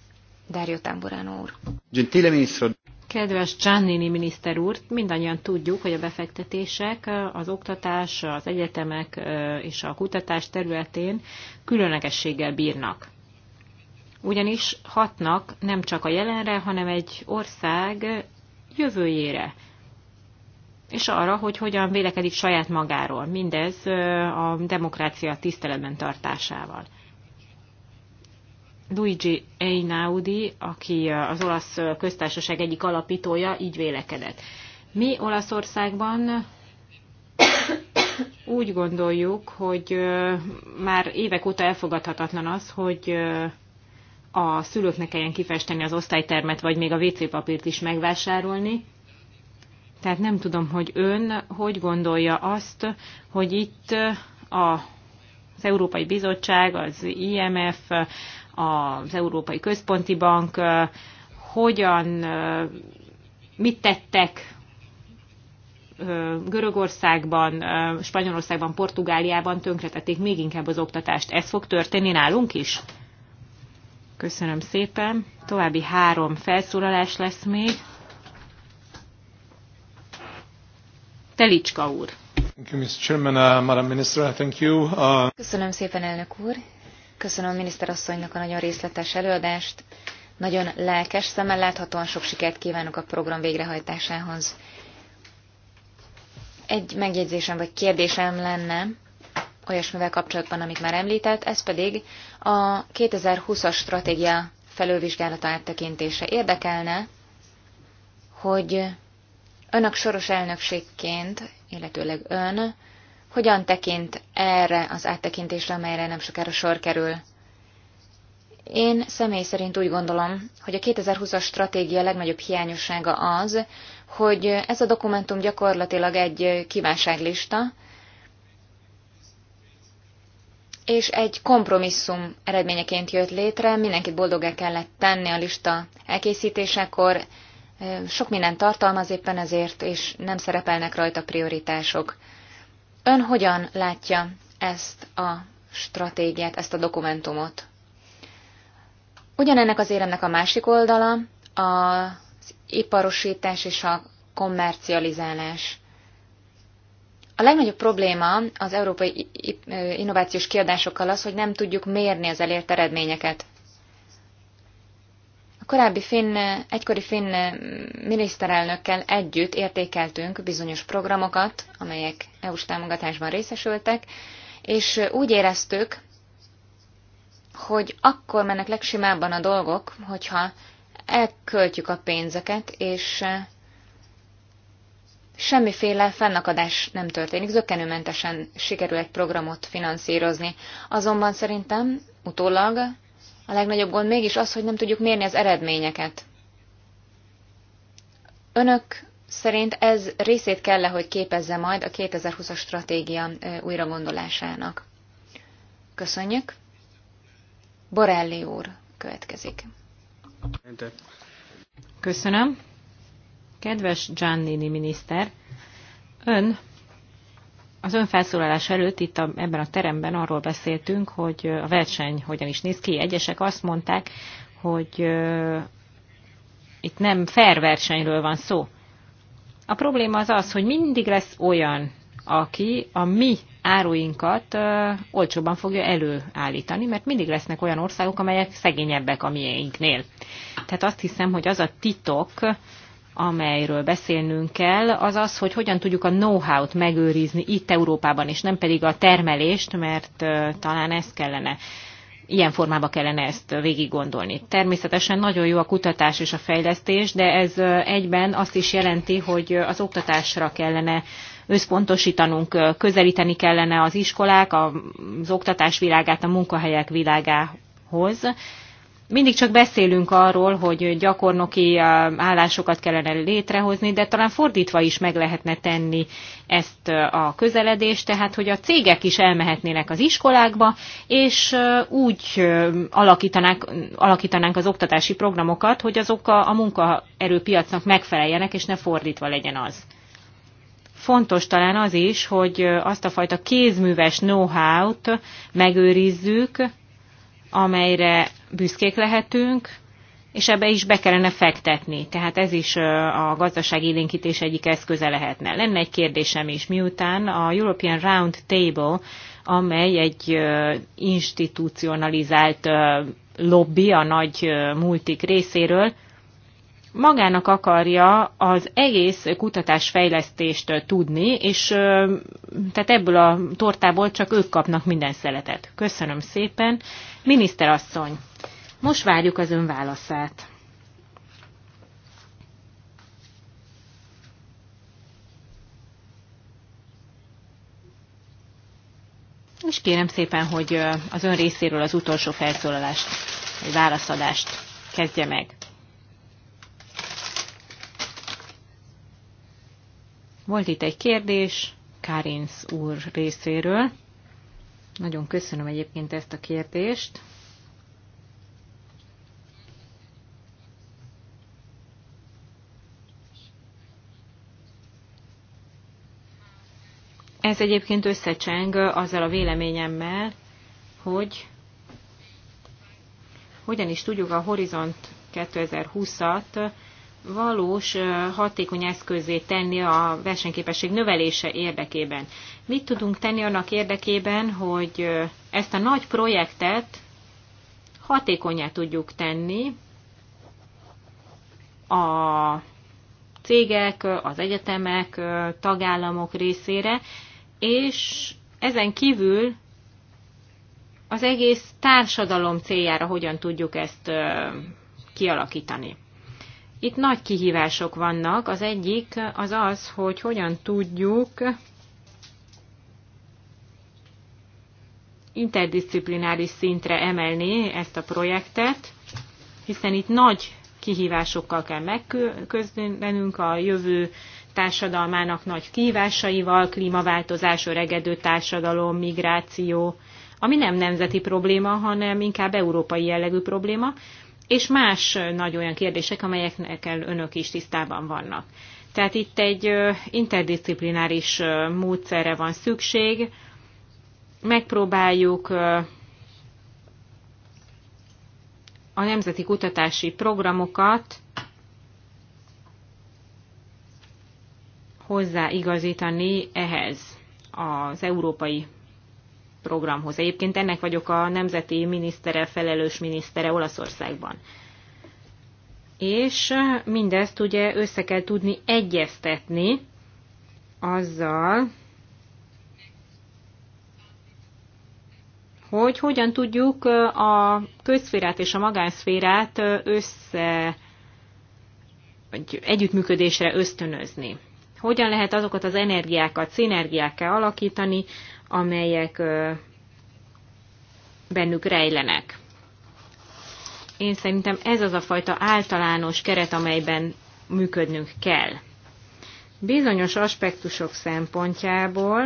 Dario Tamburano úr. Gentile ministro. Kedves Giannini miniszter úr, mindannyian tudjuk, hogy a befektetések az oktatás, az egyetemek és a kutatás területén különlegességgel bírnak. Ugyanis hatnak nem csak a jelenre, hanem egy ország jövőjére, és arra, hogy hogyan vélekedik saját magáról, mindez a demokrácia tiszteletben tartásával. Luigi Einaudi, aki az olasz köztársaság egyik alapítója, így vélekedett. Mi Olaszországban úgy gondoljuk, hogy már évek óta elfogadhatatlan az, hogy a szülőknek kelljen kifesteni az osztálytermet, vagy még a WC papírt is megvásárolni. Tehát nem tudom, hogy ön hogy gondolja azt, hogy itt a, az Európai Bizottság, az IMF, az Európai Központi Bank hogyan, mit tettek Görögországban, Spanyolországban, Portugáliában tönkretették még inkább az oktatást. Ez fog történni nálunk is? Köszönöm szépen. További három felszólalás lesz még. Telicska úr. Uh, uh, Köszönöm szépen, elnök úr. Köszönöm a miniszterasszonynak a nagyon részletes előadást. Nagyon lelkes szemmel láthatóan sok sikert kívánok a program végrehajtásához. Egy megjegyzésem vagy kérdésem lenne olyasmivel kapcsolatban, amit már említett, ez pedig a 2020-as stratégia felülvizsgálata áttekintése. Érdekelne, hogy önök soros elnökségként, illetőleg ön, hogyan tekint erre az áttekintésre, amelyre nem sokára sor kerül. Én személy szerint úgy gondolom, hogy a 2020-as stratégia legnagyobb hiányossága az, hogy ez a dokumentum gyakorlatilag egy kívánságlista, és egy kompromisszum eredményeként jött létre, mindenkit boldogá kellett tenni a lista elkészítésekor, sok minden tartalmaz éppen ezért, és nem szerepelnek rajta prioritások. Ön hogyan látja ezt a stratégiát, ezt a dokumentumot? Ugyanennek az éremnek a másik oldala az iparosítás és a kommercializálás. A legnagyobb probléma az európai innovációs kiadásokkal az, hogy nem tudjuk mérni az elért eredményeket korábbi finn, egykori finn miniszterelnökkel együtt értékeltünk bizonyos programokat, amelyek EU-s támogatásban részesültek, és úgy éreztük, hogy akkor mennek legsimábban a dolgok, hogyha elköltjük a pénzeket, és semmiféle fennakadás nem történik, zökkenőmentesen sikerül egy programot finanszírozni. Azonban szerintem utólag a legnagyobb gond mégis az, hogy nem tudjuk mérni az eredményeket. Önök szerint ez részét kell -e, hogy képezze majd a 2020-as stratégia újragondolásának. Köszönjük. Borelli úr következik. Köszönöm. Kedves Giannini miniszter, ön az önfelszólalás előtt itt a, ebben a teremben arról beszéltünk, hogy a verseny hogyan is néz ki. Egyesek azt mondták, hogy ö, itt nem fair versenyről van szó. A probléma az az, hogy mindig lesz olyan, aki a mi áruinkat ö, olcsóban fogja előállítani, mert mindig lesznek olyan országok, amelyek szegényebbek a miénknél. Tehát azt hiszem, hogy az a titok, amelyről beszélnünk kell, az az, hogy hogyan tudjuk a know-how-t megőrizni itt Európában, és nem pedig a termelést, mert talán ezt kellene ilyen formába kellene ezt végig gondolni. Természetesen nagyon jó a kutatás és a fejlesztés, de ez egyben azt is jelenti, hogy az oktatásra kellene összpontosítanunk, közelíteni kellene az iskolák, az oktatás világát a munkahelyek világához, mindig csak beszélünk arról, hogy gyakornoki eh, állásokat kellene létrehozni, de talán fordítva is meg lehetne tenni ezt eh, a közeledést, tehát hogy a cégek is elmehetnének az iskolákba, és eh, úgy alakítanánk, alakítanánk az oktatási programokat, hogy azok a, a munkaerőpiacnak megfeleljenek, és ne fordítva legyen az. Fontos talán az is, hogy azt a fajta kézműves know-how-t megőrizzük, amelyre büszkék lehetünk, és ebbe is be kellene fektetni. Tehát ez is a gazdasági élénkítés egyik eszköze lehetne. Lenne egy kérdésem is, miután a European Round Table, amely egy institucionalizált lobby a nagy multik részéről, magának akarja az egész kutatásfejlesztést tudni, és tehát ebből a tortából csak ők kapnak minden szeletet. Köszönöm szépen. Miniszterasszony, most várjuk az ön válaszát. És kérem szépen, hogy az ön részéről az utolsó felszólalást, egy válaszadást kezdje meg. Volt itt egy kérdés Kárinsz úr részéről. Nagyon köszönöm egyébként ezt a kérdést. Ez egyébként összecseng azzal a véleményemmel, hogy hogyan is tudjuk a Horizont 2020-at valós, hatékony eszközé tenni a versenyképesség növelése érdekében. Mit tudunk tenni annak érdekében, hogy ezt a nagy projektet hatékonyá tudjuk tenni a cégek, az egyetemek, tagállamok részére, és ezen kívül az egész társadalom céljára hogyan tudjuk ezt kialakítani. Itt nagy kihívások vannak. Az egyik az az, hogy hogyan tudjuk interdisziplináris szintre emelni ezt a projektet, hiszen itt nagy kihívásokkal kell megközdenünk a jövő társadalmának nagy kihívásaival, klímaváltozás, öregedő társadalom, migráció, ami nem nemzeti probléma, hanem inkább európai jellegű probléma, és más nagy olyan kérdések, amelyekkel önök is tisztában vannak. Tehát itt egy interdisziplináris módszerre van szükség. Megpróbáljuk a nemzeti kutatási programokat hozzáigazítani ehhez az európai programhoz. Egyébként ennek vagyok a nemzeti minisztere, felelős minisztere Olaszországban. És mindezt ugye össze kell tudni egyeztetni azzal, hogy hogyan tudjuk a közszférát és a magánszférát össze, vagy együttműködésre ösztönözni. Hogyan lehet azokat az energiákat, szinergiákkal alakítani, amelyek bennük rejlenek. Én szerintem ez az a fajta általános keret, amelyben működnünk kell. Bizonyos aspektusok szempontjából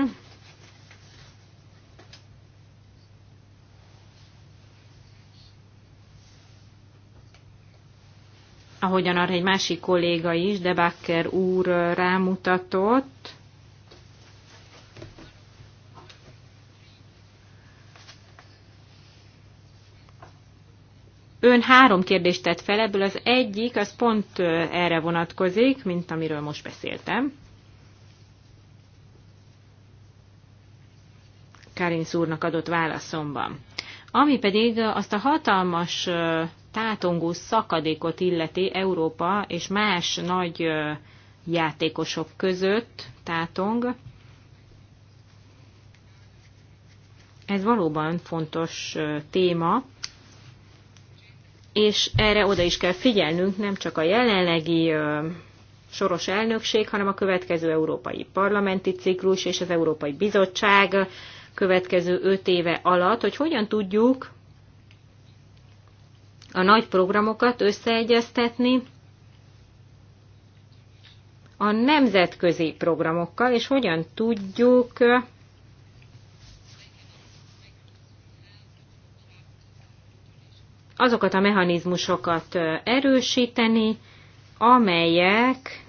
ahogyan arra egy másik kolléga is, Debakker úr rámutatott, Ön három kérdést tett fel, ebből az egyik az pont erre vonatkozik, mint amiről most beszéltem. Karin szúrnak adott válaszomban. Ami pedig azt a hatalmas tátongó szakadékot illeti Európa és más nagy játékosok között tátong, ez valóban fontos téma, és erre oda is kell figyelnünk, nem csak a jelenlegi soros elnökség, hanem a következő európai parlamenti ciklus és az Európai Bizottság következő öt éve alatt, hogy hogyan tudjuk a nagy programokat összeegyeztetni a nemzetközi programokkal, és hogyan tudjuk azokat a mechanizmusokat erősíteni, amelyek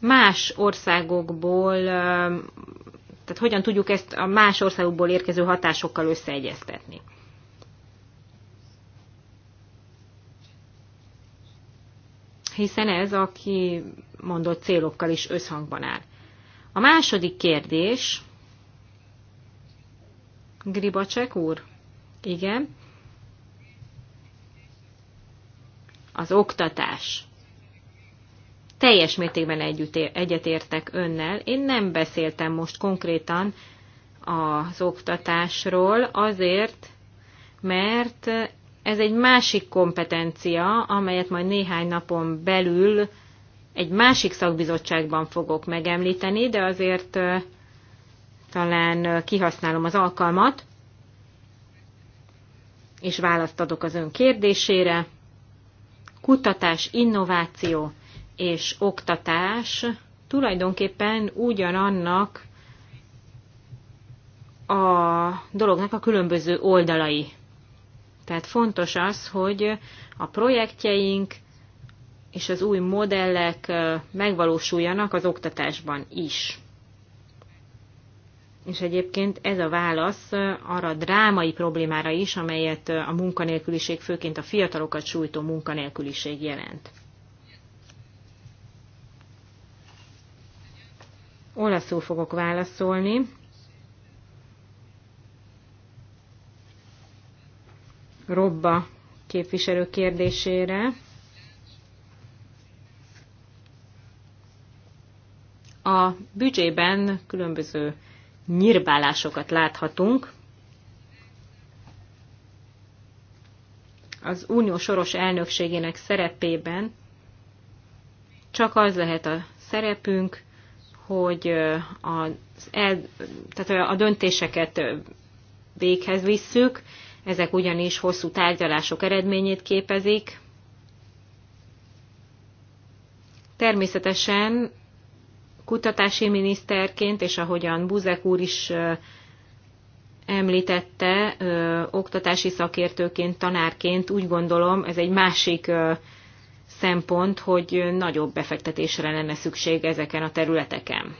más országokból, tehát hogyan tudjuk ezt a más országokból érkező hatásokkal összeegyeztetni. Hiszen ez aki mondott célokkal is összhangban áll. A második kérdés Gribacsek úr? Igen. Az oktatás. Teljes mértékben egyetértek önnel. Én nem beszéltem most konkrétan az oktatásról azért, mert ez egy másik kompetencia, amelyet majd néhány napon belül egy másik szakbizottságban fogok megemlíteni, de azért talán kihasználom az alkalmat, és választ adok az ön kérdésére. Kutatás, innováció és oktatás tulajdonképpen ugyanannak a dolognak a különböző oldalai. Tehát fontos az, hogy a projektjeink és az új modellek megvalósuljanak az oktatásban is. És egyébként ez a válasz arra a drámai problémára is, amelyet a munkanélküliség, főként a fiatalokat sújtó munkanélküliség jelent. Olaszul fogok válaszolni. Robba képviselő kérdésére. A büdzsében különböző nyírbálásokat láthatunk. Az unió soros elnökségének szerepében csak az lehet a szerepünk, hogy az el, tehát a döntéseket véghez visszük, ezek ugyanis hosszú tárgyalások eredményét képezik. Természetesen kutatási miniszterként, és ahogyan Buzek úr is említette, oktatási szakértőként, tanárként úgy gondolom, ez egy másik szempont, hogy nagyobb befektetésre lenne szükség ezeken a területeken.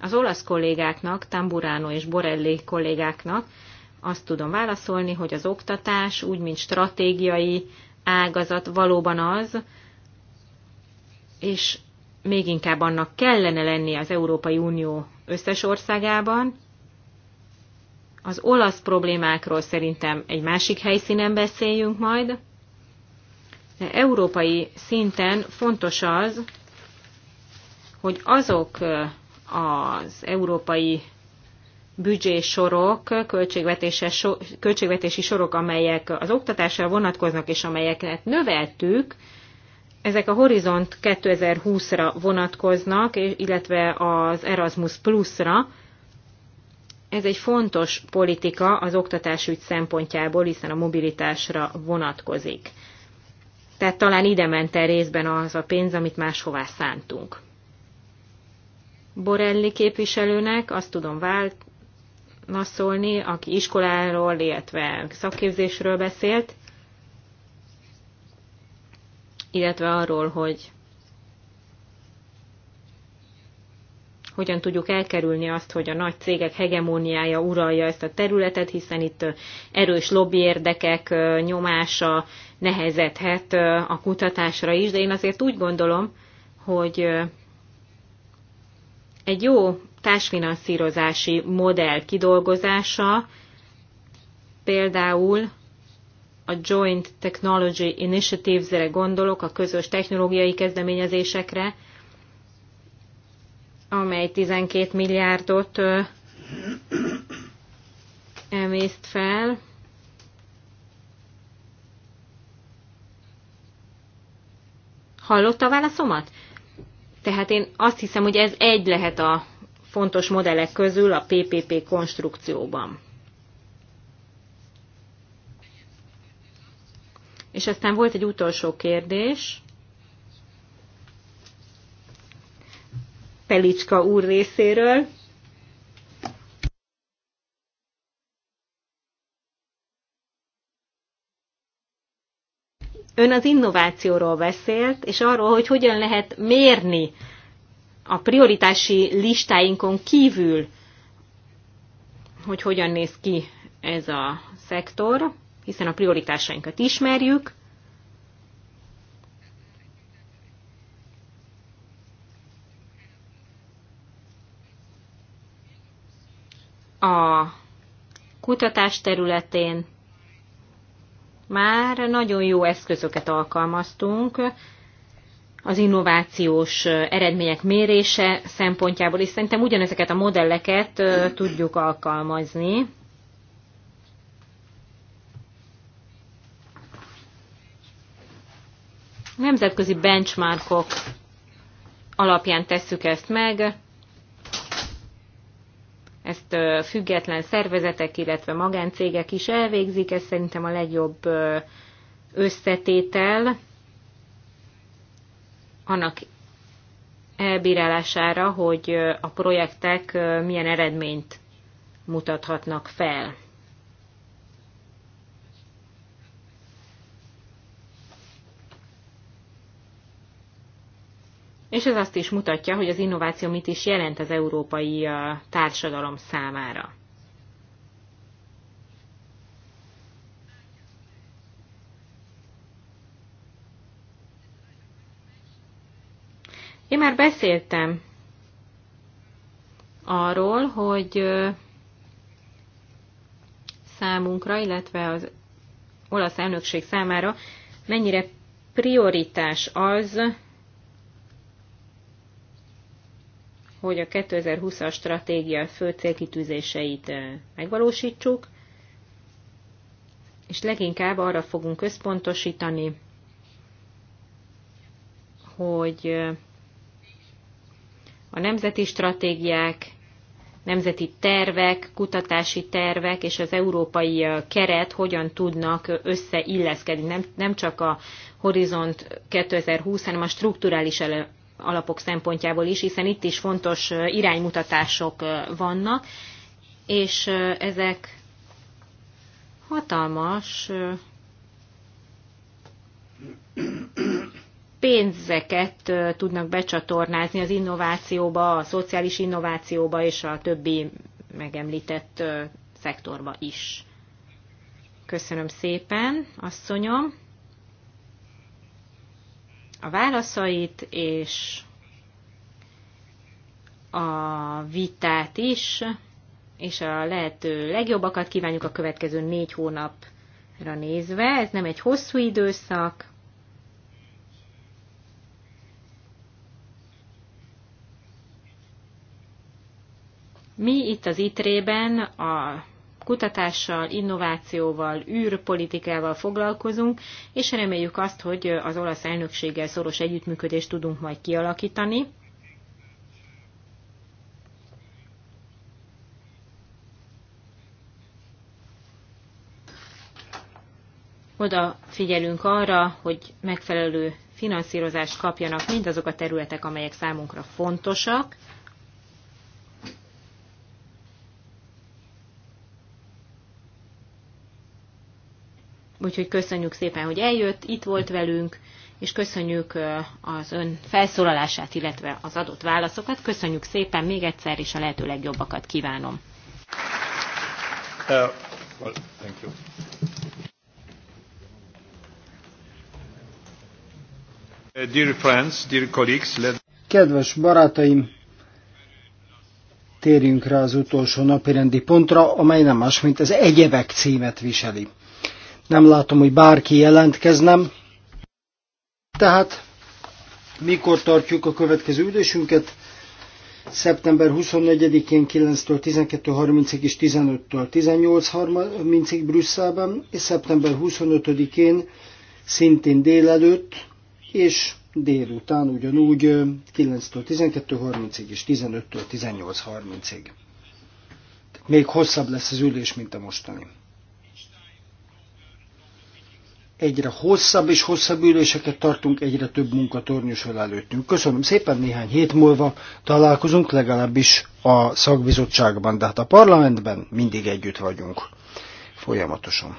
Az olasz kollégáknak, Tamburano és Borelli kollégáknak azt tudom válaszolni, hogy az oktatás úgy, mint stratégiai ágazat valóban az, és még inkább annak kellene lenni az Európai Unió összes országában. Az olasz problémákról szerintem egy másik helyszínen beszéljünk majd, de európai szinten fontos az, hogy azok az európai büdzsésorok, költségvetési sorok, amelyek az oktatásra vonatkoznak, és amelyeket növeltük, ezek a Horizont 2020-ra vonatkoznak, illetve az Erasmus Plus-ra. Ez egy fontos politika az oktatásügy szempontjából, hiszen a mobilitásra vonatkozik. Tehát talán ide ment el részben az a pénz, amit máshová szántunk. Borelli képviselőnek azt tudom válaszolni, aki iskoláról, illetve szakképzésről beszélt, illetve arról, hogy hogyan tudjuk elkerülni azt, hogy a nagy cégek hegemóniája uralja ezt a területet, hiszen itt erős lobby érdekek nyomása nehezethet a kutatásra is, de én azért úgy gondolom, hogy egy jó társfinanszírozási modell kidolgozása például a Joint Technology Initiatives-re gondolok, a közös technológiai kezdeményezésekre, amely 12 milliárdot emészt fel. Hallotta a válaszomat? Tehát én azt hiszem, hogy ez egy lehet a fontos modellek közül a PPP konstrukcióban. És aztán volt egy utolsó kérdés. Pelicska úr részéről. Ön az innovációról beszélt, és arról, hogy hogyan lehet mérni a prioritási listáinkon kívül, hogy hogyan néz ki ez a szektor hiszen a prioritásainkat ismerjük, a kutatás területén már nagyon jó eszközöket alkalmaztunk az innovációs eredmények mérése szempontjából, és szerintem ugyanezeket a modelleket tudjuk alkalmazni nemzetközi benchmarkok alapján tesszük ezt meg, ezt független szervezetek, illetve magáncégek is elvégzik, ez szerintem a legjobb összetétel annak elbírálására, hogy a projektek milyen eredményt mutathatnak fel. és ez azt is mutatja, hogy az innováció mit is jelent az európai társadalom számára. Én már beszéltem arról, hogy számunkra, illetve az olasz elnökség számára mennyire prioritás az, hogy a 2020-as stratégia fő célkitűzéseit eh, megvalósítsuk, és leginkább arra fogunk központosítani, hogy eh, a nemzeti stratégiák, nemzeti tervek, kutatási tervek és az európai eh, keret hogyan tudnak összeilleszkedni. Nem, nem csak a Horizont 2020, hanem a strukturális alapok szempontjából is, hiszen itt is fontos iránymutatások vannak, és ezek hatalmas pénzeket tudnak becsatornázni az innovációba, a szociális innovációba és a többi megemlített szektorba is. Köszönöm szépen, asszonyom! a válaszait, és a vitát is, és a lehető legjobbakat kívánjuk a következő négy hónapra nézve. Ez nem egy hosszú időszak. Mi itt az ITRE-ben a kutatással, innovációval, űrpolitikával foglalkozunk, és reméljük azt, hogy az olasz elnökséggel szoros együttműködést tudunk majd kialakítani. Oda figyelünk arra, hogy megfelelő finanszírozást kapjanak mindazok a területek, amelyek számunkra fontosak, Úgyhogy köszönjük szépen, hogy eljött, itt volt velünk, és köszönjük az ön felszólalását, illetve az adott válaszokat. Köszönjük szépen még egyszer, és a lehető legjobbakat kívánom. Uh, well, thank you. Uh, dear friends, dear colleagues, let... Kedves barátaim, térjünk rá az utolsó napirendi pontra, amely nem más, mint az egyebek címet viseli. Nem látom, hogy bárki jelentkeznem. Tehát mikor tartjuk a következő ülésünket? Szeptember 24-én 9-től 12.30-ig és 15-től 18.30-ig Brüsszelben, és szeptember 25-én szintén délelőtt és délután ugyanúgy 9-től 12.30-ig és 15-től 18.30-ig. Még hosszabb lesz az ülés, mint a mostani egyre hosszabb és hosszabb üléseket tartunk, egyre több munka tornyosul előttünk. Köszönöm szépen, néhány hét múlva találkozunk, legalábbis a szakbizottságban, de hát a parlamentben mindig együtt vagyunk. Folyamatosan.